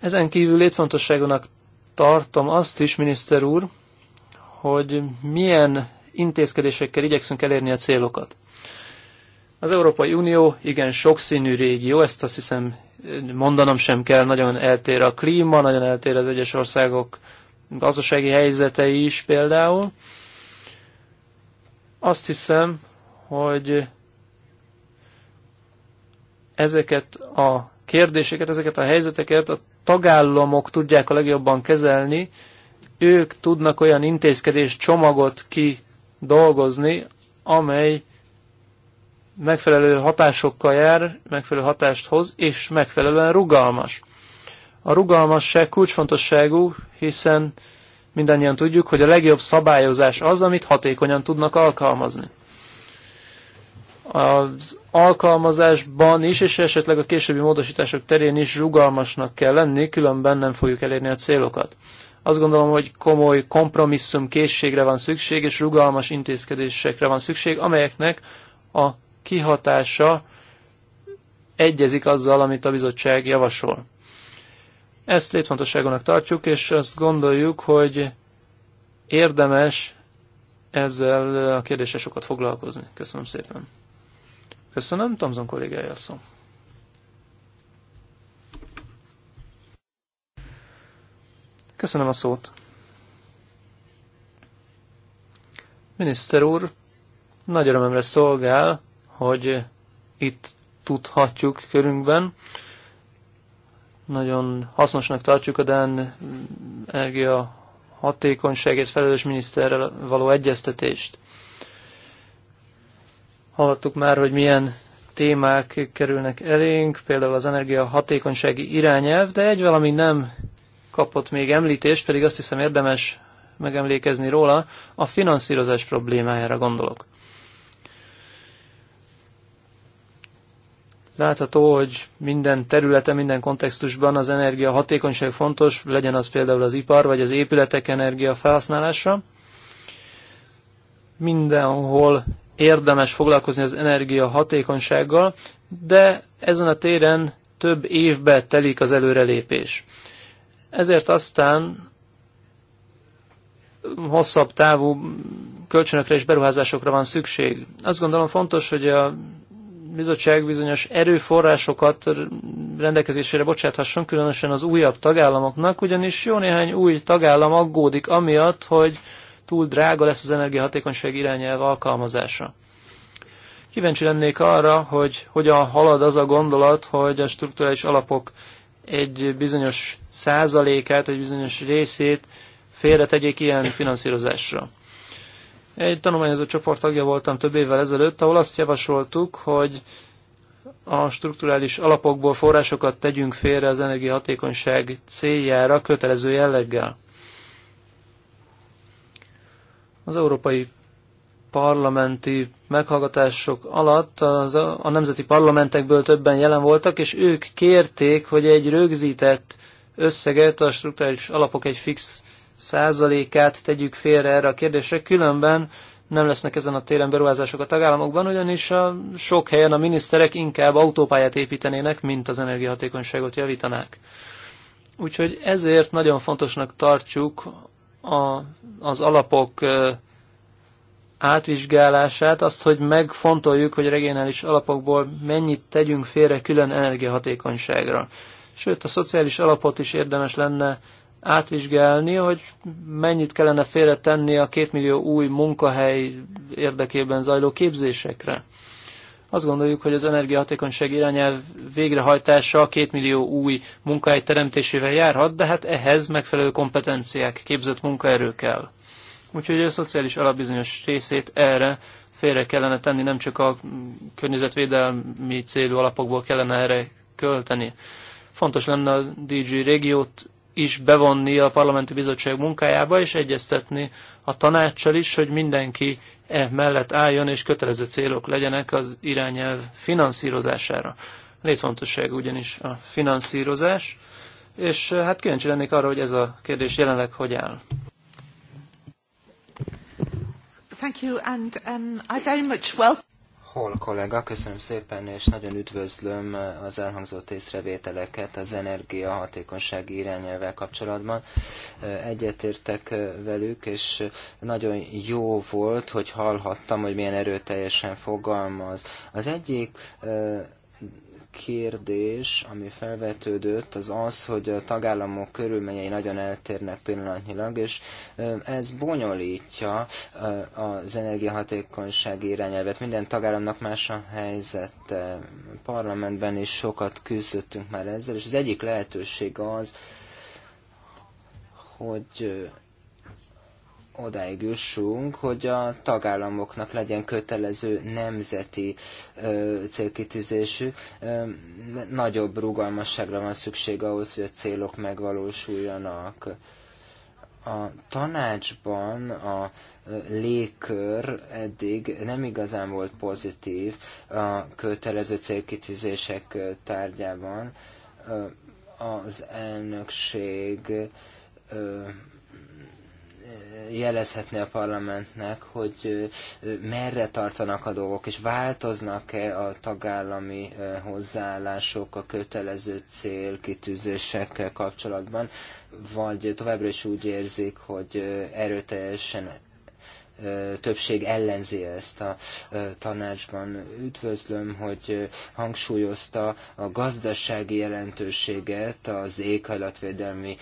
Ezen kívül létfontosságonak tartom azt is, miniszter úr, hogy milyen intézkedésekkel igyekszünk elérni a célokat. Az Európai Unió igen sokszínű régió, ezt azt hiszem mondanom sem kell, nagyon eltér a klíma, nagyon eltér az egyes országok gazdasági helyzete is például. Azt hiszem, hogy ezeket a kérdéseket, ezeket a helyzeteket a tagállamok tudják a legjobban kezelni, ők tudnak olyan intézkedés csomagot ki dolgozni, amely megfelelő hatásokkal jár, megfelelő hatást hoz, és megfelelően rugalmas. A rugalmasság kulcsfontosságú, hiszen mindannyian tudjuk, hogy a legjobb szabályozás az, amit hatékonyan tudnak alkalmazni. Az alkalmazásban is, és esetleg a későbbi módosítások terén is rugalmasnak kell lenni, különben nem fogjuk elérni a célokat. Azt gondolom, hogy komoly kompromisszum készségre van szükség, és rugalmas intézkedésekre van szükség, amelyeknek a kihatása egyezik azzal, amit a bizottság javasol. Ezt létfontosságonak tartjuk, és azt gondoljuk, hogy érdemes ezzel a kérdéssel sokat foglalkozni. Köszönöm szépen. Köszönöm, Tamzon kollégája a szó. Köszönöm a szót. Miniszter úr, nagy örömömre szolgál, hogy itt tudhatjuk körünkben. Nagyon hasznosnak tartjuk a Dán energia hatékonyságét felelős miniszterrel való egyeztetést. Hallottuk már, hogy milyen témák kerülnek elénk, például az energia hatékonysági irányelv, de egy valami nem kapott még említést, pedig azt hiszem érdemes megemlékezni róla, a finanszírozás problémájára gondolok. Látható, hogy minden területen, minden kontextusban az energia hatékonyság fontos, legyen az például az ipar vagy az épületek energia felhasználása. Mindenhol érdemes foglalkozni az energia hatékonysággal, de ezen a téren több évbe telik az előrelépés. Ezért aztán hosszabb távú kölcsönökre és beruházásokra van szükség. Azt gondolom fontos, hogy a bizottság bizonyos erőforrásokat rendelkezésére bocsáthasson, különösen az újabb tagállamoknak, ugyanis jó néhány új tagállam aggódik amiatt, hogy túl drága lesz az energiahatékonyság irányelv alkalmazása. Kíváncsi lennék arra, hogy hogyan halad az a gondolat, hogy a strukturális alapok egy bizonyos százalékát, egy bizonyos részét félretegyék ilyen finanszírozásra. Egy tanulmányozó csoport tagja voltam több évvel ezelőtt, ahol azt javasoltuk, hogy a strukturális alapokból forrásokat tegyünk félre az energiahatékonyság céljára kötelező jelleggel. Az európai parlamenti meghallgatások alatt az, a nemzeti parlamentekből többen jelen voltak, és ők kérték, hogy egy rögzített összeget a strukturális alapok egy fix százalékát tegyük félre erre a kérdésre, különben nem lesznek ezen a téren beruházások a tagállamokban, ugyanis a sok helyen a miniszterek inkább autópályát építenének, mint az energiahatékonyságot javítanák. Úgyhogy ezért nagyon fontosnak tartjuk a, az alapok átvizsgálását, azt, hogy megfontoljuk, hogy regionális alapokból mennyit tegyünk félre külön energiahatékonyságra. Sőt, a szociális alapot is érdemes lenne átvizsgálni, hogy mennyit kellene félretenni a két millió új munkahely érdekében zajló képzésekre. Azt gondoljuk, hogy az energiahatékonyság irányelv végrehajtása két millió új munkahely teremtésével járhat, de hát ehhez megfelelő kompetenciák, képzett munkaerő kell. Úgyhogy a szociális alapbizonyos részét erre félre kellene tenni, nem csak a környezetvédelmi célú alapokból kellene erre költeni. Fontos lenne a DG régiót is bevonni a parlamenti bizottság munkájába, és egyeztetni a tanácssal is, hogy mindenki e mellett álljon, és kötelező célok legyenek az irányelv finanszírozására. Létfontosság ugyanis a finanszírozás, és eh, hát kíváncsi lennék arra, hogy ez a kérdés jelenleg hogy áll. Thank you, and um, I very much welcome. Hol kollega, köszönöm szépen, és nagyon üdvözlöm az elhangzott észrevételeket az energiahatékonysági irányelvvel kapcsolatban. Egyetértek velük, és nagyon jó volt, hogy hallhattam, hogy milyen erőteljesen fogalmaz. Az egyik kérdés, ami felvetődött, az az, hogy a tagállamok körülményei nagyon eltérnek pillanatnyilag, és ez bonyolítja az energiahatékonyság irányelvet. Minden tagállamnak más a helyzet. Parlamentben is sokat küzdöttünk már ezzel, és az egyik lehetőség az, hogy odáig jussunk, hogy a tagállamoknak legyen kötelező nemzeti ö, célkitűzésű. Ö, nagyobb rugalmasságra van szükség ahhoz, hogy a célok megvalósuljanak. A tanácsban a légkör eddig nem igazán volt pozitív a kötelező célkitűzések tárgyában. Az elnökség jelezhetné a parlamentnek, hogy merre tartanak a dolgok, és változnak-e a tagállami hozzáállások a kötelező célkitűzésekkel kapcsolatban, vagy továbbra is úgy érzik, hogy erőteljesen többség ellenzi ezt a tanácsban. Üdvözlöm, hogy hangsúlyozta a gazdasági jelentőséget az éghajlatvédelmi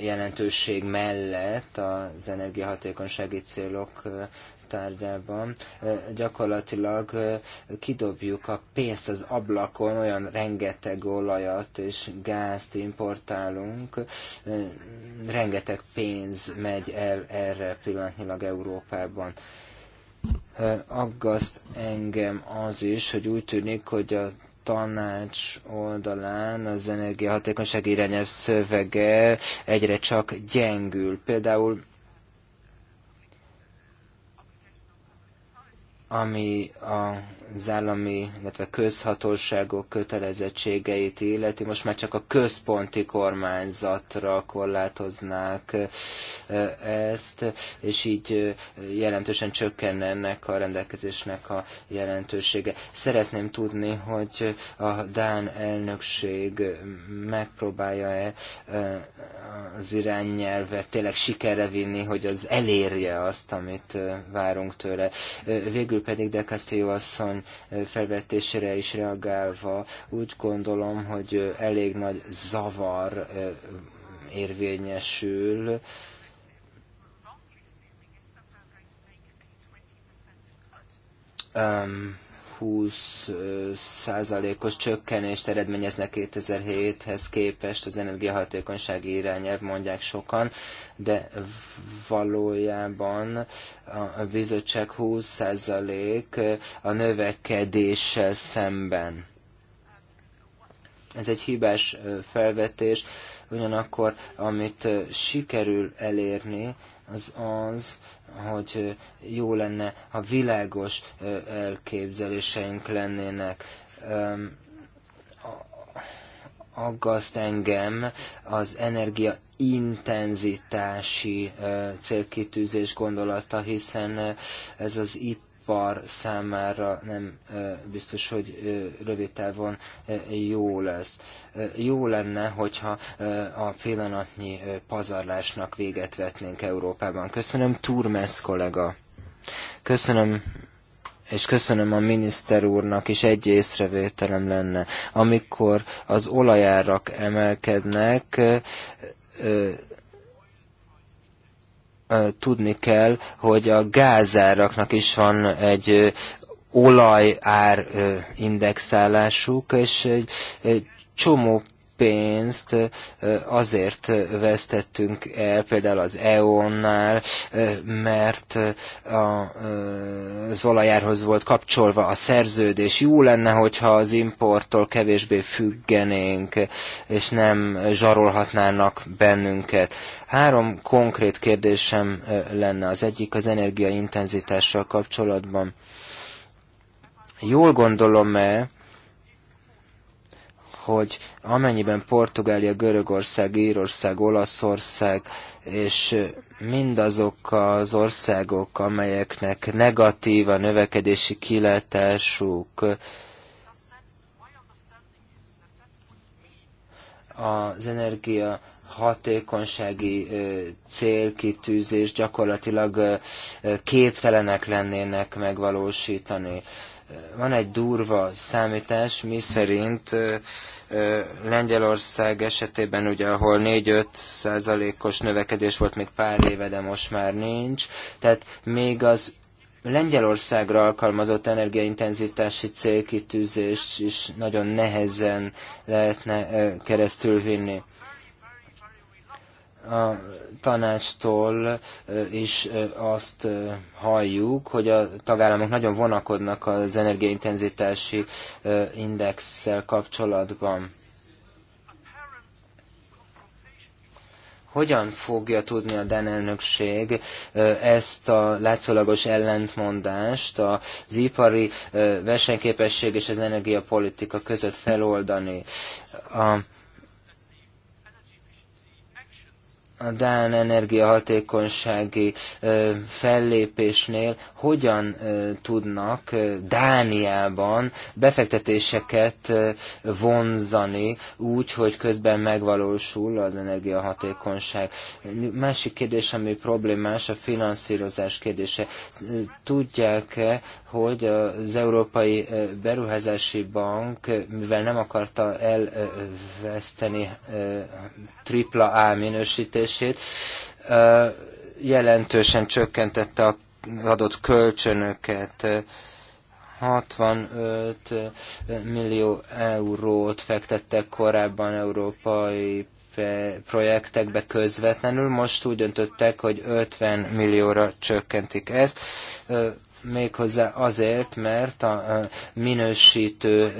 jelentőség mellett az energiahatékonysági célok tárgyában gyakorlatilag kidobjuk a pénzt az ablakon, olyan rengeteg olajat és gázt importálunk, rengeteg pénz megy el erre pillanatnyilag Európában aggaszt engem az is, hogy úgy tűnik, hogy a tanács oldalán az energiahatékonyság irányelv szövege egyre csak gyengül. Például ami az állami, illetve közhatóságok kötelezettségeit illeti, most már csak a központi kormányzatra korlátoznák ezt, és így jelentősen csökkenne ennek a rendelkezésnek a jelentősége. Szeretném tudni, hogy a Dán elnökség megpróbálja-e az irányelvet tényleg sikerre vinni, hogy az elérje azt, amit várunk tőle. Végül pedig De Castillo asszony felvetésére is reagálva úgy gondolom, hogy elég nagy zavar érvényesül, um, 20 százalékos csökkenést eredményeznek 2007-hez képest az energiahatékonysági irányelv, mondják sokan, de valójában a bizottság 20 százalék a növekedéssel szemben. Ez egy hibás felvetés, ugyanakkor amit sikerül elérni, az az, hogy jó lenne, ha világos elképzeléseink lennének aggaszt engem az energia intenzitási célkitűzés gondolata, hiszen ez az IP ipar számára nem biztos, hogy rövid távon jó lesz. Jó lenne, hogyha a pillanatnyi pazarlásnak véget vetnénk Európában. Köszönöm, Turmes kollega. Köszönöm és köszönöm a miniszter úrnak is egy észrevételem lenne. Amikor az olajárak emelkednek, tudni kell, hogy a gázáraknak is van egy olajár indexálásuk, és egy, egy csomó pénzt azért vesztettünk el, például az EON-nál, mert az olajárhoz volt kapcsolva a szerződés. Jó lenne, hogyha az importtól kevésbé függenénk, és nem zsarolhatnának bennünket. Három konkrét kérdésem lenne. Az egyik az energiaintenzitással kapcsolatban. Jól gondolom-e, hogy amennyiben Portugália, Görögország, Írország, Olaszország és mindazok az országok, amelyeknek negatív a növekedési kilátásuk, az energia hatékonysági célkitűzés gyakorlatilag képtelenek lennének megvalósítani van egy durva számítás, mi szerint Lengyelország esetében, ugye, ahol 4-5 százalékos növekedés volt még pár éve, de most már nincs, tehát még az Lengyelországra alkalmazott energiaintenzitási célkitűzést is nagyon nehezen lehetne keresztül vinni a tanácstól is azt halljuk, hogy a tagállamok nagyon vonakodnak az energiaintenzitási indexsel kapcsolatban. Hogyan fogja tudni a DEN elnökség ezt a látszólagos ellentmondást az ipari versenyképesség és az energiapolitika között feloldani? A a Dán energiahatékonysági fellépésnél hogyan tudnak Dániában befektetéseket vonzani úgy, hogy közben megvalósul az energiahatékonyság. Másik kérdés, ami problémás, a finanszírozás kérdése. Tudják-e, hogy az Európai Beruházási Bank, mivel nem akarta elveszteni AAA minősítést, működését, jelentősen csökkentette az adott kölcsönöket. 65 millió eurót fektettek korábban európai projektekbe közvetlenül, most úgy döntöttek, hogy 50 millióra csökkentik ezt méghozzá azért, mert a minősítő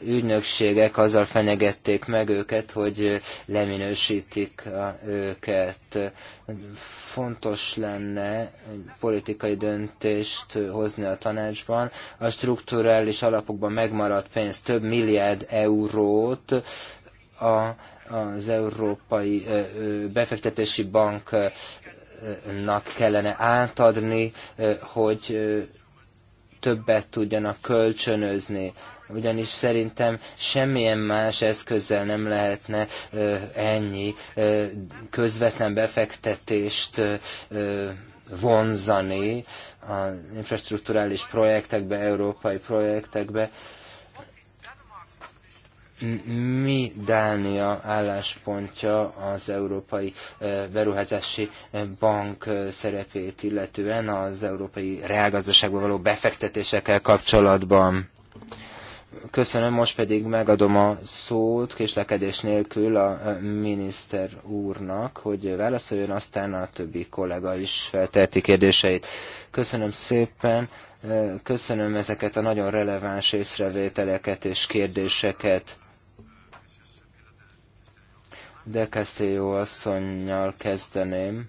ügynökségek azzal fenyegették meg őket, hogy leminősítik őket. Fontos lenne politikai döntést hozni a tanácsban. A strukturális alapokban megmaradt pénz több milliárd eurót a az Európai Befektetési Bank nak kellene átadni, hogy többet tudjanak kölcsönözni. Ugyanis szerintem semmilyen más eszközzel nem lehetne ennyi közvetlen befektetést vonzani az infrastruktúrális projektekbe, európai projektekbe, mi Dánia álláspontja az Európai eh, Beruházási eh, Bank eh, szerepét illetően az európai reálgazdaságba való befektetésekkel kapcsolatban? Köszönöm, most pedig megadom a szót késlekedés nélkül a miniszter úrnak, hogy válaszoljon, aztán a többi kollega is felteheti kérdéseit. Köszönöm szépen, köszönöm ezeket a nagyon releváns észrevételeket és kérdéseket. De Castillo asszonynal kezdeném,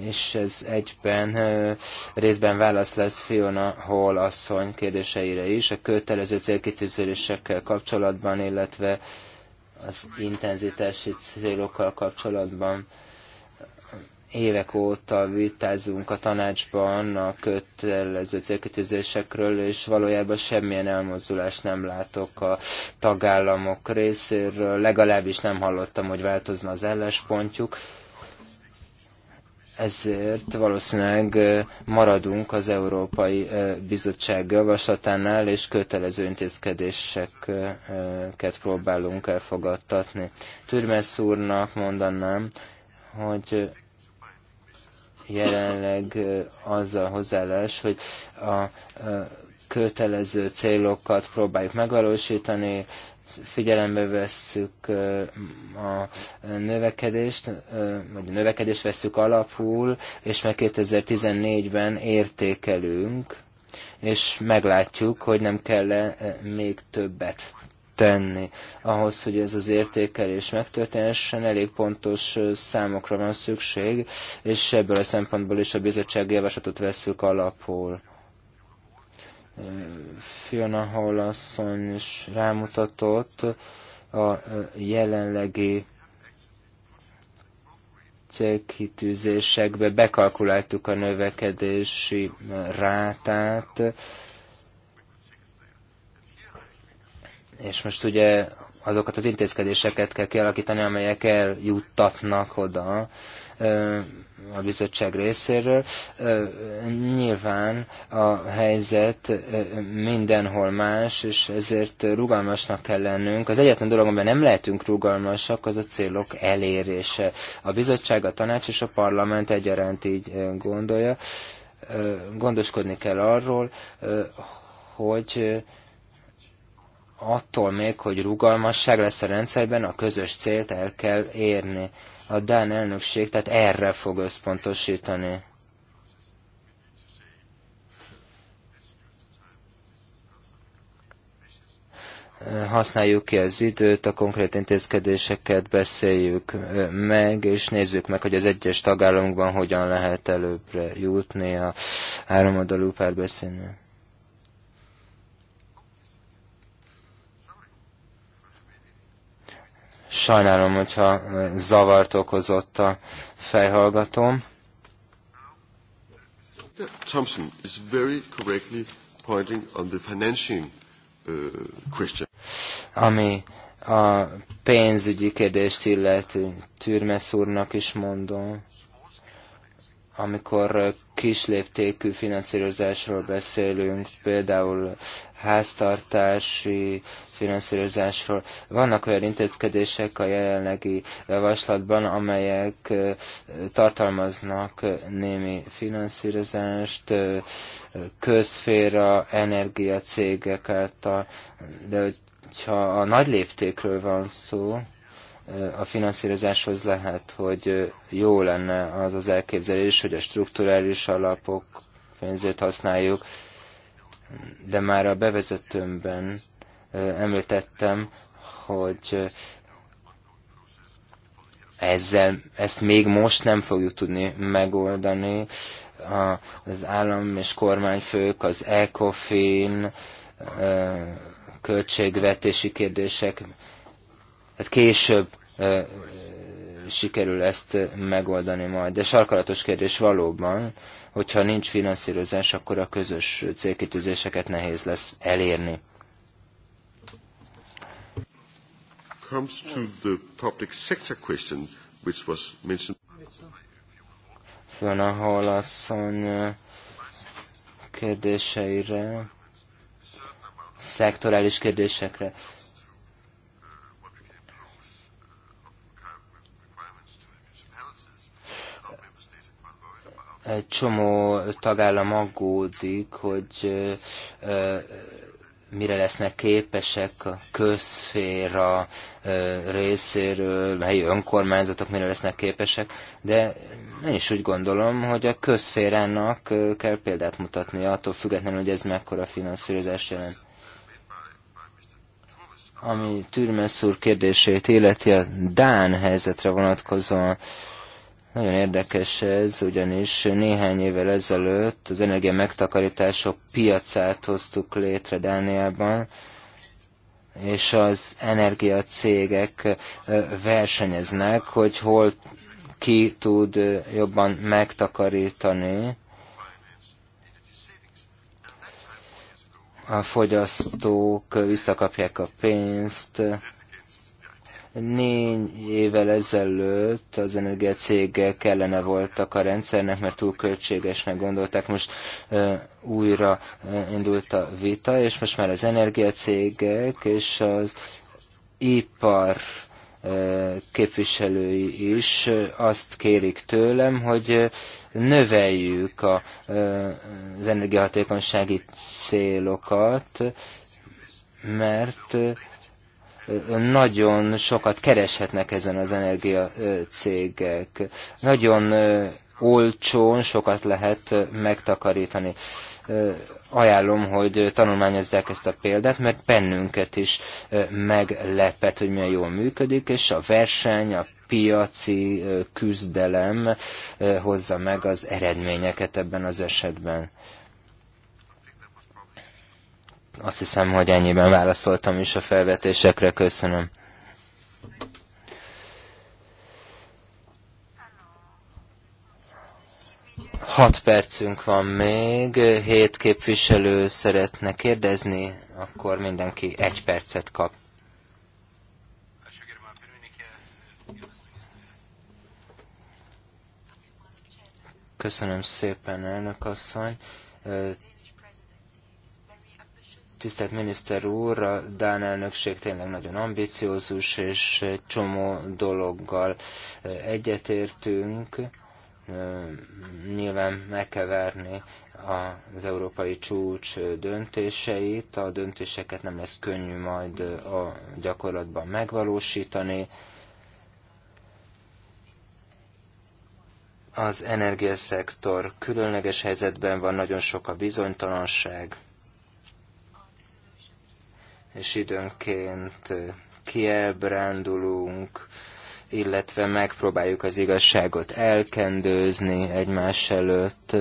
és ez egyben részben válasz lesz Fiona Hall asszony kérdéseire is, a kötelező célkitűzésekkel kapcsolatban, illetve az intenzitási célokkal kapcsolatban évek óta vitázunk a tanácsban a kötelező célkötőzésekről, és valójában semmilyen elmozdulást nem látok a tagállamok részéről, legalábbis nem hallottam, hogy változna az ellenspontjuk. Ezért valószínűleg maradunk az Európai Bizottság javaslatánál, és kötelező intézkedéseket próbálunk elfogadtatni. Türmes úrnak mondanám, hogy jelenleg az a hozzáállás, hogy a kötelező célokat próbáljuk megvalósítani, figyelembe vesszük a növekedést, vagy a növekedést vesszük alapul, és meg 2014-ben értékelünk, és meglátjuk, hogy nem kell -e még többet tenni. Ahhoz, hogy ez az értékelés megtörténessen, elég pontos számokra van szükség, és ebből a szempontból is a bizottság javaslatot veszük alapul. Fiona Hall is rámutatott a jelenlegi célkitűzésekbe bekalkuláltuk a növekedési rátát, És most ugye azokat az intézkedéseket kell kialakítani, amelyek eljuttatnak oda a bizottság részéről. Nyilván a helyzet mindenhol más, és ezért rugalmasnak kell lennünk. Az egyetlen dolog, amiben nem lehetünk rugalmasak, az a célok elérése. A bizottság, a tanács és a parlament egyaránt így gondolja. Gondoskodni kell arról, hogy attól még, hogy rugalmasság lesz a rendszerben, a közös célt el kell érni. A Dán elnökség tehát erre fog összpontosítani. használjuk ki az időt, a konkrét intézkedéseket beszéljük meg, és nézzük meg, hogy az egyes tagállamokban hogyan lehet előbbre jutni a háromadalú párbeszédnél. Sajnálom, hogyha zavart okozott a fejhallgatóm. Thompson is very correctly pointing on the financing uh, question. Ami a pénzügyi kérdést illeti, Türmes úrnak is mondom, amikor kisléptékű finanszírozásról beszélünk, például háztartási finanszírozásról. Vannak olyan intézkedések a jelenlegi javaslatban, amelyek tartalmaznak némi finanszírozást, közféra, energiacégek által, de hogyha a nagy léptékről van szó, a finanszírozáshoz lehet, hogy jó lenne az az elképzelés, hogy a strukturális alapok pénzét használjuk, de már a bevezetőmben említettem, hogy ezzel, ezt még most nem fogjuk tudni megoldani. Az állam és kormányfők, az ECOFIN, költségvetési kérdések, hát később sikerül ezt megoldani majd. De sarkalatos kérdés valóban, hogyha nincs finanszírozás, akkor a közös célkitűzéseket nehéz lesz elérni. comes to the public sector question, which was mentioned. Van a halasszony kérdéseire, szektorális kérdésekre. Egy csomó tagállam aggódik, hogy mire lesznek képesek a közféra részéről, a helyi önkormányzatok mire lesznek képesek, de én is úgy gondolom, hogy a közférának kell példát mutatnia, attól függetlenül, hogy ez mekkora finanszírozás jelent. Ami Türmes úr kérdését illeti a Dán helyzetre vonatkozóan, nagyon érdekes ez, ugyanis néhány évvel ezelőtt az energia megtakarítások piacát hoztuk létre Dániában, és az energiacégek versenyeznek, hogy hol ki tud jobban megtakarítani a fogyasztók, visszakapják a pénzt, Négy évvel ezelőtt az energiacégek ellene voltak a rendszernek, mert túl költségesnek gondolták. Most ö, újra ö, indult a vita, és most már az energiacégek és az ipar képviselői is azt kérik tőlem, hogy növeljük a, az energiahatékonysági célokat, mert nagyon sokat kereshetnek ezen az energiacégek. Nagyon olcsón sokat lehet megtakarítani. Ajánlom, hogy tanulmányozzák ezt a példát, mert bennünket is meglepet, hogy milyen jól működik, és a verseny, a piaci küzdelem hozza meg az eredményeket ebben az esetben. Azt hiszem, hogy ennyiben válaszoltam is a felvetésekre. Köszönöm. Hat percünk van még, hét képviselő szeretne kérdezni, akkor mindenki egy percet kap. Köszönöm szépen, elnök asszony. Tisztelt miniszter úr, a Dán elnökség tényleg nagyon ambiciózus, és egy csomó dologgal eh, egyetértünk. Eh, nyilván meg kell várni az európai csúcs döntéseit. A döntéseket nem lesz könnyű majd eh, a gyakorlatban megvalósítani. Az energiaszektor különleges helyzetben van, nagyon sok a bizonytalanság és időnként kiebrándulunk, illetve megpróbáljuk az igazságot elkendőzni egymás előtt.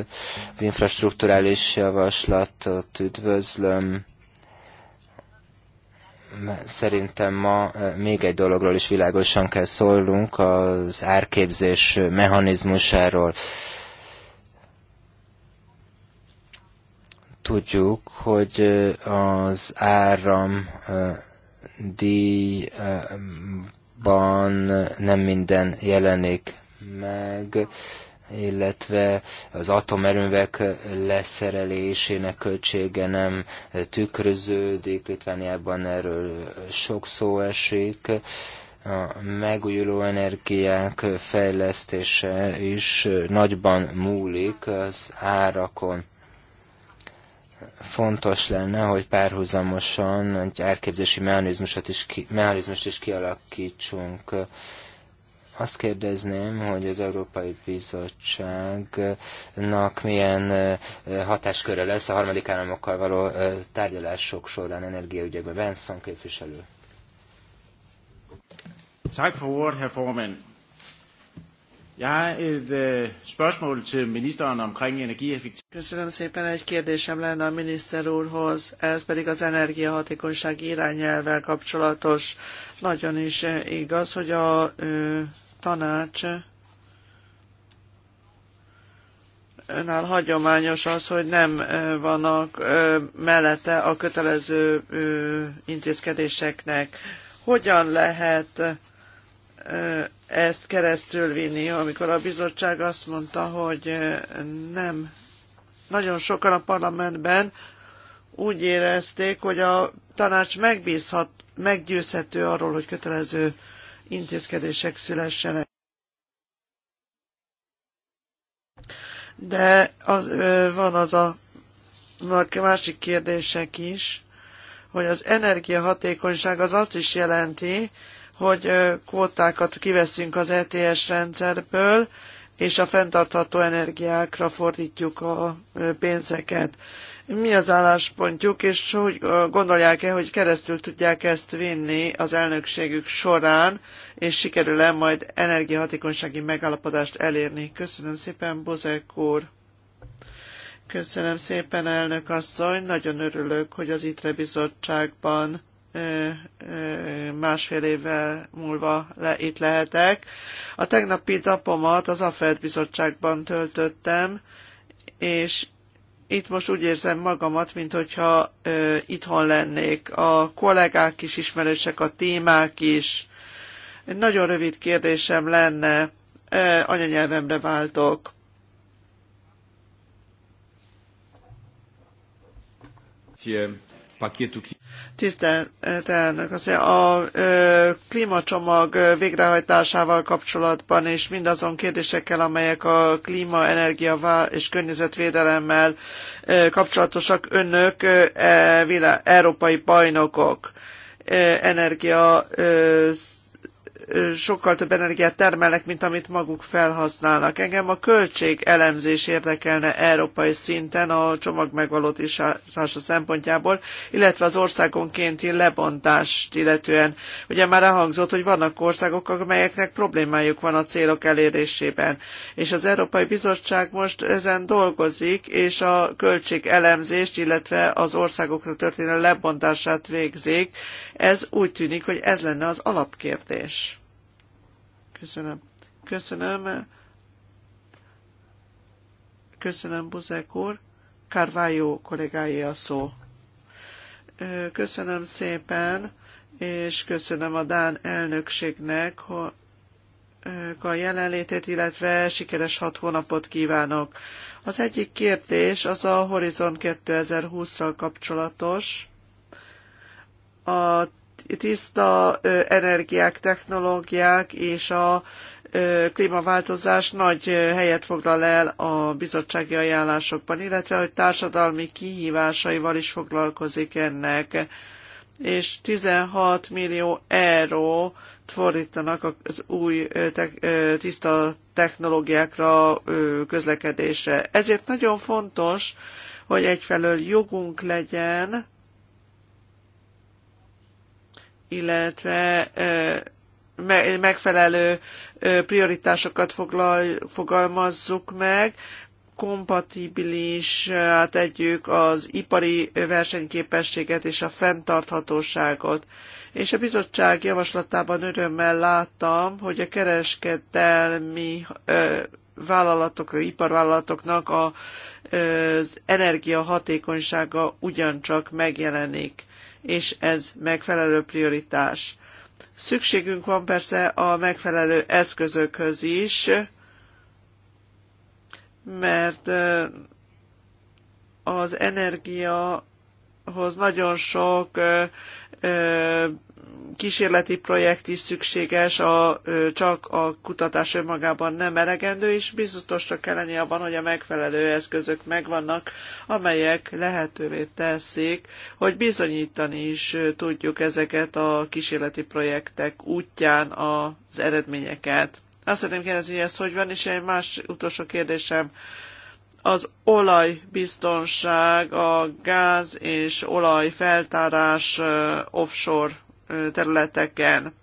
Az infrastruktúrális javaslatot üdvözlöm. Szerintem ma még egy dologról is világosan kell szólnunk, az árképzés mechanizmusáról. Tudjuk, hogy az áram díjban nem minden jelenik meg, illetve az atomerőművek leszerelésének költsége nem tükröződik, Litvániában erről sok szó esik, a megújuló energiák fejlesztése is nagyban múlik az árakon fontos lenne, hogy párhuzamosan egy árképzési mechanizmust is ki, mechanizmust is kialakítsunk. Azt kérdezném, hogy az Európai Bizottságnak milyen hatásköre lesz a harmadik államokkal való tárgyalások során energiaügyekben. Benson képviselő. Tak for ordet, herr formand. Jeg har et øh, spørgsmål til ministeren omkring energieffektivitet. Köszönöm szépen, egy kérdésem lenne a miniszter úrhoz, ez pedig az energiahatékonyság irányelvvel kapcsolatos. Nagyon is igaz, hogy a ö, tanács önál hagyományos az, hogy nem vannak mellette a kötelező intézkedéseknek. Hogyan lehet ezt keresztül vinni, amikor a bizottság azt mondta, hogy nem. Nagyon sokan a parlamentben úgy érezték, hogy a tanács megbízhat, meggyőzhető arról, hogy kötelező intézkedések szülessenek. De az, van az a másik kérdések is, hogy az energiahatékonyság az azt is jelenti, hogy kvótákat kiveszünk az ETS rendszerből, és a fenntartható energiákra fordítjuk a pénzeket. Mi az álláspontjuk, és hogy gondolják-e, hogy keresztül tudják ezt vinni az elnökségük során, és sikerül-e majd energiahatékonysági megállapodást elérni? Köszönöm szépen, Bozek úr! Köszönöm szépen, elnök asszony! Nagyon örülök, hogy az ITRE bizottságban másfél évvel múlva le, itt lehetek. A tegnapi napomat az AFED bizottságban töltöttem, és itt most úgy érzem magamat, mint hogyha ö, itthon lennék. A kollégák is ismerősek, a témák is. Egy nagyon rövid kérdésem lenne, ö, anyanyelvemre váltok. Ilyen Tisztelt eh, elnök, az a eh, klímacsomag eh, végrehajtásával kapcsolatban és mindazon kérdésekkel, amelyek a klíma, energia és környezetvédelemmel kapcsolatosak, önök e, világ, európai bajnokok ö, energia sokkal több energiát termelnek, mint amit maguk felhasználnak. Engem a költség elemzés érdekelne európai szinten a csomag megvalósítása szempontjából, illetve az országonkénti lebontást illetően. Ugye már elhangzott, hogy vannak országok, amelyeknek problémájuk van a célok elérésében, és az Európai Bizottság most ezen dolgozik, és a költség elemzést, illetve az országokra történő lebontását végzik. Ez úgy tűnik, hogy ez lenne az alapkérdés. Köszönöm. Köszönöm. Köszönöm, Buzek úr. Carvalho kollégája a szó. Köszönöm szépen, és köszönöm a Dán elnökségnek, hogy a jelenlétét, illetve sikeres hat hónapot kívánok. Az egyik kérdés az a Horizon 2020-szal kapcsolatos. A tiszta energiák, technológiák és a klímaváltozás nagy helyet foglal el a bizottsági ajánlásokban, illetve hogy társadalmi kihívásaival is foglalkozik ennek és 16 millió euró fordítanak az új tiszta technológiákra közlekedésre. Ezért nagyon fontos, hogy egyfelől jogunk legyen illetve megfelelő prioritásokat foglal, fogalmazzuk meg, kompatibilis tegyük az ipari versenyképességet és a fenntarthatóságot. És a bizottság javaslatában örömmel láttam, hogy a kereskedelmi vállalatok, iparvállalatoknak a, az energiahatékonysága ugyancsak megjelenik és ez megfelelő prioritás. Szükségünk van persze a megfelelő eszközökhöz is, mert az energiahoz nagyon sok kísérleti projekt is szükséges, a, csak a kutatás önmagában nem elegendő, és biztosnak kell lenni abban, hogy a megfelelő eszközök megvannak, amelyek lehetővé teszik, hogy bizonyítani is tudjuk ezeket a kísérleti projektek útján az eredményeket. Azt szeretném kérdezni, hogy ez hogy van, és egy más utolsó kérdésem az olajbiztonság, a gáz és olaj feltárás offshore területeken.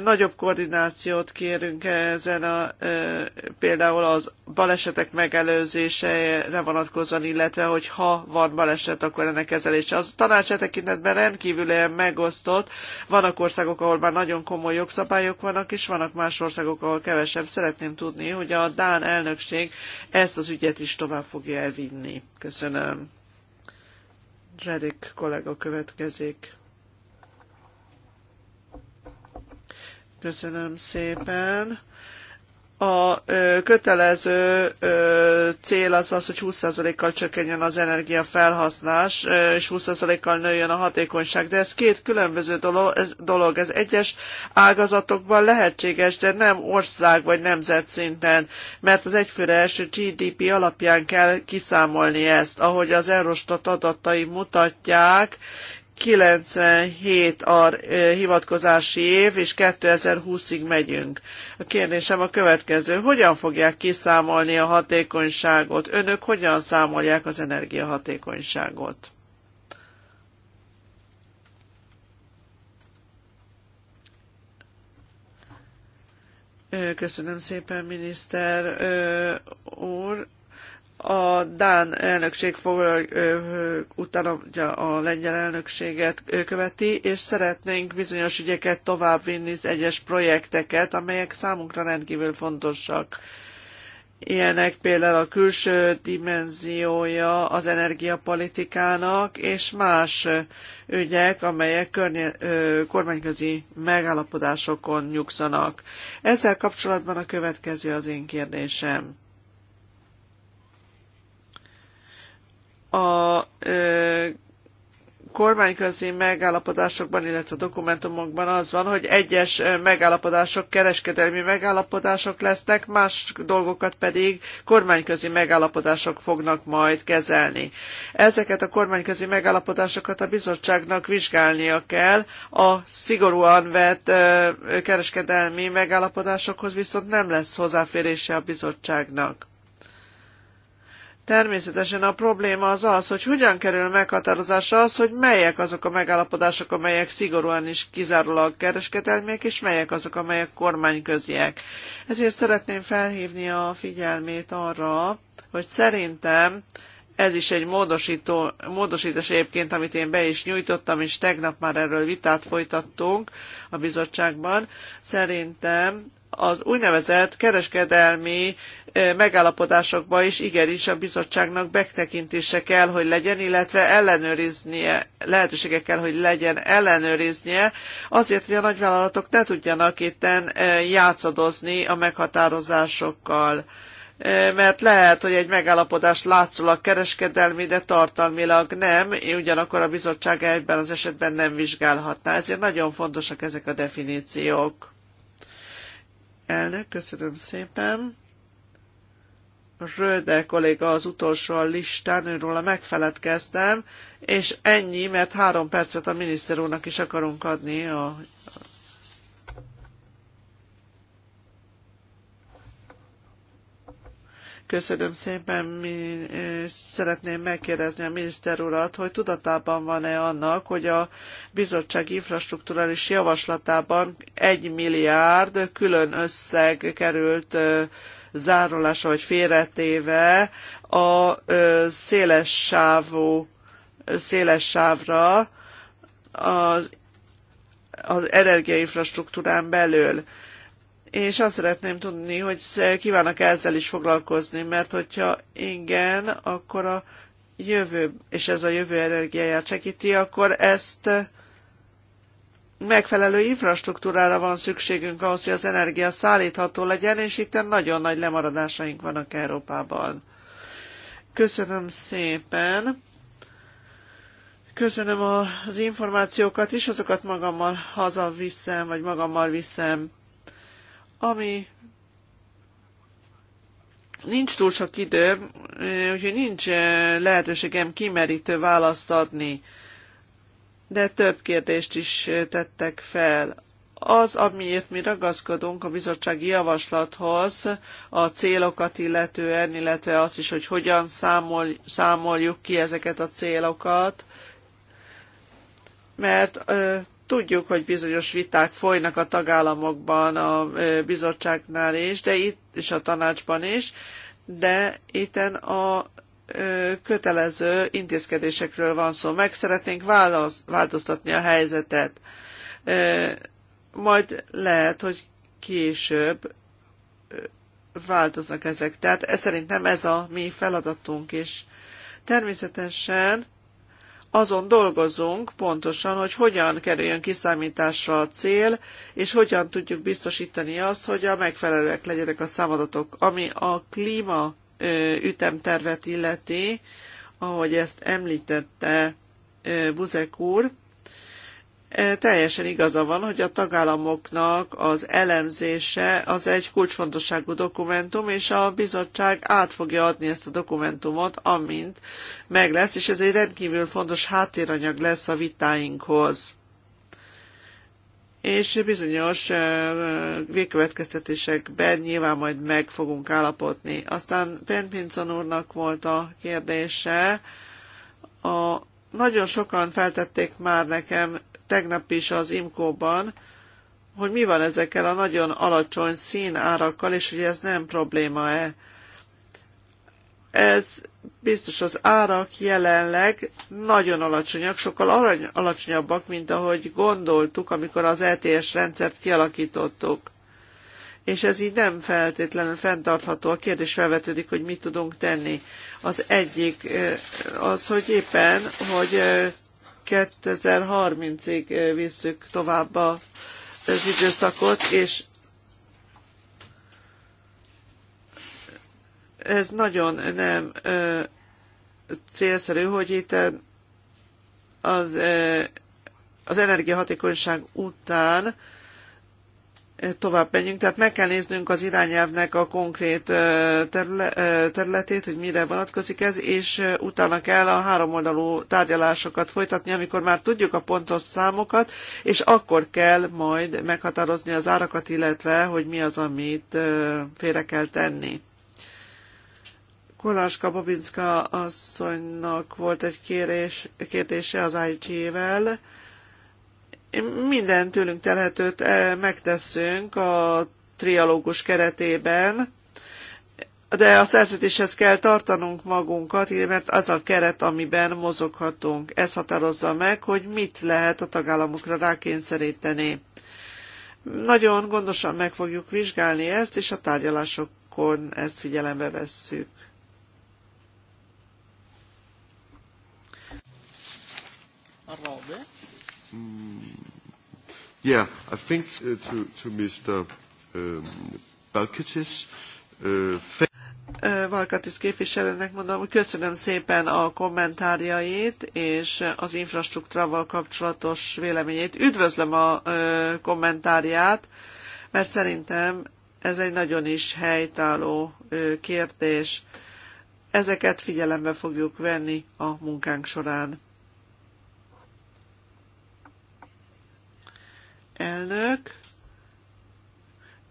Nagyobb koordinációt kérünk ezen a például az balesetek megelőzésére vonatkozóan, illetve hogy ha van baleset, akkor ennek kezelése. Az tanács e tekintetben rendkívül megosztott. Vannak országok, ahol már nagyon komoly jogszabályok vannak, és vannak más országok, ahol kevesebb. Szeretném tudni, hogy a Dán elnökség ezt az ügyet is tovább fogja elvinni. Köszönöm. Redik kollega következik. Köszönöm szépen. A kötelező cél az az, hogy 20%-kal csökkenjen az energiafelhasználás, és 20%-kal nőjön a hatékonyság. De ez két különböző dolog ez, dolog. ez egyes ágazatokban lehetséges, de nem ország vagy nemzet szinten, mert az egyfőre első GDP alapján kell kiszámolni ezt, ahogy az Eurostat adatai mutatják, 97 a hivatkozási év, és 2020-ig megyünk. A kérdésem a következő. Hogyan fogják kiszámolni a hatékonyságot? Önök hogyan számolják az energiahatékonyságot? Köszönöm szépen, miniszter úr a Dán elnökség fog, utána a lengyel elnökséget követi, és szeretnénk bizonyos ügyeket továbbvinni, egyes projekteket, amelyek számunkra rendkívül fontosak. Ilyenek például a külső dimenziója az energiapolitikának, és más ügyek, amelyek környe, kormányközi megállapodásokon nyugszanak. Ezzel kapcsolatban a következő az én kérdésem a ö, kormányközi megállapodásokban, illetve dokumentumokban az van, hogy egyes megállapodások kereskedelmi megállapodások lesznek, más dolgokat pedig kormányközi megállapodások fognak majd kezelni. Ezeket a kormányközi megállapodásokat a bizottságnak vizsgálnia kell, a szigorúan vett kereskedelmi megállapodásokhoz viszont nem lesz hozzáférése a bizottságnak. Természetesen a probléma az az, hogy hogyan kerül meghatározásra az, hogy melyek azok a megállapodások, amelyek szigorúan is kizárólag kereskedelmiek, és melyek azok, amelyek kormányköziek. Ezért szeretném felhívni a figyelmét arra, hogy szerintem ez is egy módosító, módosítás egyébként, amit én be is nyújtottam, és tegnap már erről vitát folytattunk a bizottságban. Szerintem az úgynevezett kereskedelmi megállapodásokba is igenis a bizottságnak megtekintése kell, hogy legyen, illetve ellenőriznie, lehetősége kell, hogy legyen ellenőriznie, azért, hogy a nagyvállalatok ne tudjanak itten játszadozni a meghatározásokkal mert lehet, hogy egy megállapodás látszólag kereskedelmi, de tartalmilag nem, ugyanakkor a bizottság ebben az esetben nem vizsgálhatná. Ezért nagyon fontosak ezek a definíciók. Elnök, köszönöm szépen. Röde kolléga az utolsó a listán, a megfeledkeztem, és ennyi, mert három percet a miniszter úrnak is akarunk adni a Köszönöm szépen, mi eh, szeretném megkérdezni a miniszter urat, hogy tudatában van-e annak, hogy a bizottság infrastruktúrális javaslatában egy milliárd külön összeg került eh, zárolása vagy félretéve a eh, széles sávú, széles sávra az, az energiainfrastruktúrán belül és azt szeretném tudni, hogy kívánnak ezzel is foglalkozni, mert hogyha igen, akkor a jövő, és ez a jövő energiáját segíti, akkor ezt megfelelő infrastruktúrára van szükségünk ahhoz, hogy az energia szállítható legyen, és itt nagyon nagy lemaradásaink vannak Európában. Köszönöm szépen! Köszönöm az információkat is, azokat magammal hazaviszem, vagy magammal viszem. Ami nincs túl sok időm, úgyhogy nincs lehetőségem kimerítő választ adni, de több kérdést is tettek fel. Az, amiért mi ragaszkodunk a bizottsági javaslathoz, a célokat illetően, illetve azt is, hogy hogyan számol, számoljuk ki ezeket a célokat, mert Tudjuk, hogy bizonyos viták folynak a tagállamokban, a bizottságnál is, de itt is a tanácsban is, de itten a kötelező intézkedésekről van szó. Meg szeretnénk válasz, változtatni a helyzetet. Majd lehet, hogy később változnak ezek. Tehát ez, szerintem ez a mi feladatunk is. Természetesen azon dolgozunk pontosan, hogy hogyan kerüljön kiszámításra a cél, és hogyan tudjuk biztosítani azt, hogy a megfelelőek legyenek a számadatok. Ami a klíma ütemtervet illeti, ahogy ezt említette Buzek úr, E, teljesen igaza van, hogy a tagállamoknak az elemzése az egy kulcsfontosságú dokumentum, és a bizottság át fogja adni ezt a dokumentumot, amint meg lesz, és ez egy rendkívül fontos háttéranyag lesz a vitáinkhoz és bizonyos e, végkövetkeztetésekben nyilván majd meg fogunk állapodni. Aztán Penpinson úrnak volt a kérdése, a, nagyon sokan feltették már nekem tegnap is az IMCO-ban, hogy mi van ezekkel a nagyon alacsony színárakkal, és hogy ez nem probléma-e. Ez biztos az árak jelenleg nagyon alacsonyak, sokkal arany, alacsonyabbak, mint ahogy gondoltuk, amikor az ETS rendszert kialakítottuk. És ez így nem feltétlenül fenntartható. A kérdés felvetődik, hogy mit tudunk tenni. Az egyik az, hogy éppen, hogy 2030-ig eh, visszük tovább az időszakot, és ez nagyon nem célszerű, hogy itt eh, az, eh, az energiahatékonyság után tovább menjünk. Tehát meg kell néznünk az irányelvnek a konkrét területét, hogy mire vonatkozik ez, és utána kell a háromoldalú tárgyalásokat folytatni, amikor már tudjuk a pontos számokat, és akkor kell majd meghatározni az árakat, illetve hogy mi az, amit félre kell tenni. Kolaszka Babinska asszonynak volt egy kérés, kérdése az IG-vel minden tőlünk telhetőt eh, megteszünk a trialógus keretében, de a szerződéshez kell tartanunk magunkat, mert az a keret, amiben mozoghatunk. Ez határozza meg, hogy mit lehet a tagállamokra rákényszeríteni. Nagyon gondosan meg fogjuk vizsgálni ezt, és a tárgyalásokon ezt figyelembe vesszük. Robe. Mm. Yeah, I think uh, to, to Mr. Um, Balkitis, uh, Valkatis képviselőnek mondom, hogy köszönöm szépen a kommentárjait és az infrastruktúrával kapcsolatos véleményét. Üdvözlöm a kommentárját, mert szerintem ez egy nagyon is helytálló kérdés. Ezeket figyelembe fogjuk venni a munkánk során. elnök.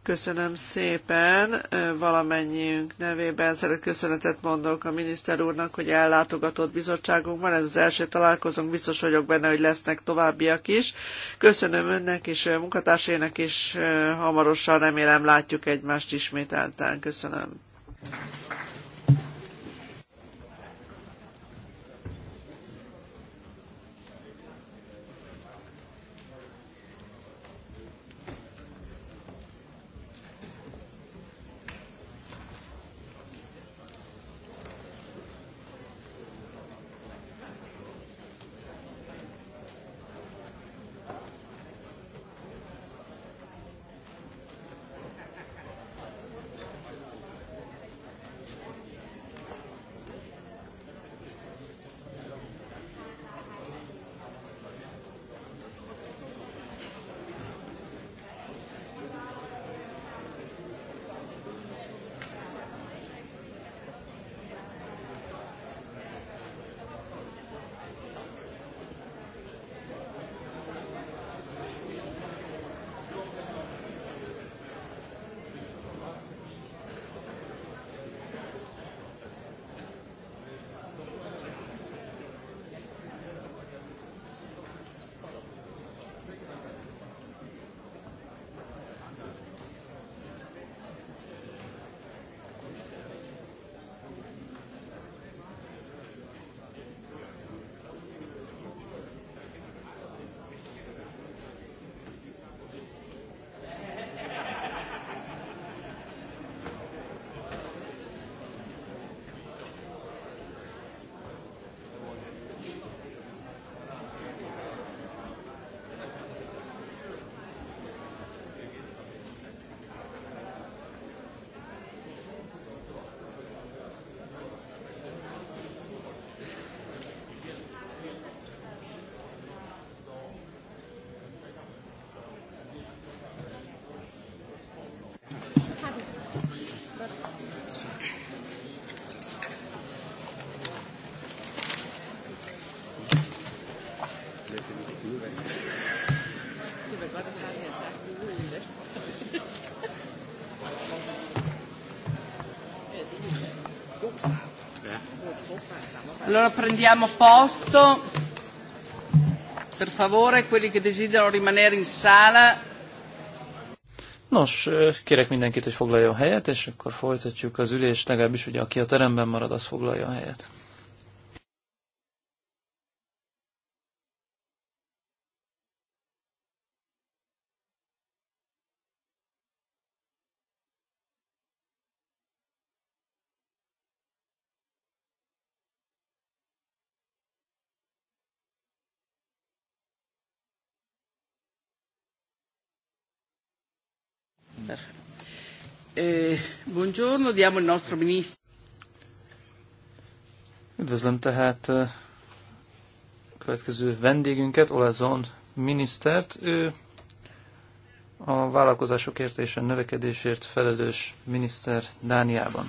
Köszönöm szépen valamennyiünk nevében. Szeret köszönetet mondok a miniszter úrnak, hogy ellátogatott bizottságunkban. Ez az első találkozónk, biztos vagyok benne, hogy lesznek továbbiak is. Köszönöm önnek és munkatársainak, és hamarosan remélem látjuk egymást ismételten. Köszönöm. Allora prendiamo posto. Per favore, quelli che desiderano rimanere in sala. Nos, kérek mindenkit, hogy foglaljon helyet, és akkor folytatjuk az ülést, legalábbis hogy aki a teremben marad, az foglaljon helyet. Buongiorno, diamo il nostro ministro. Üdvözlöm tehát a következő vendégünket, Olazon minisztert. Ő a vállalkozások értése növekedésért felelős miniszter Dániában.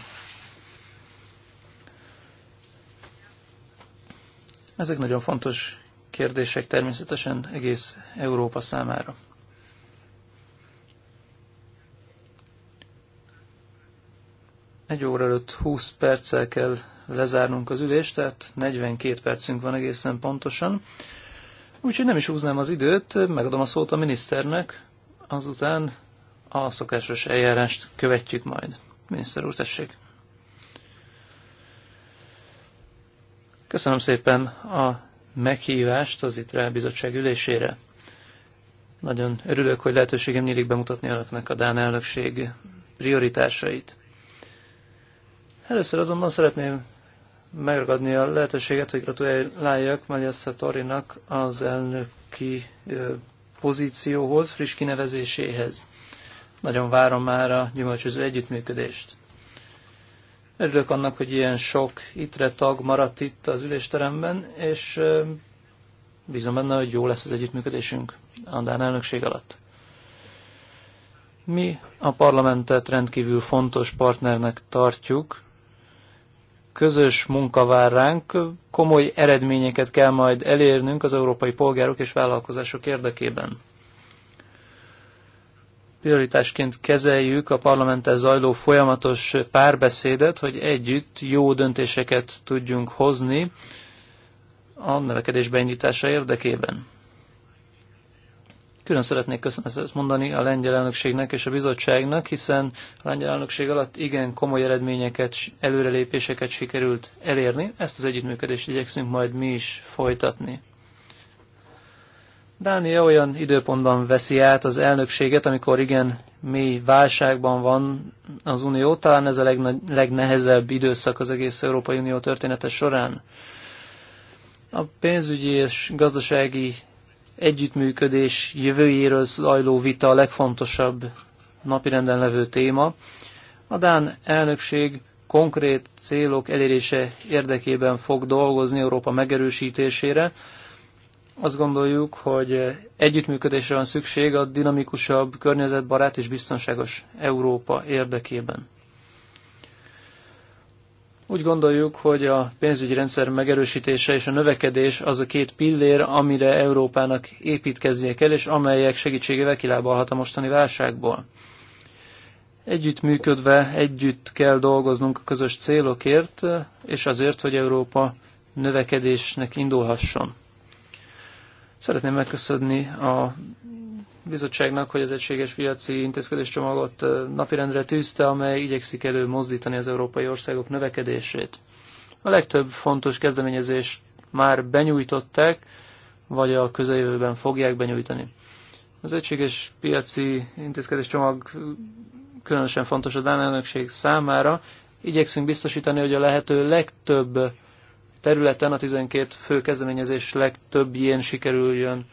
Ezek nagyon fontos kérdések természetesen egész Európa számára. Egy óra előtt 20 perccel kell lezárnunk az ülést, tehát 42 percünk van egészen pontosan. Úgyhogy nem is húznám az időt, megadom a szót a miniszternek, azután a szokásos eljárást követjük majd. Miniszter úr, tessék! Köszönöm szépen a meghívást az ITRE bizottság ülésére. Nagyon örülök, hogy lehetőségem nyílik bemutatni önöknek a Dán elnökség prioritásait. Először azonban szeretném megragadni a lehetőséget, hogy gratuláljak Magyarsza Torinak az elnöki pozícióhoz, friss kinevezéséhez. Nagyon várom már a gyümölcsöző együttműködést. Örülök annak, hogy ilyen sok itre tag maradt itt az ülésteremben, és bízom benne, hogy jó lesz az együttműködésünk Andán elnökség alatt. Mi a parlamentet rendkívül fontos partnernek tartjuk, közös munka vár ránk, komoly eredményeket kell majd elérnünk az európai polgárok és vállalkozások érdekében. Prioritásként kezeljük a parlamenttel zajló folyamatos párbeszédet, hogy együtt jó döntéseket tudjunk hozni a növekedés beindítása érdekében. Külön szeretnék köszönetet mondani a lengyel elnökségnek és a bizottságnak, hiszen a lengyel elnökség alatt igen komoly eredményeket, előrelépéseket sikerült elérni. Ezt az együttműködést igyekszünk majd mi is folytatni. Dánia olyan időpontban veszi át az elnökséget, amikor igen mély válságban van az Unió, talán ez a legnehezebb időszak az egész Európai Unió története során. A pénzügyi és gazdasági együttműködés jövőjéről zajló vita a legfontosabb napirenden levő téma. A Dán elnökség konkrét célok elérése érdekében fog dolgozni Európa megerősítésére. Azt gondoljuk, hogy együttműködésre van szükség a dinamikusabb, környezetbarát és biztonságos Európa érdekében. Úgy gondoljuk, hogy a pénzügyi rendszer megerősítése és a növekedés az a két pillér, amire Európának építkeznie kell, és amelyek segítségével kilábalhat a mostani válságból. működve, együtt kell dolgoznunk a közös célokért, és azért, hogy Európa növekedésnek indulhasson. Szeretném megköszönni a bizottságnak, hogy az egységes piaci intézkedéscsomagot napirendre tűzte, amely igyekszik elő mozdítani az európai országok növekedését. A legtöbb fontos kezdeményezést már benyújtották, vagy a közeljövőben fogják benyújtani. Az egységes piaci intézkedéscsomag különösen fontos a Dán elnökség számára. Igyekszünk biztosítani, hogy a lehető legtöbb területen a 12 fő kezdeményezés ilyen sikerüljön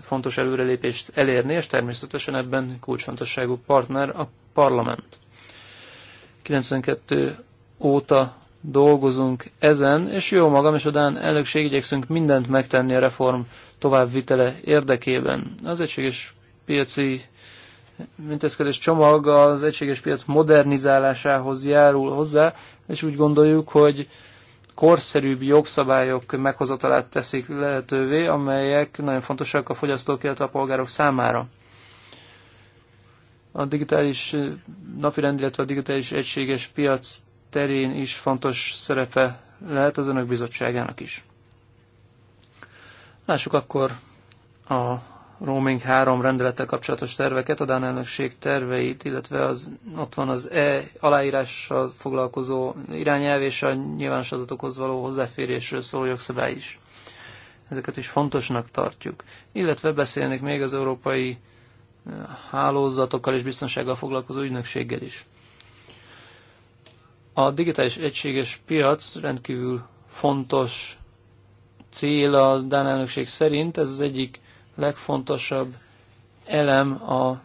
fontos előrelépést elérni, és természetesen ebben kulcsfontosságú partner a parlament. 92 óta dolgozunk ezen, és jó magam és odán elnökség igyekszünk mindent megtenni a reform továbbvitele érdekében. Az egységes piaci intézkedés csomag az egységes piac modernizálásához járul hozzá, és úgy gondoljuk, hogy korszerűbb jogszabályok meghozatalát teszik lehetővé, amelyek nagyon fontosak a fogyasztók, illetve a polgárok számára. A digitális eh, napirend, illetve a digitális egységes piac terén is fontos szerepe lehet az önök bizottságának is. Lássuk akkor a roaming 3 rendelettel kapcsolatos terveket, a Dán elnökség terveit, illetve az, ott van az e aláírással foglalkozó irányelv és a nyilvános adatokhoz való hozzáférésről szóló jogszabály is. Ezeket is fontosnak tartjuk. Illetve beszélnek még az európai e, hálózatokkal és biztonsággal foglalkozó ügynökséggel is. A digitális egységes piac rendkívül fontos cél a Dán elnökség szerint, ez az egyik legfontosabb elem a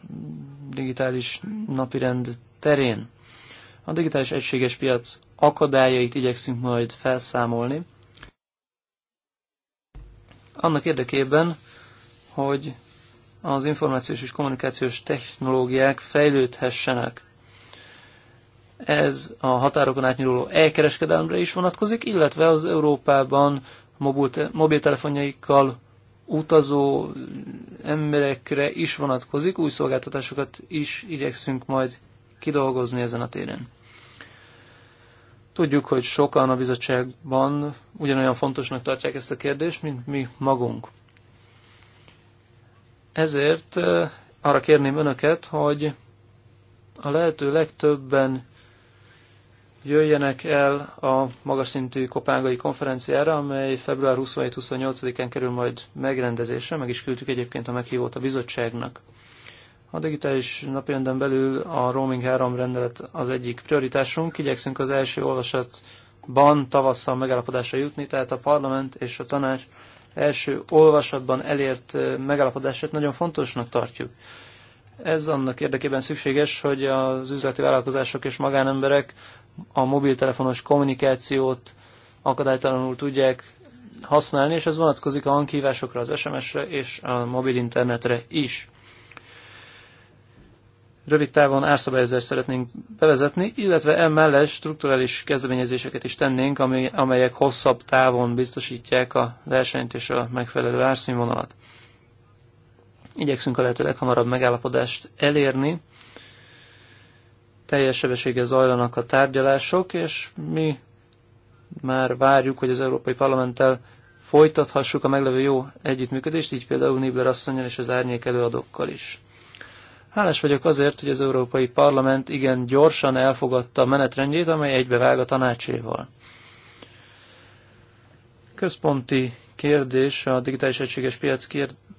digitális napirend terén. A digitális egységes piac akadályait igyekszünk majd felszámolni. Annak érdekében, hogy az információs és kommunikációs technológiák fejlődhessenek. Ez a határokon átnyúló elkereskedelemre is vonatkozik, illetve az Európában mobiltelefonjaikkal utazó emberekre is vonatkozik, új szolgáltatásokat is igyekszünk majd kidolgozni ezen a téren. Tudjuk, hogy sokan a bizottságban ugyanolyan fontosnak tartják ezt a kérdést, mint mi magunk. Ezért eh, arra kérném önöket, hogy a lehető legtöbben jöjjenek el a magas szintű kopángai konferenciára, amely február 27-28-án kerül majd megrendezésre, meg is küldtük egyébként a meghívót a bizottságnak. A digitális napirenden belül a Roaming 3 rendelet az egyik prioritásunk, igyekszünk az első olvasatban tavasszal megállapodásra jutni, tehát a parlament és a tanács első olvasatban elért megállapodását nagyon fontosnak tartjuk. Ez annak érdekében szükséges, hogy az üzleti vállalkozások és magánemberek a mobiltelefonos kommunikációt akadálytalanul tudják használni, és ez vonatkozik a hanghívásokra, az SMS-re és a mobil internetre is. Rövid távon árszabályozást szeretnénk bevezetni, illetve emellett strukturális kezdeményezéseket is tennénk, amelyek hosszabb távon biztosítják a versenyt és a megfelelő árszínvonalat. Igyekszünk a lehető leghamarabb megállapodást elérni, teljes sebességgel zajlanak a tárgyalások, és mi már várjuk, hogy az Európai Parlamenttel folytathassuk a meglevő jó együttműködést, így például Nibler asszonyjal és az árnyék előadókkal is. Hálás vagyok azért, hogy az Európai Parlament igen gyorsan elfogadta a menetrendjét, amely egybevág a tanácséval. Központi kérdés a digitális egységes piac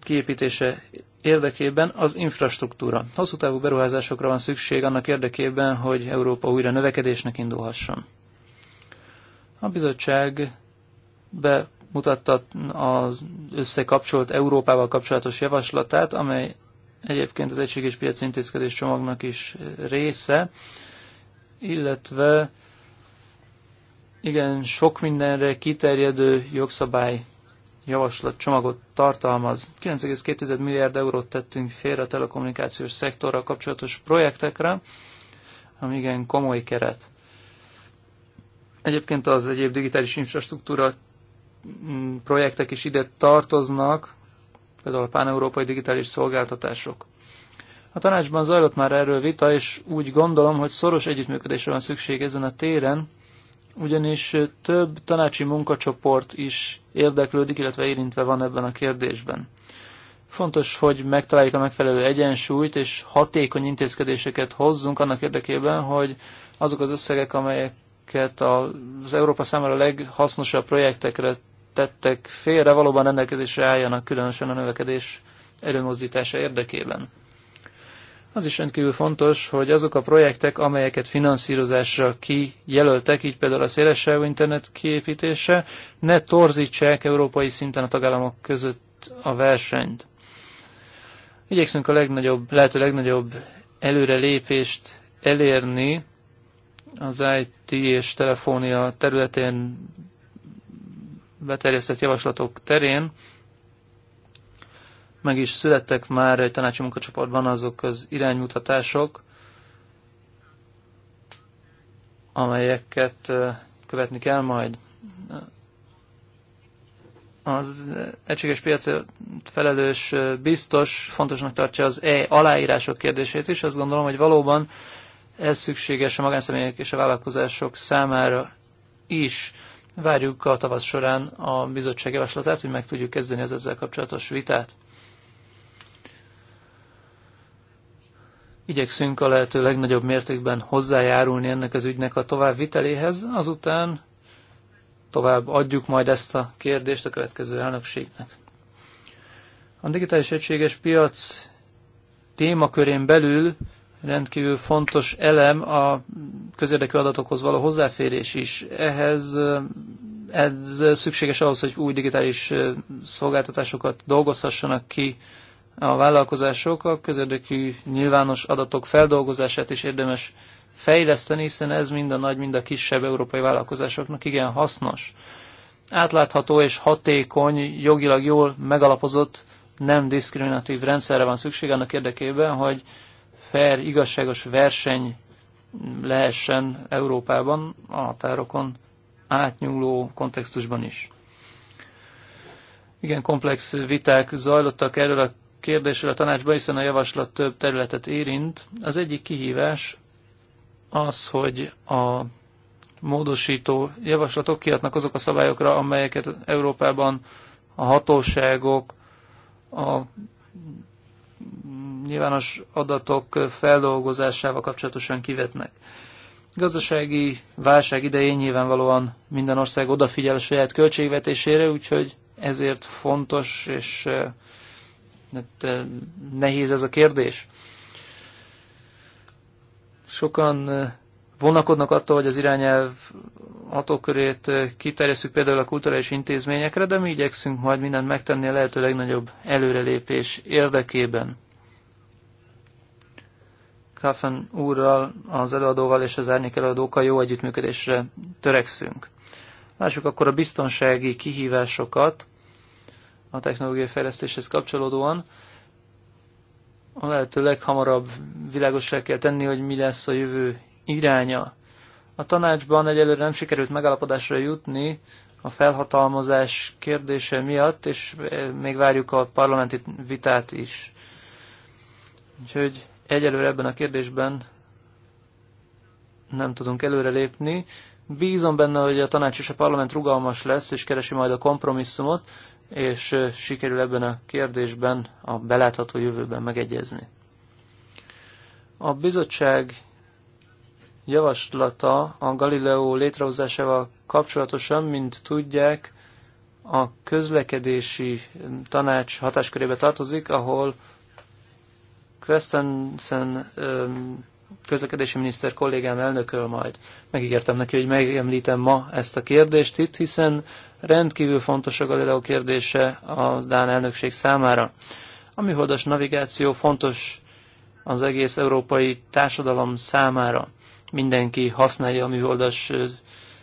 kiépítése érdekében az infrastruktúra. Hosszú távú beruházásokra van szükség annak érdekében, hogy Európa újra növekedésnek indulhasson. A bizottság bemutatta az összekapcsolt Európával kapcsolatos javaslatát, amely egyébként az egységes piaci intézkedés csomagnak is része, illetve igen, sok mindenre kiterjedő jogszabály javaslat csomagot tartalmaz. 9,2 milliárd eurót tettünk félre a telekommunikációs szektorral kapcsolatos projektekre, ami igen komoly keret. Egyébként az egyéb digitális infrastruktúra mm, projektek is ide tartoznak, például a pán-európai digitális szolgáltatások. A tanácsban zajlott már erről vita, és úgy gondolom, hogy szoros együttműködésre van szükség ezen a téren, ugyanis több tanácsi munkacsoport is érdeklődik, illetve érintve van ebben a kérdésben. Fontos, hogy megtaláljuk a megfelelő egyensúlyt, és hatékony intézkedéseket hozzunk annak érdekében, hogy azok az összegek, amelyeket az Európa számára leghasznosabb projektekre tettek félre, valóban rendelkezésre álljanak, különösen a növekedés előmozdítása érdekében. Az is rendkívül fontos, hogy azok a projektek, amelyeket finanszírozásra kijelöltek, így például a szélesávú internet kiépítése, ne torzítsák európai szinten a tagállamok között a versenyt. Igyekszünk a legnagyobb, lehető legnagyobb előrelépést elérni az IT és telefónia területén beterjesztett javaslatok terén, meg is születtek már egy tanácsi munkacsoportban azok az iránymutatások, amelyeket követni kell majd. Az egységes piacért felelős biztos fontosnak tartja az e aláírások kérdését is. Azt gondolom, hogy valóban ez szükséges a magánszemélyek és a vállalkozások számára is. Várjuk a tavasz során a bizottság javaslatát, hogy meg tudjuk kezdeni az ezzel kapcsolatos vitát. igyekszünk a lehető legnagyobb mértékben hozzájárulni ennek az ügynek a továbbviteléhez, azután tovább adjuk majd ezt a kérdést a következő elnökségnek. A digitális egységes piac témakörén belül rendkívül fontos elem a közérdekű adatokhoz való hozzáférés is. Ehhez ez szükséges ahhoz, hogy új digitális szolgáltatásokat dolgozhassanak ki a vállalkozások a közérdekű nyilvános adatok feldolgozását is érdemes fejleszteni, hiszen ez mind a nagy, mind a kisebb európai vállalkozásoknak igen hasznos. Átlátható és hatékony, jogilag jól megalapozott, nem diszkriminatív rendszerre van szükség annak érdekében, hogy fair, igazságos verseny lehessen Európában a határokon átnyúló kontextusban is. Igen, komplex viták zajlottak erről a kérdésről a tanácsban, hiszen a javaslat több területet érint. Az egyik kihívás az, hogy a módosító javaslatok kiadnak azok a szabályokra, amelyeket Európában a hatóságok, a nyilvános adatok feldolgozásával kapcsolatosan kivetnek. Gazdasági válság idején nyilvánvalóan minden ország odafigyel a saját költségvetésére, úgyhogy ezért fontos és Hát, nehéz ez a kérdés. Sokan vonakodnak attól, hogy az irányelv hatókörét kiterjesszük például a kulturális intézményekre, de mi igyekszünk majd mindent megtenni a lehető legnagyobb előrelépés érdekében. Kaffen úrral, az előadóval és az árnyék előadókkal jó együttműködésre törekszünk. Lássuk akkor a biztonsági kihívásokat a technológiai fejlesztéshez kapcsolódóan. A lehető leghamarabb világossá kell tenni, hogy mi lesz a jövő iránya. A tanácsban egyelőre nem sikerült megállapodásra jutni a felhatalmazás kérdése miatt, és eh, még várjuk a parlamenti vitát is. Úgyhogy egyelőre ebben a kérdésben nem tudunk előrelépni. Bízom benne, hogy a tanács és a parlament rugalmas lesz, és keresi majd a kompromisszumot, és sikerül ebben a kérdésben a belátható jövőben megegyezni. A bizottság javaslata a Galileo létrehozásával kapcsolatosan, mint tudják, a közlekedési tanács hatáskörébe tartozik, ahol Christensen közlekedési miniszter kollégám elnököl majd. Megígértem neki, hogy megemlítem ma ezt a kérdést itt, hiszen Rendkívül fontos a Galileo kérdése a Dán elnökség számára. A műholdas navigáció fontos az egész európai társadalom számára. Mindenki használja a műholdas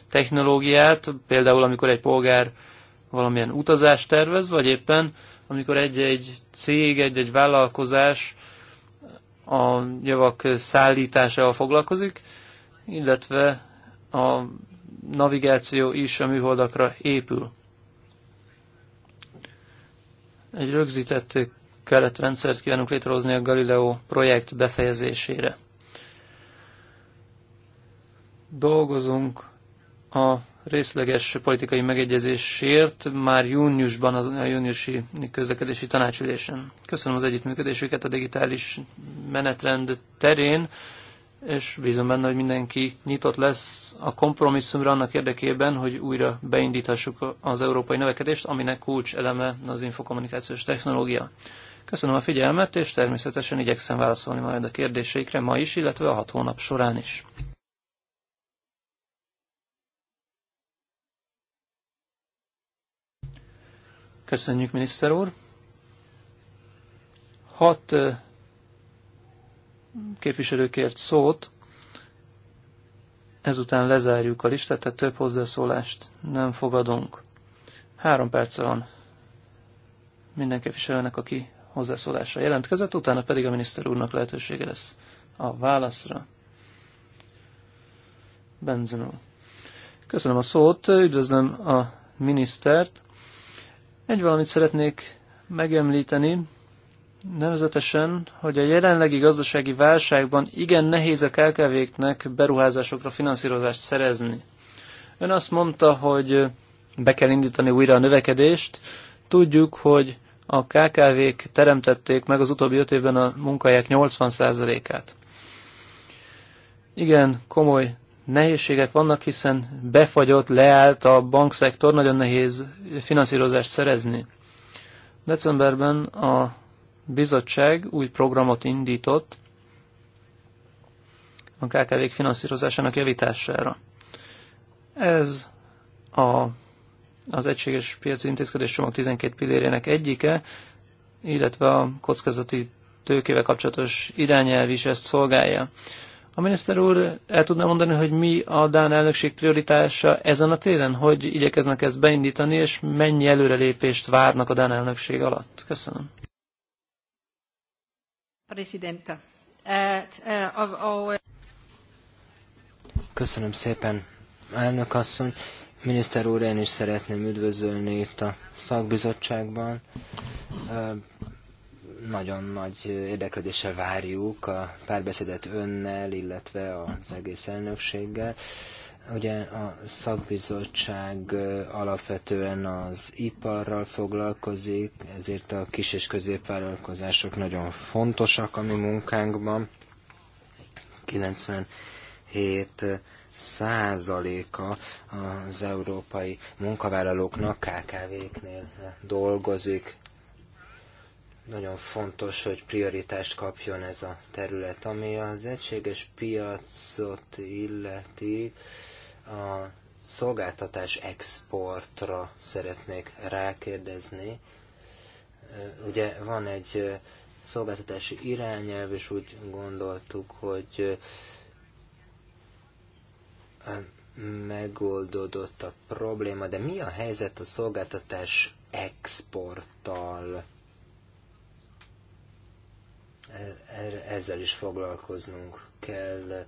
technológiát, például amikor egy polgár valamilyen utazást tervez, vagy éppen amikor egy-egy cég, egy-egy vállalkozás a javak szállításával foglalkozik, illetve a navigáció is a műholdakra épül. Egy rögzített keretrendszert kívánunk létrehozni a Galileo projekt befejezésére. Dolgozunk a részleges politikai megegyezésért már júniusban az a júniusi közlekedési tanácsülésen. Köszönöm az együttműködésüket a digitális menetrend terén és bízom benne, hogy mindenki nyitott lesz a kompromisszumra annak érdekében, hogy újra beindíthassuk az európai növekedést, aminek kulcs eleme az infokommunikációs technológia. Köszönöm a figyelmet, és természetesen igyekszem válaszolni majd a kérdéseikre ma is, illetve a hat hónap során is. Köszönjük, miniszter úr! Hat képviselőkért szót. Ezután lezárjuk a listát, tehát több hozzászólást nem fogadunk. Három perce van minden képviselőnek, aki hozzászólásra jelentkezett, utána pedig a miniszter úrnak lehetősége lesz a válaszra. Benzenó. Köszönöm a szót, üdvözlöm a minisztert. Egy valamit szeretnék megemlíteni, Nevezetesen, hogy a jelenlegi gazdasági válságban igen nehéz a KKV-knek beruházásokra finanszírozást szerezni. Ön azt mondta, hogy be kell indítani újra a növekedést. Tudjuk, hogy a KKV-k teremtették meg az utóbbi öt évben a munkahelyek 80%-át. Igen, komoly nehézségek vannak, hiszen befagyott, leállt a bankszektor, nagyon nehéz finanszírozást szerezni. Decemberben a bizottság új programot indított a KKV-k finanszírozásának javítására. Ez a, az egységes piaci intézkedés csomag 12 pillérének egyike, illetve a kockázati tőkével kapcsolatos irányelv is ezt szolgálja. A miniszter úr el tudna mondani, hogy mi a Dán elnökség prioritása ezen a téren, hogy igyekeznek ezt beindítani, és mennyi előrelépést várnak a Dán elnökség alatt? Köszönöm. Eh, eh, Köszönöm szépen, elnök asszony. Miniszter úr, én is szeretném üdvözölni itt a szakbizottságban. Eh, nagyon nagy érdeklődéssel várjuk a párbeszédet önnel, illetve az egész elnökséggel. Ugye a szakbizottság alapvetően az iparral foglalkozik, ezért a kis és középvállalkozások nagyon fontosak a mi munkánkban. 97 százaléka az európai munkavállalóknak KKV-knél dolgozik. Nagyon fontos, hogy prioritást kapjon ez a terület, ami az egységes piacot illeti a szolgáltatás exportra szeretnék rákérdezni. Ugye van egy szolgáltatási irányelv, és úgy gondoltuk, hogy megoldódott a probléma, de mi a helyzet a szolgáltatás exporttal? E, e, ezzel is foglalkoznunk kell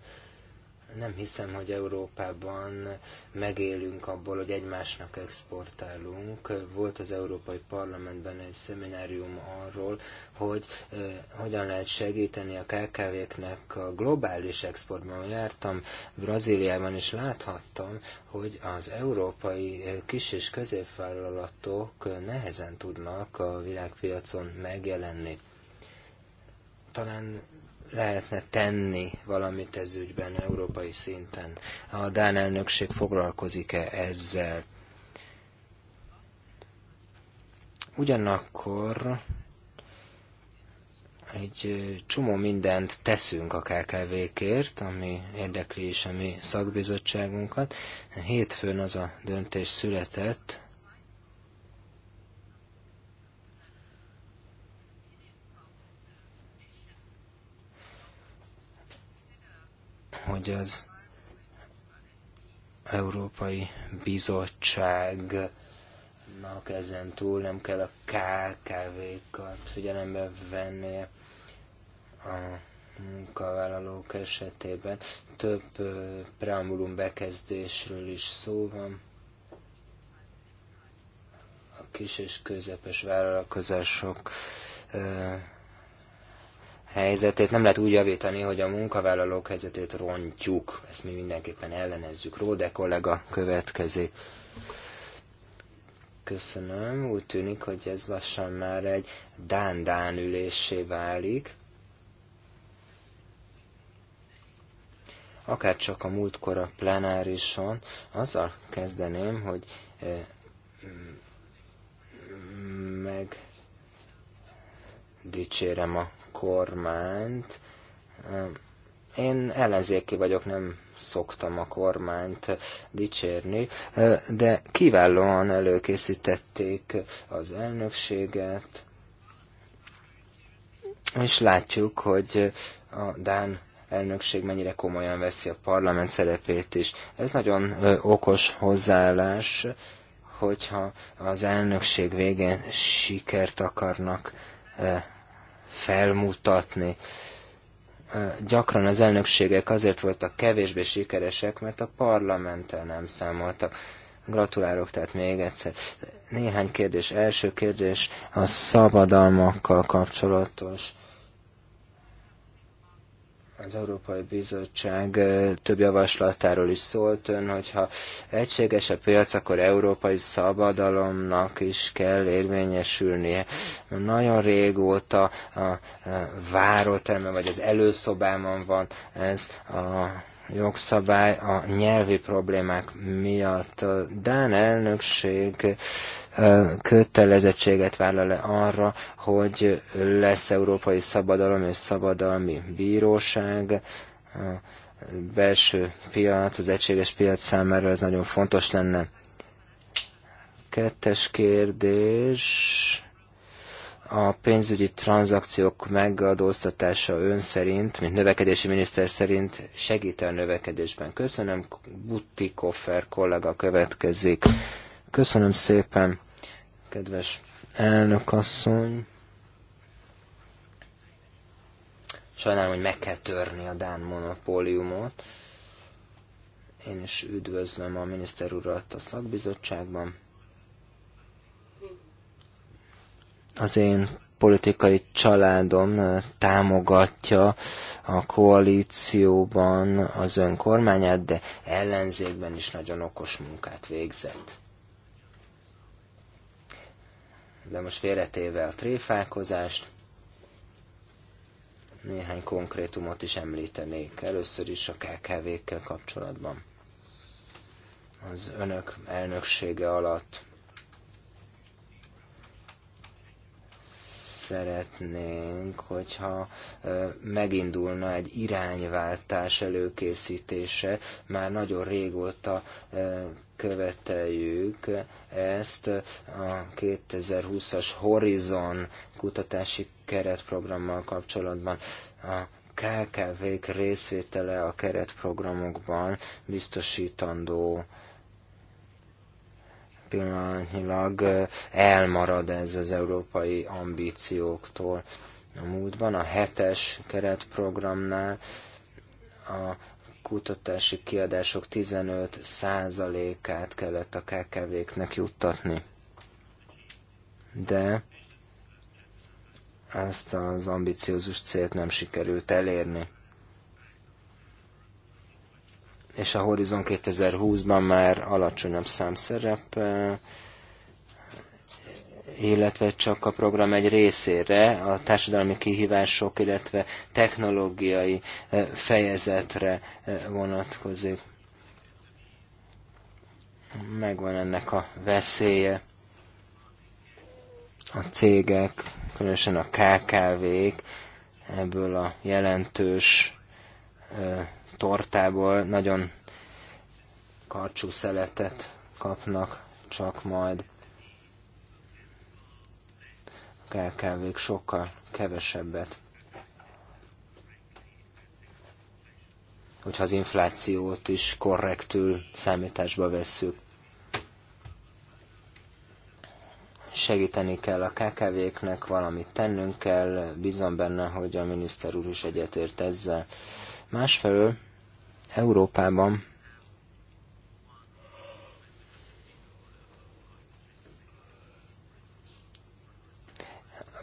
nem hiszem, hogy Európában megélünk abból, hogy egymásnak exportálunk. Volt az Európai Parlamentben egy szeminárium arról, hogy eh, hogyan lehet segíteni a KKV-knek a globális exportban. Jártam Brazíliában, és láthattam, hogy az európai kis- és középvállalatok nehezen tudnak a világpiacon megjelenni. Talán lehetne tenni valamit ez ügyben európai szinten? A Dán elnökség foglalkozik-e ezzel? Ugyanakkor egy csomó mindent teszünk a KKV-kért, ami érdekli is a mi szakbizottságunkat. Hétfőn az a döntés született, hogy az Európai Bizottságnak ezen túl nem kell a KKV-kat figyelembe vennie a munkavállalók esetében. Több preambulum bekezdésről is szó van. A kis és közepes vállalkozások helyzetét nem lehet úgy javítani, hogy a munkavállalók helyzetét rontjuk. Ezt mi mindenképpen ellenezzük. Róde kollega következő. Köszönöm. Úgy tűnik, hogy ez lassan már egy dán ülésé válik. Akárcsak a múltkor a plenárison, azzal kezdeném, hogy eh, mm, meg dicsérem a kormányt. Én ellenzéki vagyok, nem szoktam a kormányt dicsérni, de kiválóan előkészítették az elnökséget, és látjuk, hogy a Dán elnökség mennyire komolyan veszi a parlament szerepét is. Ez nagyon okos hozzáállás, hogyha az elnökség végén sikert akarnak felmutatni. Gyakran az elnökségek azért voltak kevésbé sikeresek, mert a parlamenttel nem számoltak. Gratulálok tehát még egyszer. Néhány kérdés. Első kérdés a szabadalmakkal kapcsolatos az Európai Bizottság több javaslatáról is szólt ön, hogyha egységes a piac, akkor európai szabadalomnak is kell érvényesülnie. Nagyon régóta a váróterme, vagy az előszobában van ez a jogszabály a nyelvi problémák miatt. A Dán elnökség kötelezettséget vállal le arra, hogy lesz Európai Szabadalom és Szabadalmi Bíróság, a belső piac, az egységes piac számára ez nagyon fontos lenne. Kettes kérdés a pénzügyi tranzakciók megadóztatása ön szerint, mint növekedési miniszter szerint segít a növekedésben? Köszönöm, Butikoffer kollega következik. Köszönöm szépen, kedves elnökasszony. Sajnálom, hogy meg kell törni a Dán monopóliumot. Én is üdvözlöm a miniszter urat a szakbizottságban Az én politikai családom támogatja a koalícióban az önkormányát, de ellenzékben is nagyon okos munkát végzett. De most félretéve a tréfálkozást, néhány konkrétumot is említenék. Először is a KKV-kkel kapcsolatban. Az önök elnöksége alatt szeretnénk, hogyha megindulna egy irányváltás előkészítése, már nagyon régóta követeljük ezt a 2020-as Horizon kutatási keretprogrammal kapcsolatban. A KKV-k részvétele a keretprogramokban biztosítandó pillanatnyilag elmarad ez az európai ambícióktól. A múltban a hetes keretprogramnál a kutatási kiadások 15%-át kellett a KKV-knek juttatni. De ezt az ambiciózus célt nem sikerült elérni és a Horizon 2020-ban már alacsonyabb szám szerep illetve csak a program egy részére, a társadalmi kihívások, illetve technológiai e, fejezetre e, vonatkozik. Megvan ennek a veszélye. A cégek, különösen a KKV-k ebből a jelentős e, tortából nagyon karcsú szeletet kapnak csak majd. A kkv sokkal kevesebbet. Hogyha az inflációt is korrektül számításba vesszük. segíteni kell a KKV-knek, valamit tennünk kell, bízom benne, hogy a miniszter úr is egyetért ezzel. Másfelől Európában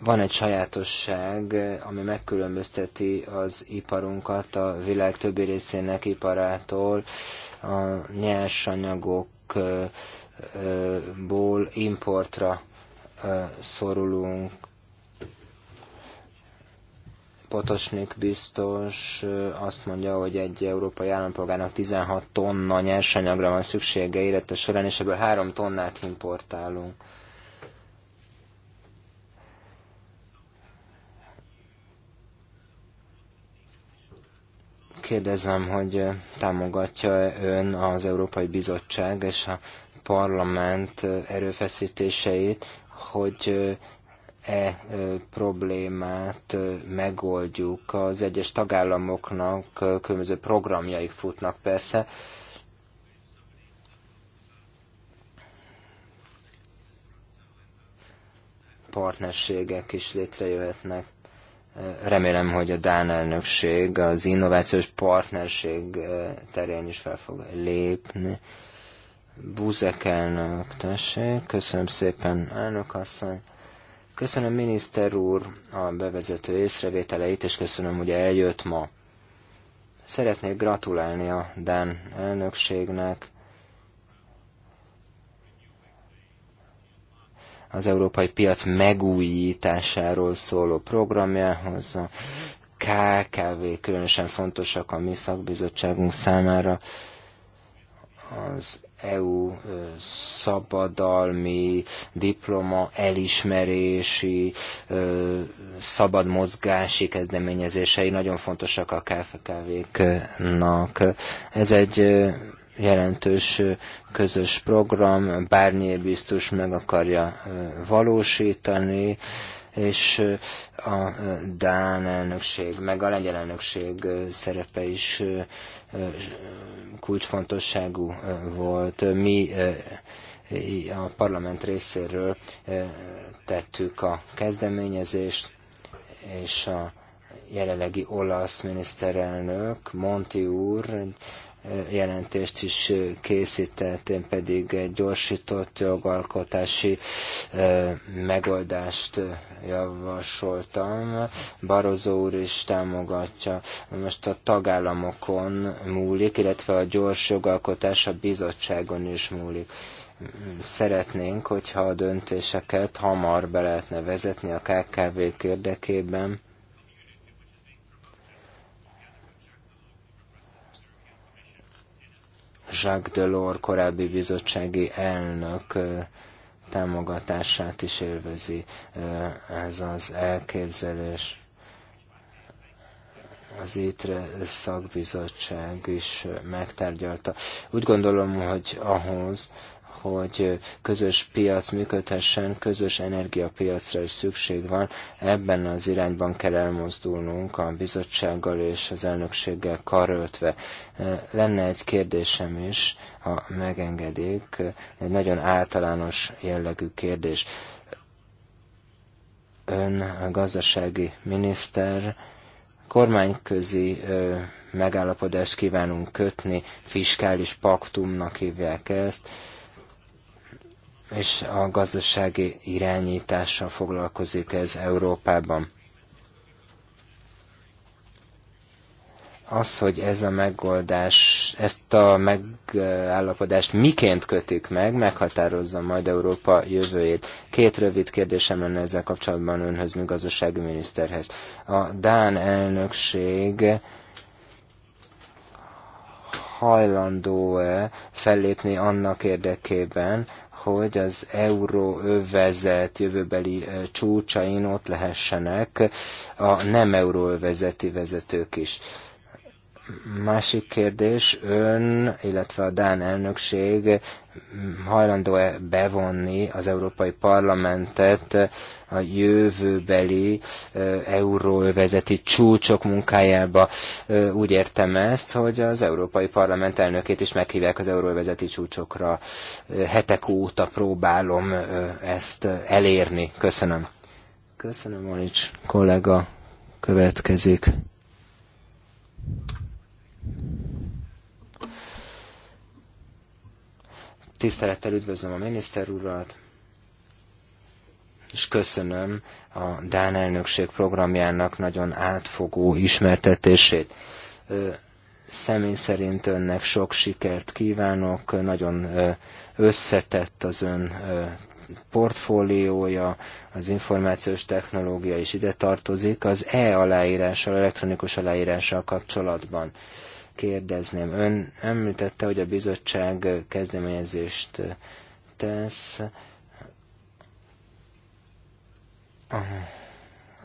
van egy sajátosság, ami megkülönbözteti az iparunkat a világ többi részének iparától, a nyersanyagokból importra szorulunk Potosnik biztos azt mondja, hogy egy európai állampolgárnak 16 tonna nyersanyagra van szüksége élete során, és ebből 3 tonnát importálunk. Kérdezem, hogy támogatja -e ön az Európai Bizottság és a parlament erőfeszítéseit, hogy E, e problémát e, megoldjuk. Az egyes tagállamoknak e, különböző programjaik futnak persze, partnerségek is létrejöhetnek. Remélem, hogy a Dán elnökség az innovációs partnerség terén is fel fog lépni. Buzek elnök, tessék, köszönöm szépen, elnök asszony. Köszönöm miniszter úr a bevezető észrevételeit, és köszönöm, hogy eljött ma. Szeretnék gratulálni a Dán elnökségnek, az európai piac megújításáról szóló programjához. A KKV különösen fontosak a mi szakbizottságunk számára. Az EU szabadalmi, diploma elismerési, szabad mozgási kezdeményezései nagyon fontosak a KFKV-knak. Ez egy jelentős közös program, bármilyen biztos meg akarja valósítani, és a Dán elnökség, meg a lengyel elnökség szerepe is kulcsfontosságú volt. Mi a parlament részéről tettük a kezdeményezést, és a jelenlegi olasz miniszterelnök, Monti úr jelentést is készített, én pedig egy gyorsított jogalkotási megoldást javasoltam, Barozó úr is támogatja. Most a tagállamokon múlik, illetve a gyors jogalkotás a bizottságon is múlik szeretnénk, hogyha a döntéseket hamar be lehetne vezetni a KKV-k érdekében. Jacques Delors korábbi bizottsági elnök támogatását is élvezi ez az elképzelés. Az ITRE szakbizottság is megtárgyalta. Úgy gondolom, hogy ahhoz, hogy közös piac működhessen, közös energiapiacra is szükség van. Ebben az irányban kell elmozdulnunk a bizottsággal és az elnökséggel karöltve. Lenne egy kérdésem is, ha megengedik, egy nagyon általános jellegű kérdés. Ön a gazdasági miniszter, kormányközi megállapodást kívánunk kötni, fiskális paktumnak hívják ezt és a gazdasági irányítással foglalkozik ez Európában. Az, hogy ez a megoldás, ezt a megállapodást miként kötik meg, meghatározza majd Európa jövőjét. Két rövid kérdésem lenne ezzel kapcsolatban önhöz, mi gazdasági miniszterhez. A Dán elnökség hajlandó-e fellépni annak érdekében, hogy az euróövezet jövőbeli csúcsain ott lehessenek a nem euróövezeti vezetők is másik kérdés, ön, illetve a Dán elnökség hajlandó-e bevonni az Európai Parlamentet a jövőbeli euróövezeti csúcsok munkájába? Úgy értem ezt, hogy az Európai Parlament elnökét is meghívják az euróövezeti csúcsokra. Hetek óta próbálom ezt elérni. Köszönöm. Köszönöm, Olics kollega. Következik. Tisztelettel üdvözlöm a miniszter urat, és köszönöm a Dán elnökség programjának nagyon átfogó ismertetését. Személy szerint önnek sok sikert kívánok, nagyon összetett az ön portfóliója, az információs technológia is ide tartozik, az e-aláírással, elektronikus aláírással kapcsolatban kérdezném. Ön említette, hogy a bizottság kezdeményezést tesz.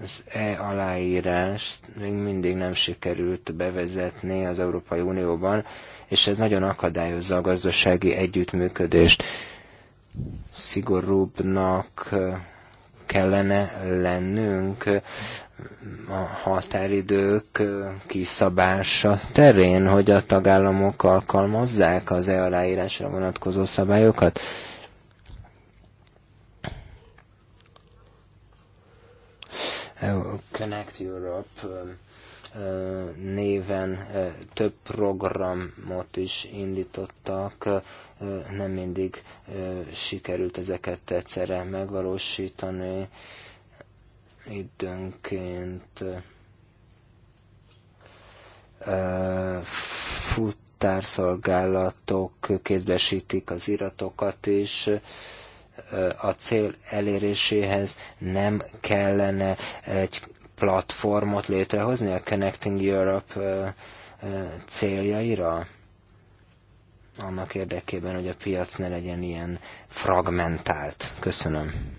Az e aláírás még mindig nem sikerült bevezetni az Európai Unióban, és ez nagyon akadályozza a gazdasági együttműködést. Szigorúbbnak kellene lennünk a határidők kiszabása terén, hogy a tagállamok alkalmazzák az e aláírásra vonatkozó szabályokat? Connect Europe néven több programot is indítottak, nem mindig sikerült ezeket egyszerre megvalósítani időnként futárszolgálatok kézbesítik az iratokat is, a cél eléréséhez nem kellene egy platformot létrehozni a Connecting Europe céljaira? Annak érdekében, hogy a piac ne legyen ilyen fragmentált. Köszönöm.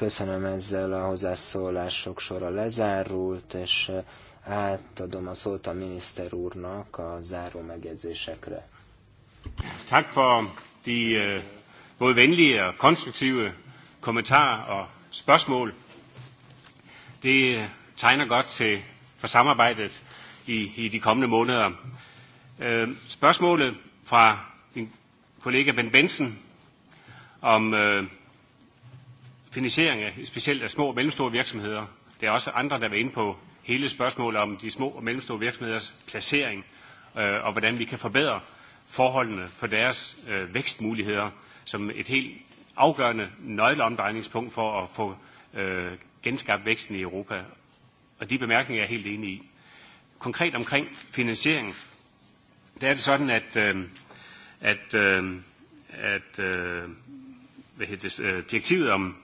Köszönöm ezzel a hozzászólások sora lezárult, és eh, átadom a szót a miniszter úrnak a záró megjegyzésekre. Tak for de eh, både venlige og konstruktive kommentarer og spørgsmål. Det eh, tegner godt til for samarbejdet i, i de kommende måneder. Spørgsmålet fra min kollega Ben Benson om øh, finansiering af specielt af små og mellemstore virksomheder. Der er også andre, der vil er ind på hele spørgsmålet om de små og mellemstore virksomheders placering, øh, og hvordan vi kan forbedre forholdene for deres øh, vækstmuligheder som et helt afgørende nøgleomdrejningspunkt for at få øh, genskabt væksten i Europa. Og de bemærkninger er jeg helt enig i. Konkret omkring finansiering, der er det sådan, at, øh, at, øh, at øh, hvad hedder det, øh, direktivet om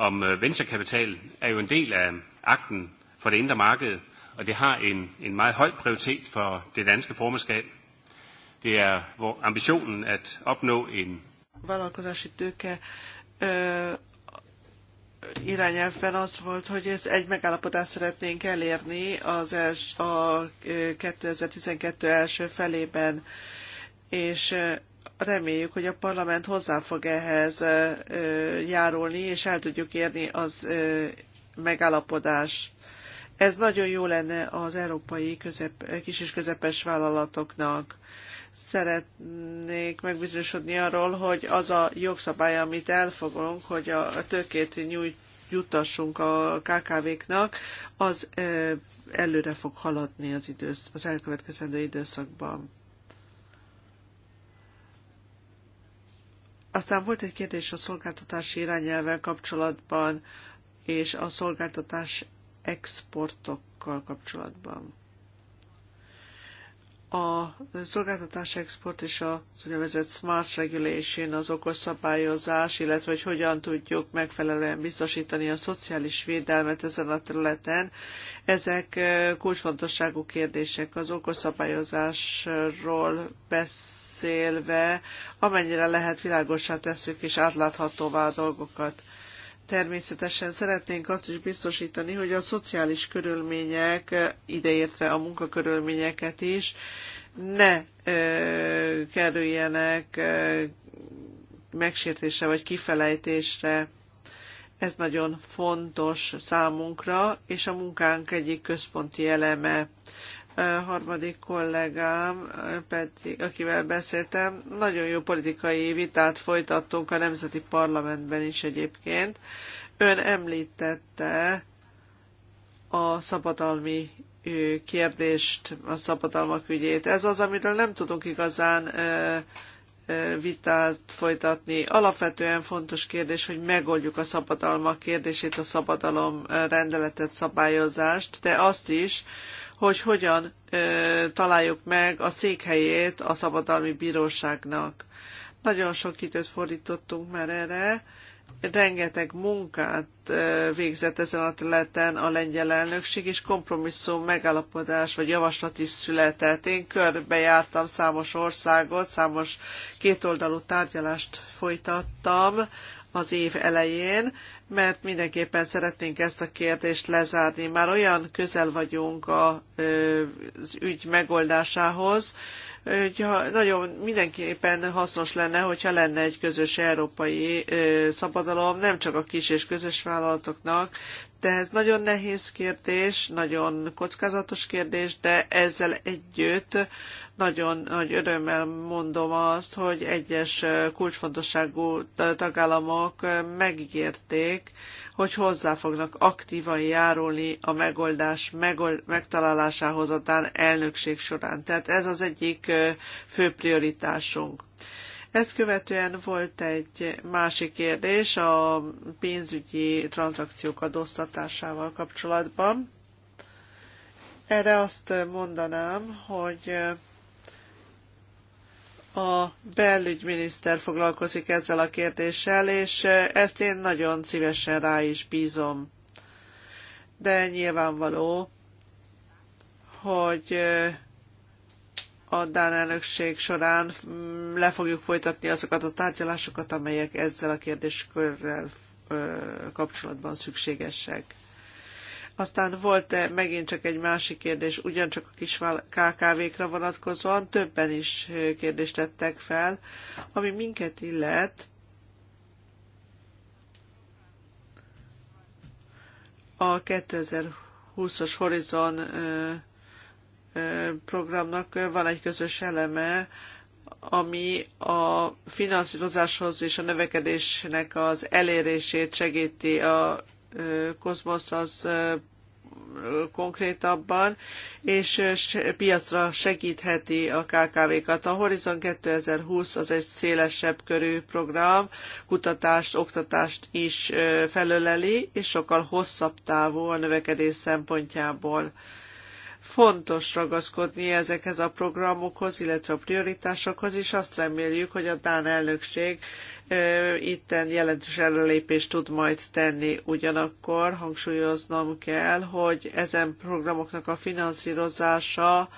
om øh, venturekapital er jo en del af akten for det indre marked, og det har en, en meget høj prioritet for det danske formandskab. Det er hvor ambitionen at opnå en vállalkozási tőke ö, irányelvben az volt, hogy ez egy megállapodást szeretnénk elérni az els, a 2012 első felében, és ö, reméljük, hogy a parlament hozzá fog ehhez járulni, és el tudjuk érni az megállapodás. Ez nagyon jó lenne az európai közep, kis és közepes vállalatoknak. Szeretnék megbizonyosodni arról, hogy az a jogszabály, amit elfogunk, hogy a tőkét nyújt, a KKV-knak, az előre fog haladni az, idősz, az elkövetkezendő időszakban. Aztán volt egy kérdés a szolgáltatási irányelvvel kapcsolatban, és a szolgáltatás exportokkal kapcsolatban a szolgáltatás export és az úgynevezett smart regulation, az okos szabályozás, illetve hogy hogyan tudjuk megfelelően biztosítani a szociális védelmet ezen a területen. Ezek kulcsfontosságú kérdések az okos szabályozásról beszélve, amennyire lehet világosá tesszük és átláthatóvá a dolgokat. Természetesen szeretnénk azt is biztosítani, hogy a szociális körülmények, ideértve a munkakörülményeket is, ne ö, kerüljenek ö, megsértésre vagy kifelejtésre. Ez nagyon fontos számunkra, és a munkánk egyik központi eleme harmadik kollégám pedig, akivel beszéltem, nagyon jó politikai vitát folytattunk a Nemzeti Parlamentben is egyébként. Ön említette a szabadalmi kérdést, a szabadalmak ügyét. Ez az, amiről nem tudunk igazán vitát folytatni. Alapvetően fontos kérdés, hogy megoldjuk a szabadalmak kérdését, a szabadalom rendeletet, szabályozást, de azt is, hogy hogyan találjuk meg a székhelyét a szabadalmi bíróságnak. Nagyon sok időt fordítottunk már erre, rengeteg munkát végzett ezen a területen a lengyel elnökség, és kompromisszum, megállapodás vagy javaslat is született. Én körbejártam számos országot, számos kétoldalú tárgyalást folytattam az év elején, mert mindenképpen szeretnénk ezt a kérdést lezárni. Már olyan közel vagyunk az ügy megoldásához, hogy nagyon mindenképpen hasznos lenne, hogyha lenne egy közös európai szabadalom, nem csak a kis és közös vállalatoknak, de ez nagyon nehéz kérdés, nagyon kockázatos kérdés, de ezzel együtt nagyon nagy örömmel mondom azt, hogy egyes kulcsfontosságú tagállamok megígérték, hogy hozzá fognak aktívan járulni a megoldás megold, megtalálásához a elnökség során. Tehát ez az egyik fő prioritásunk. Ezt követően volt egy másik kérdés a pénzügyi tranzakciók adóztatásával kapcsolatban. Erre azt mondanám, hogy a belügyminiszter foglalkozik ezzel a kérdéssel, és ezt én nagyon szívesen rá is bízom. De nyilvánvaló, hogy a Dán elnökség során mm, le fogjuk folytatni azokat a tárgyalásokat, amelyek ezzel a kérdéskörrel kapcsolatban szükségesek. Aztán volt -e megint csak egy másik kérdés, ugyancsak a kis KKV-kra vonatkozóan, többen is kérdést tettek fel, ami minket illet. A 2020-as horizon programnak van egy közös eleme, ami a finanszírozáshoz és a növekedésnek az elérését segíti a Kozmosz az konkrétabban, és piacra segítheti a KKV-kat. A Horizon 2020 az egy szélesebb körű program, kutatást, oktatást is felöleli, és sokkal hosszabb távú a növekedés szempontjából. Fontos ragaszkodni ezekhez a programokhoz, illetve a prioritásokhoz, és azt reméljük, hogy a Dán elnökség itten jelentős előlépést tud majd tenni. Ugyanakkor hangsúlyoznom kell, hogy ezen programoknak a finanszírozása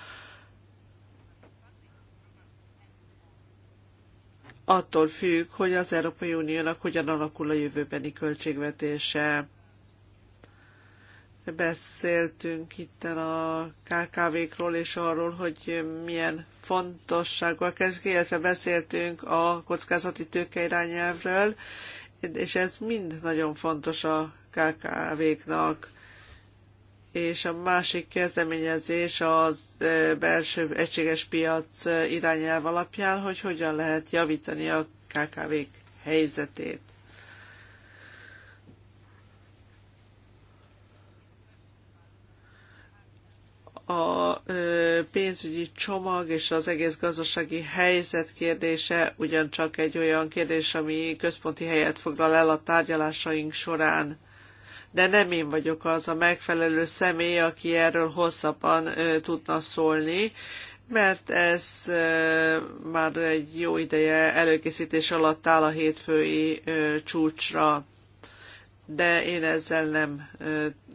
attól függ, hogy az Európai Uniónak hogyan alakul a jövőbeni költségvetése. Beszéltünk itt a KKV-król és arról, hogy milyen fontossággal kezdjük, illetve beszéltünk a kockázati tőkeirányelvről, és ez mind nagyon fontos a KKV-knak és a másik kezdeményezés az belső egységes piac irányelv alapján, hogy hogyan lehet javítani a KKV-k helyzetét. a pénzügyi csomag és az egész gazdasági helyzet kérdése ugyancsak egy olyan kérdés, ami központi helyet foglal el a tárgyalásaink során. De nem én vagyok az a megfelelő személy, aki erről hosszabban tudna szólni, mert ez már egy jó ideje előkészítés alatt áll a hétfői csúcsra de én ezzel nem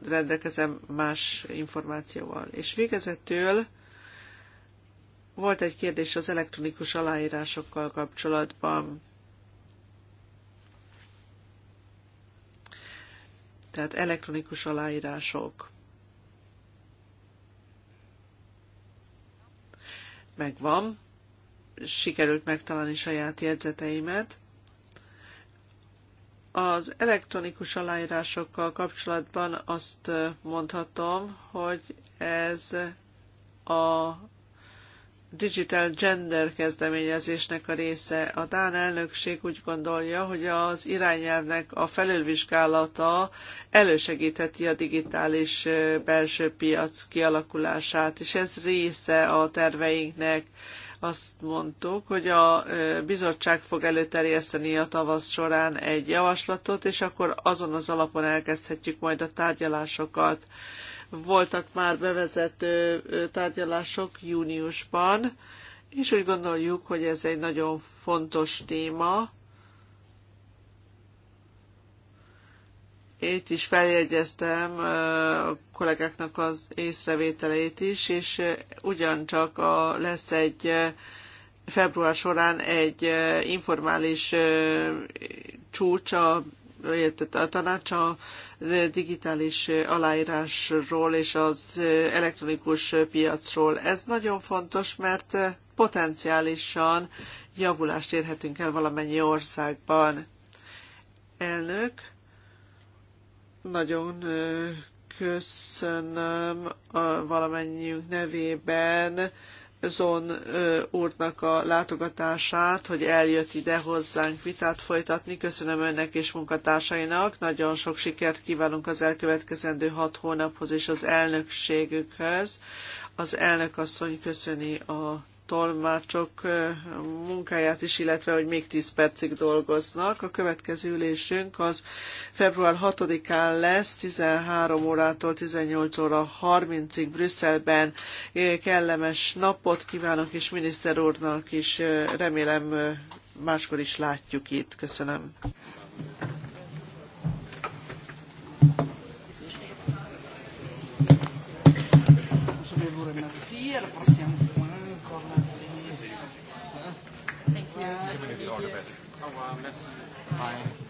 rendelkezem más információval. És végezetül volt egy kérdés az elektronikus aláírásokkal kapcsolatban. Tehát elektronikus aláírások. Megvan. Sikerült megtalálni saját jegyzeteimet. Az elektronikus aláírásokkal kapcsolatban azt mondhatom, hogy ez a Digital Gender kezdeményezésnek a része. A Dán elnökség úgy gondolja, hogy az irányelvnek a felülvizsgálata elősegítheti a digitális belső piac kialakulását, és ez része a terveinknek azt mondtuk, hogy a bizottság fog előterjeszteni a tavasz során egy javaslatot, és akkor azon az alapon elkezdhetjük majd a tárgyalásokat. Voltak már bevezető tárgyalások júniusban, és úgy gondoljuk, hogy ez egy nagyon fontos téma, itt is feljegyeztem a kollégáknak az észrevételeit is, és ugyancsak a, lesz egy február során egy informális csúcs, a, a tanács a digitális aláírásról és az elektronikus piacról. Ez nagyon fontos, mert potenciálisan javulást érhetünk el valamennyi országban. Elnök, nagyon köszönöm a valamennyiünk nevében Zon úrnak a látogatását, hogy eljött ide hozzánk vitát folytatni. Köszönöm önnek és munkatársainak. Nagyon sok sikert kívánunk az elkövetkezendő hat hónaphoz és az elnökségükhöz. Az elnök asszony köszöni a tolmácsok munkáját is, illetve hogy még 10 percig dolgoznak. A következő ülésünk az február 6-án lesz, 13 órától 18 óra 30-ig Brüsszelben. Kellemes napot kívánok, és miniszter úrnak is remélem máskor is látjuk itt. Köszönöm. Merci, à la prochaine. Bye.